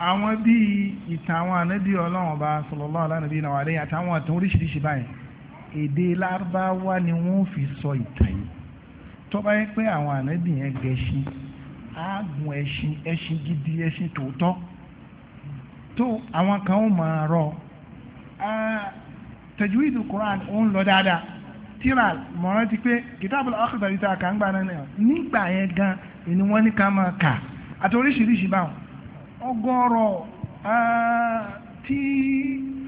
àwọn bíi ìtàn àwọn ànábì ọlọ́run ọba sallallahu alaihi nabiyina wa alayhi àtàwọn àtàn oríṣiríṣi báyìí èdè lárúbáwá ni wọ́n fi sọ ìtàn yìí tó bá yẹ pé àwọn ànábì yẹn gẹṣin àágùn ẹṣin ẹṣin gidi ẹṣin tòótọ́ tó àwọn kan ó máa rọ ah, tajwidul Qur'an ó ń lọ dáadáa tíra mọ̀rán ti pé kìtàbùlù ọ̀kùnrin tá a kà ń gbà náà nígbà yẹn gan ni wọ́n ní ká máa kà àti oríṣiríṣi báwọn ọgọ́rọ̀ tí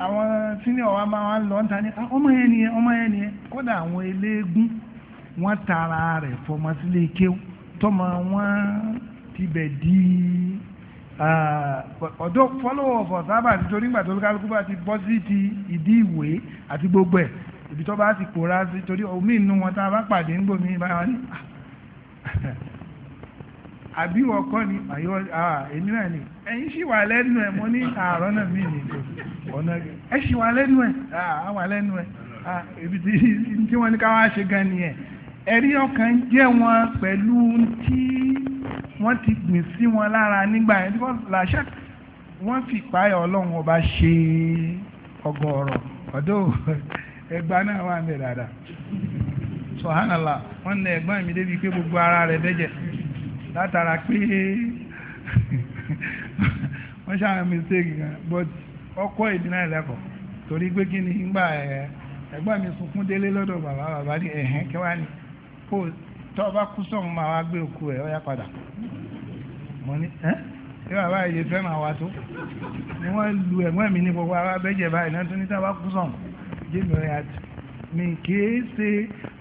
àwọn tíní ọ̀wá máa ń lọ ń ta ní ah, ọmọ yẹn nìyẹn ọmọ yẹn nìyẹn kódà àwọn eléégún wọ́n tara rẹ̀ fọmọ sílé kéwù tọmọ wọn tibẹ̀ di ọ̀dọ́ fọ́lọ́wọ́ ọ̀fọ̀ sábà nítorí ìgbà tó kálukú bá ti bọ́ sí ti ìdí ìwé àti gbogbo ẹ̀ ibi tó bá sì pòórá sí torí omi inú wọn tá a bá pàdé ń gbòmí báyọ̀ ní ah. àbí wọ́n kọ́ ni àyọ̀ ah, èmi náà ni ẹ̀yin sì wà lẹ́nu ẹ̀ mo ní ah, àárọ̀ náà mí ni ọ̀nà ẹ̀ sì wà lẹ́nu ẹ̀ à wà lẹ́nu ẹ̀ ibi tí wọ́n ní ká wá ṣe gan ni ẹ̀ ẹ̀rí ọkàn jẹ́ wọn pẹ̀lú tí wọ́n ti gbìn sí wọn lára nígbà yẹn tí wọ́n làṣà wọ́n fi ìpáyà ọlọ́run ọba ṣe ọgọ́rọ̀ ọ̀dọ́ ẹgbà náà wà dada, dáadáa sọ̀hánàlá wọ́n na ẹ̀gbọ́n mi débi gbogbo ara látara pé *laughs* ṣàwọn gan but èdè náà torí pé kí ni mi sunkún délé bàbá bàbá kẹwàá ni kó kú máa wá gbé òkú padà bàbá yìí fẹ́ máa wá tó ni wọ́n lu ẹ̀gbọ́n mi ní gbogbo ara bẹ́jẹ̀ báyìí náà tó ní a kú jẹ́mìíràn àjò ní kìí ṣe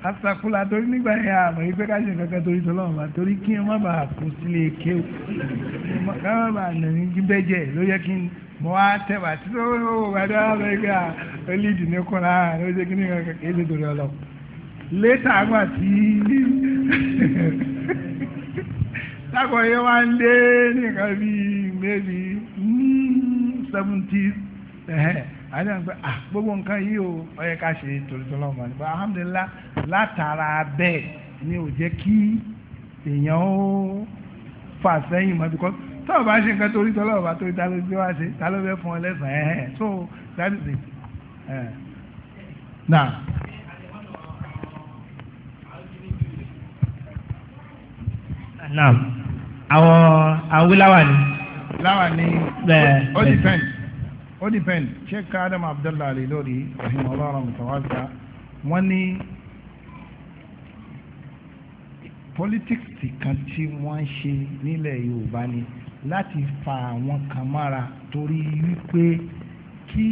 asakula torí nígbà yẹn àmọ́ yìí pé ká ṣe kankan torí tọ́lọ́mọba torí kí n má bàa kú sílé kéwù ká má bàa nà ní bẹ́jẹ̀ ló yẹ kí n mọ á tẹ̀wá tí ó wò wá dá lọ́gbà olídì ní kúnra ló ṣe kí ní kankan kìí ṣe torí ọlọ́ létà àgbà tí sákò *laughs* yẹn wá ń dé nìkan bíi mẹ́bí seventy àti àwọn pé ah gbogbo nǹkan yìí o ó yẹ ká ṣe tòlítọ́lọ́ ọmọ nípa alhamdulilah látara bẹ́ẹ̀ ni ò jẹ́ kí èèyàn ó fà sẹ́yìn mọ́ because tó o bá ṣe nǹkan torí tọ́lọ́ ọba ta ló gbé wá ṣe ta ló fẹ́ fún ọ lẹ́sàn-án ẹ̀hẹ́n so that is it. Uh, now. naam àwọn àwọn wíláwà ni. láwà ni ó dìfẹ́ǹtì ó dìpẹ́ndì sheikh adam abdullahi alayhi lórí rahim ọlọ́run tawasa wọ́n ní politics kan tí wọ́n ń ṣe nílẹ̀ yorùbá ni láti fa àwọn kan mára torí wípé kí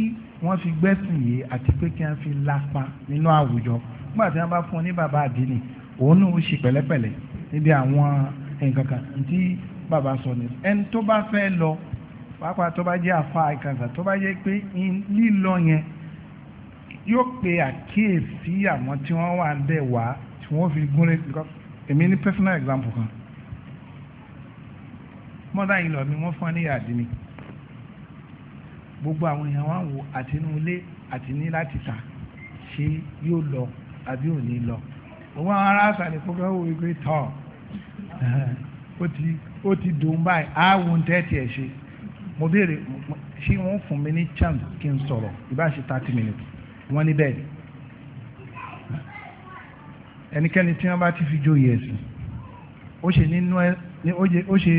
wọ́n fi gbẹ́sìn yìí àti pé kí wọ́n fi lápa nínú àwùjọ nígbà tí wọ́n bá fún un ní bàbá àdínì òun náà ó ṣe pẹ̀lẹ́pẹ̀lẹ́ níbi àwọn nǹkan kan tí bàbá sọ ni ẹni tó bá fẹ́ lọ pàápàá tó bá jẹ́ àfa ìkànsà tó bá jẹ́ pé lílọ yẹn yóò pe àkíyèsí àwọn tí wọ́n wà ń bẹ̀ wá tí wọ́n fi gúnlé èmi ní personal example kan mọ́dà yìí lọ mi wọ́n fún ní yàdí mi gbogbo àwọn èèyàn wá ń wo àtinúlé àti ní láti ta ṣé yóò lọ àbí ò ní lọ òun àwọn ará àṣàlẹ̀ kó fẹ́ wo wípé tọ̀ *laughs* ó ti dùn báyìí á wo ń tẹ́ ṣe mo béèrè ṣé wọ́n fún mi ní chance kí n sọ̀rọ̀ ìbá ṣe thirty minutes wọ́n ní bẹ́ẹ̀ ẹnikẹ́ni tí wọ́n bá ti fi jóye ẹ̀sìn ó ṣe nínú ẹ ó ṣe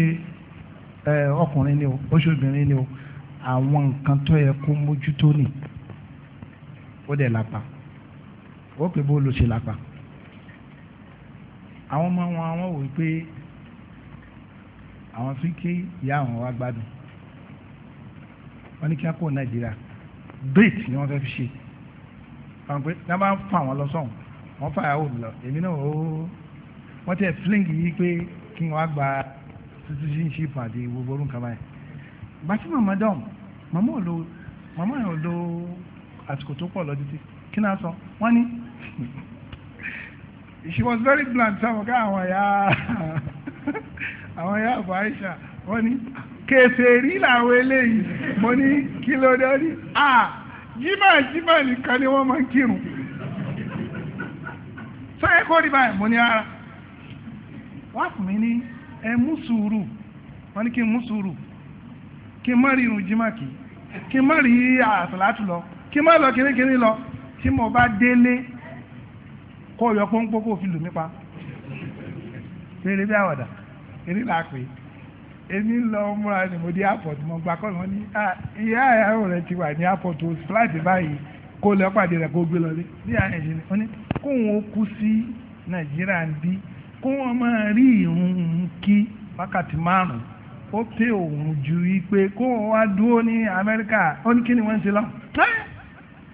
ọkùnrin ni o ó ṣe obìnrin ni o àwọn nǹkan tó yẹ kó mójútó nì ó dẹ̀ lápá ó pè bó ló ṣe lápá àwọn ọmọ wọn àwọn wò pé àwọn fi ké ìyá àwọn wá gbádùn wọ́n ní kí wọ́n kó nàìjíríà brit ni wọ́n fẹ́ fi ṣe àwọn pé náà bá ń fa àwọn lọ sọ̀hún wọ́n fa àwọn lọ èmi náà ó wọ́n tẹ̀ fling yìí pé kí wọ́n gba citizenship àti gbogbo orun kaba yẹn bàtí màmá dán màmá ò lo màmá ò lo àsìkò tó pọ̀ lọ títí kí náà sọ wọ́n ní *laughs* she was very blunt sáwọn ká àwọn ẹ̀yà *laughs* àwọn ẹ̀yà àbọ̀ Aisha wọ́n ní kèfèrí làwọn eléyìí mo ní kí ló dé ó à jímà jímà nìkan ni wọ́n máa ń kírun sọ́yẹ́ kó rí báyìí mo ní ara wọ́n fún mi ní ẹ mú sùúrù wọ́n ní kí n mú sùúrù kí n má rí irun jímà kì kí n má rí àtàlátù lọ kí n má lọ kínníkínní lọ tí mo bá délé kó yọ pọ́npọ́ kó fi lù mí pa eré bí àwàdà eré là á pè é èmi ń lọ múra ni mo dé airport mo gba kọ́ wọn ní ìyá ìyàwó rẹ ti wà ní airport o flight báyìí kó lọ pàdé rẹ kó gbé lọ ní àìsàn wọn ni kó wọn kú sí nàìjíríà ń bí kó wọn máa rí ìrun kí wákàtí márùn ó pé òun ju wípé kó wọn wá dúró ní amẹ́ríkà ó ní kí ni wọ́n ń ṣe lọ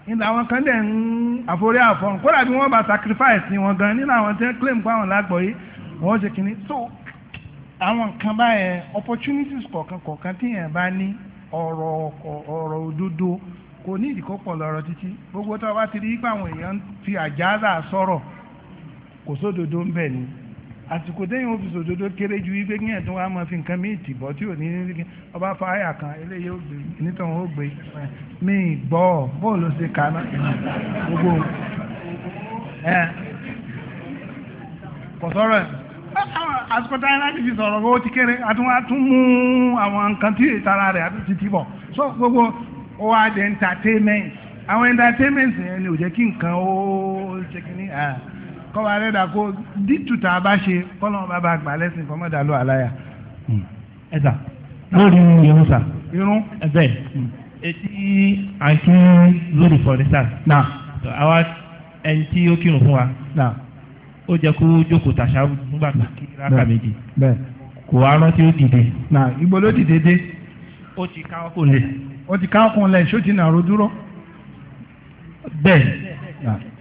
nígbà àwọn kan dẹ̀ ń àforí àfọ̀n kódà bí wọ́n bá sacrifice ni wọ́n gan nínú àwọn tẹ́ claim pa àwọn lágbọ̀ọ́yé wọ́n ṣe kínní so àwọn nǹkan báyẹn opportunities kọ̀ọ̀kan kọ̀ọ̀kan téèyàn bá ní ọ̀rọ̀ ọ̀rọ̀ òdodo kò ní ìdíkọ́ pọ̀ lọ́rọ̀ títí gbogbo tó bá ti rí pé àwọn èèyàn fi àjálà sọ̀rọ̀ kò sódodo ń bẹ̀ ni àsìkò téèyàn ó fi sòdodo kéré ju wípé kí ẹ̀dùn wa máa fi nǹkan míì ọba fa àyà kan eléyìí ó gbé nítorí ó gbé gbọ́ bóòlù ṣe kaná gbogbo àsìkò táyé láti fi sọ̀rọ̀ owó ti kéré àtúnwá tún mú àwọn nǹkan tí ìtara rẹ̀ àti títí bọ̀ so gbogbo ó wá di entertainment àwọn entertainment yẹn ni ò jẹ́ kí nǹkan ó ṣe kìíní kọ́ba rẹ̀ dà kó dítùtà bá ṣe kọ́lọ́n bá bá gbà lẹ́sìn fọmọ́dà ló àláyà. Hmm. ẹ sà lórí irun sà. irun. ẹ bẹ́ẹ̀ hmm. etí àti lórí fọ̀rẹ́sà. náà. àwa ẹni tí ó kírun fún wa. náà. ó jẹ́ kó jókòó tàṣà gbà mí méjì kò ó dìde. nà ibo dìde dé. ó ti ká ọkùn lẹ̀. ó ti ká ọkùn lẹ̀ ṣó ti nàró dúró. bẹ́ẹ̀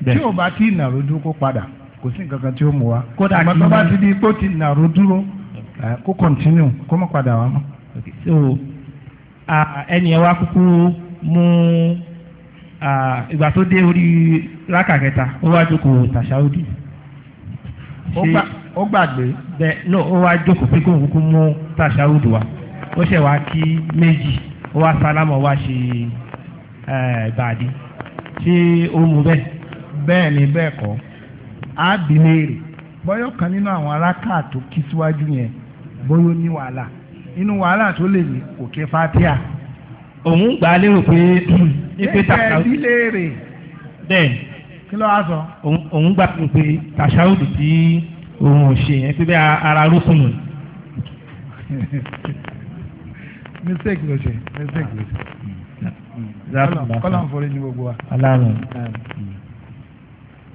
bẹ́ẹ̀ tí ò bá ti nàró dúró kó padà kò sí nǹkan kan tí ó mú wa. kódà kí bá ti di pé ó ti nàró dúró kó kọ̀ntínú kó padà wá mọ́. so ẹni ẹ wá kúkú mú ìgbà tó dé orí rákà kẹta ó wá jókòó ó gbàgbé bẹ no ó wá jókòó pé kó kúkú mú tàṣàhúdù wa ó ṣe wá kí méjì ó wá sálámà wá ṣe ìbàdí ṣé ó mú bẹ́ẹ̀. bẹ́ẹ̀ ni bẹ́ẹ̀ kọ́ á bí léèrè bọ́yọ̀ kan nínú àwọn aráka tó kí síwájú yẹn bóyó ní wàhálà inú wàhálà tó lè ní òkè fatia. òun gbà á lérò pé ipe tàṣàhúdù. bẹ́ẹ̀ bí kí ló wá sọ. òun gbà pé tàṣàhúdù tí òun ò ṣe yẹn síbẹ̀ ara rúkùnù. mistake ló ṣe mistake ló ṣe. kọ́lá ń forí ní gbogbo wa. aláàánú.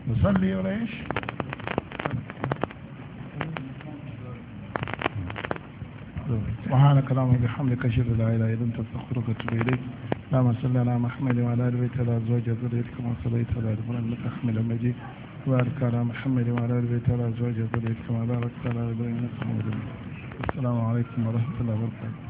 musalli ọ̀rẹ́ yìí. سبحانك اللهم وبحمدك اشهد ان لا اله الا انت استغفرك واتوب اليك اللهم صل على محمد وعلى ال بيت الازواج وذريتك كما صليت على ابراهيم انك حميد مجيد وبارك على محمد وعلى ال بيت وعلى ازواجه وذريته كما باركت على ال السلام عليكم ورحمه الله وبركاته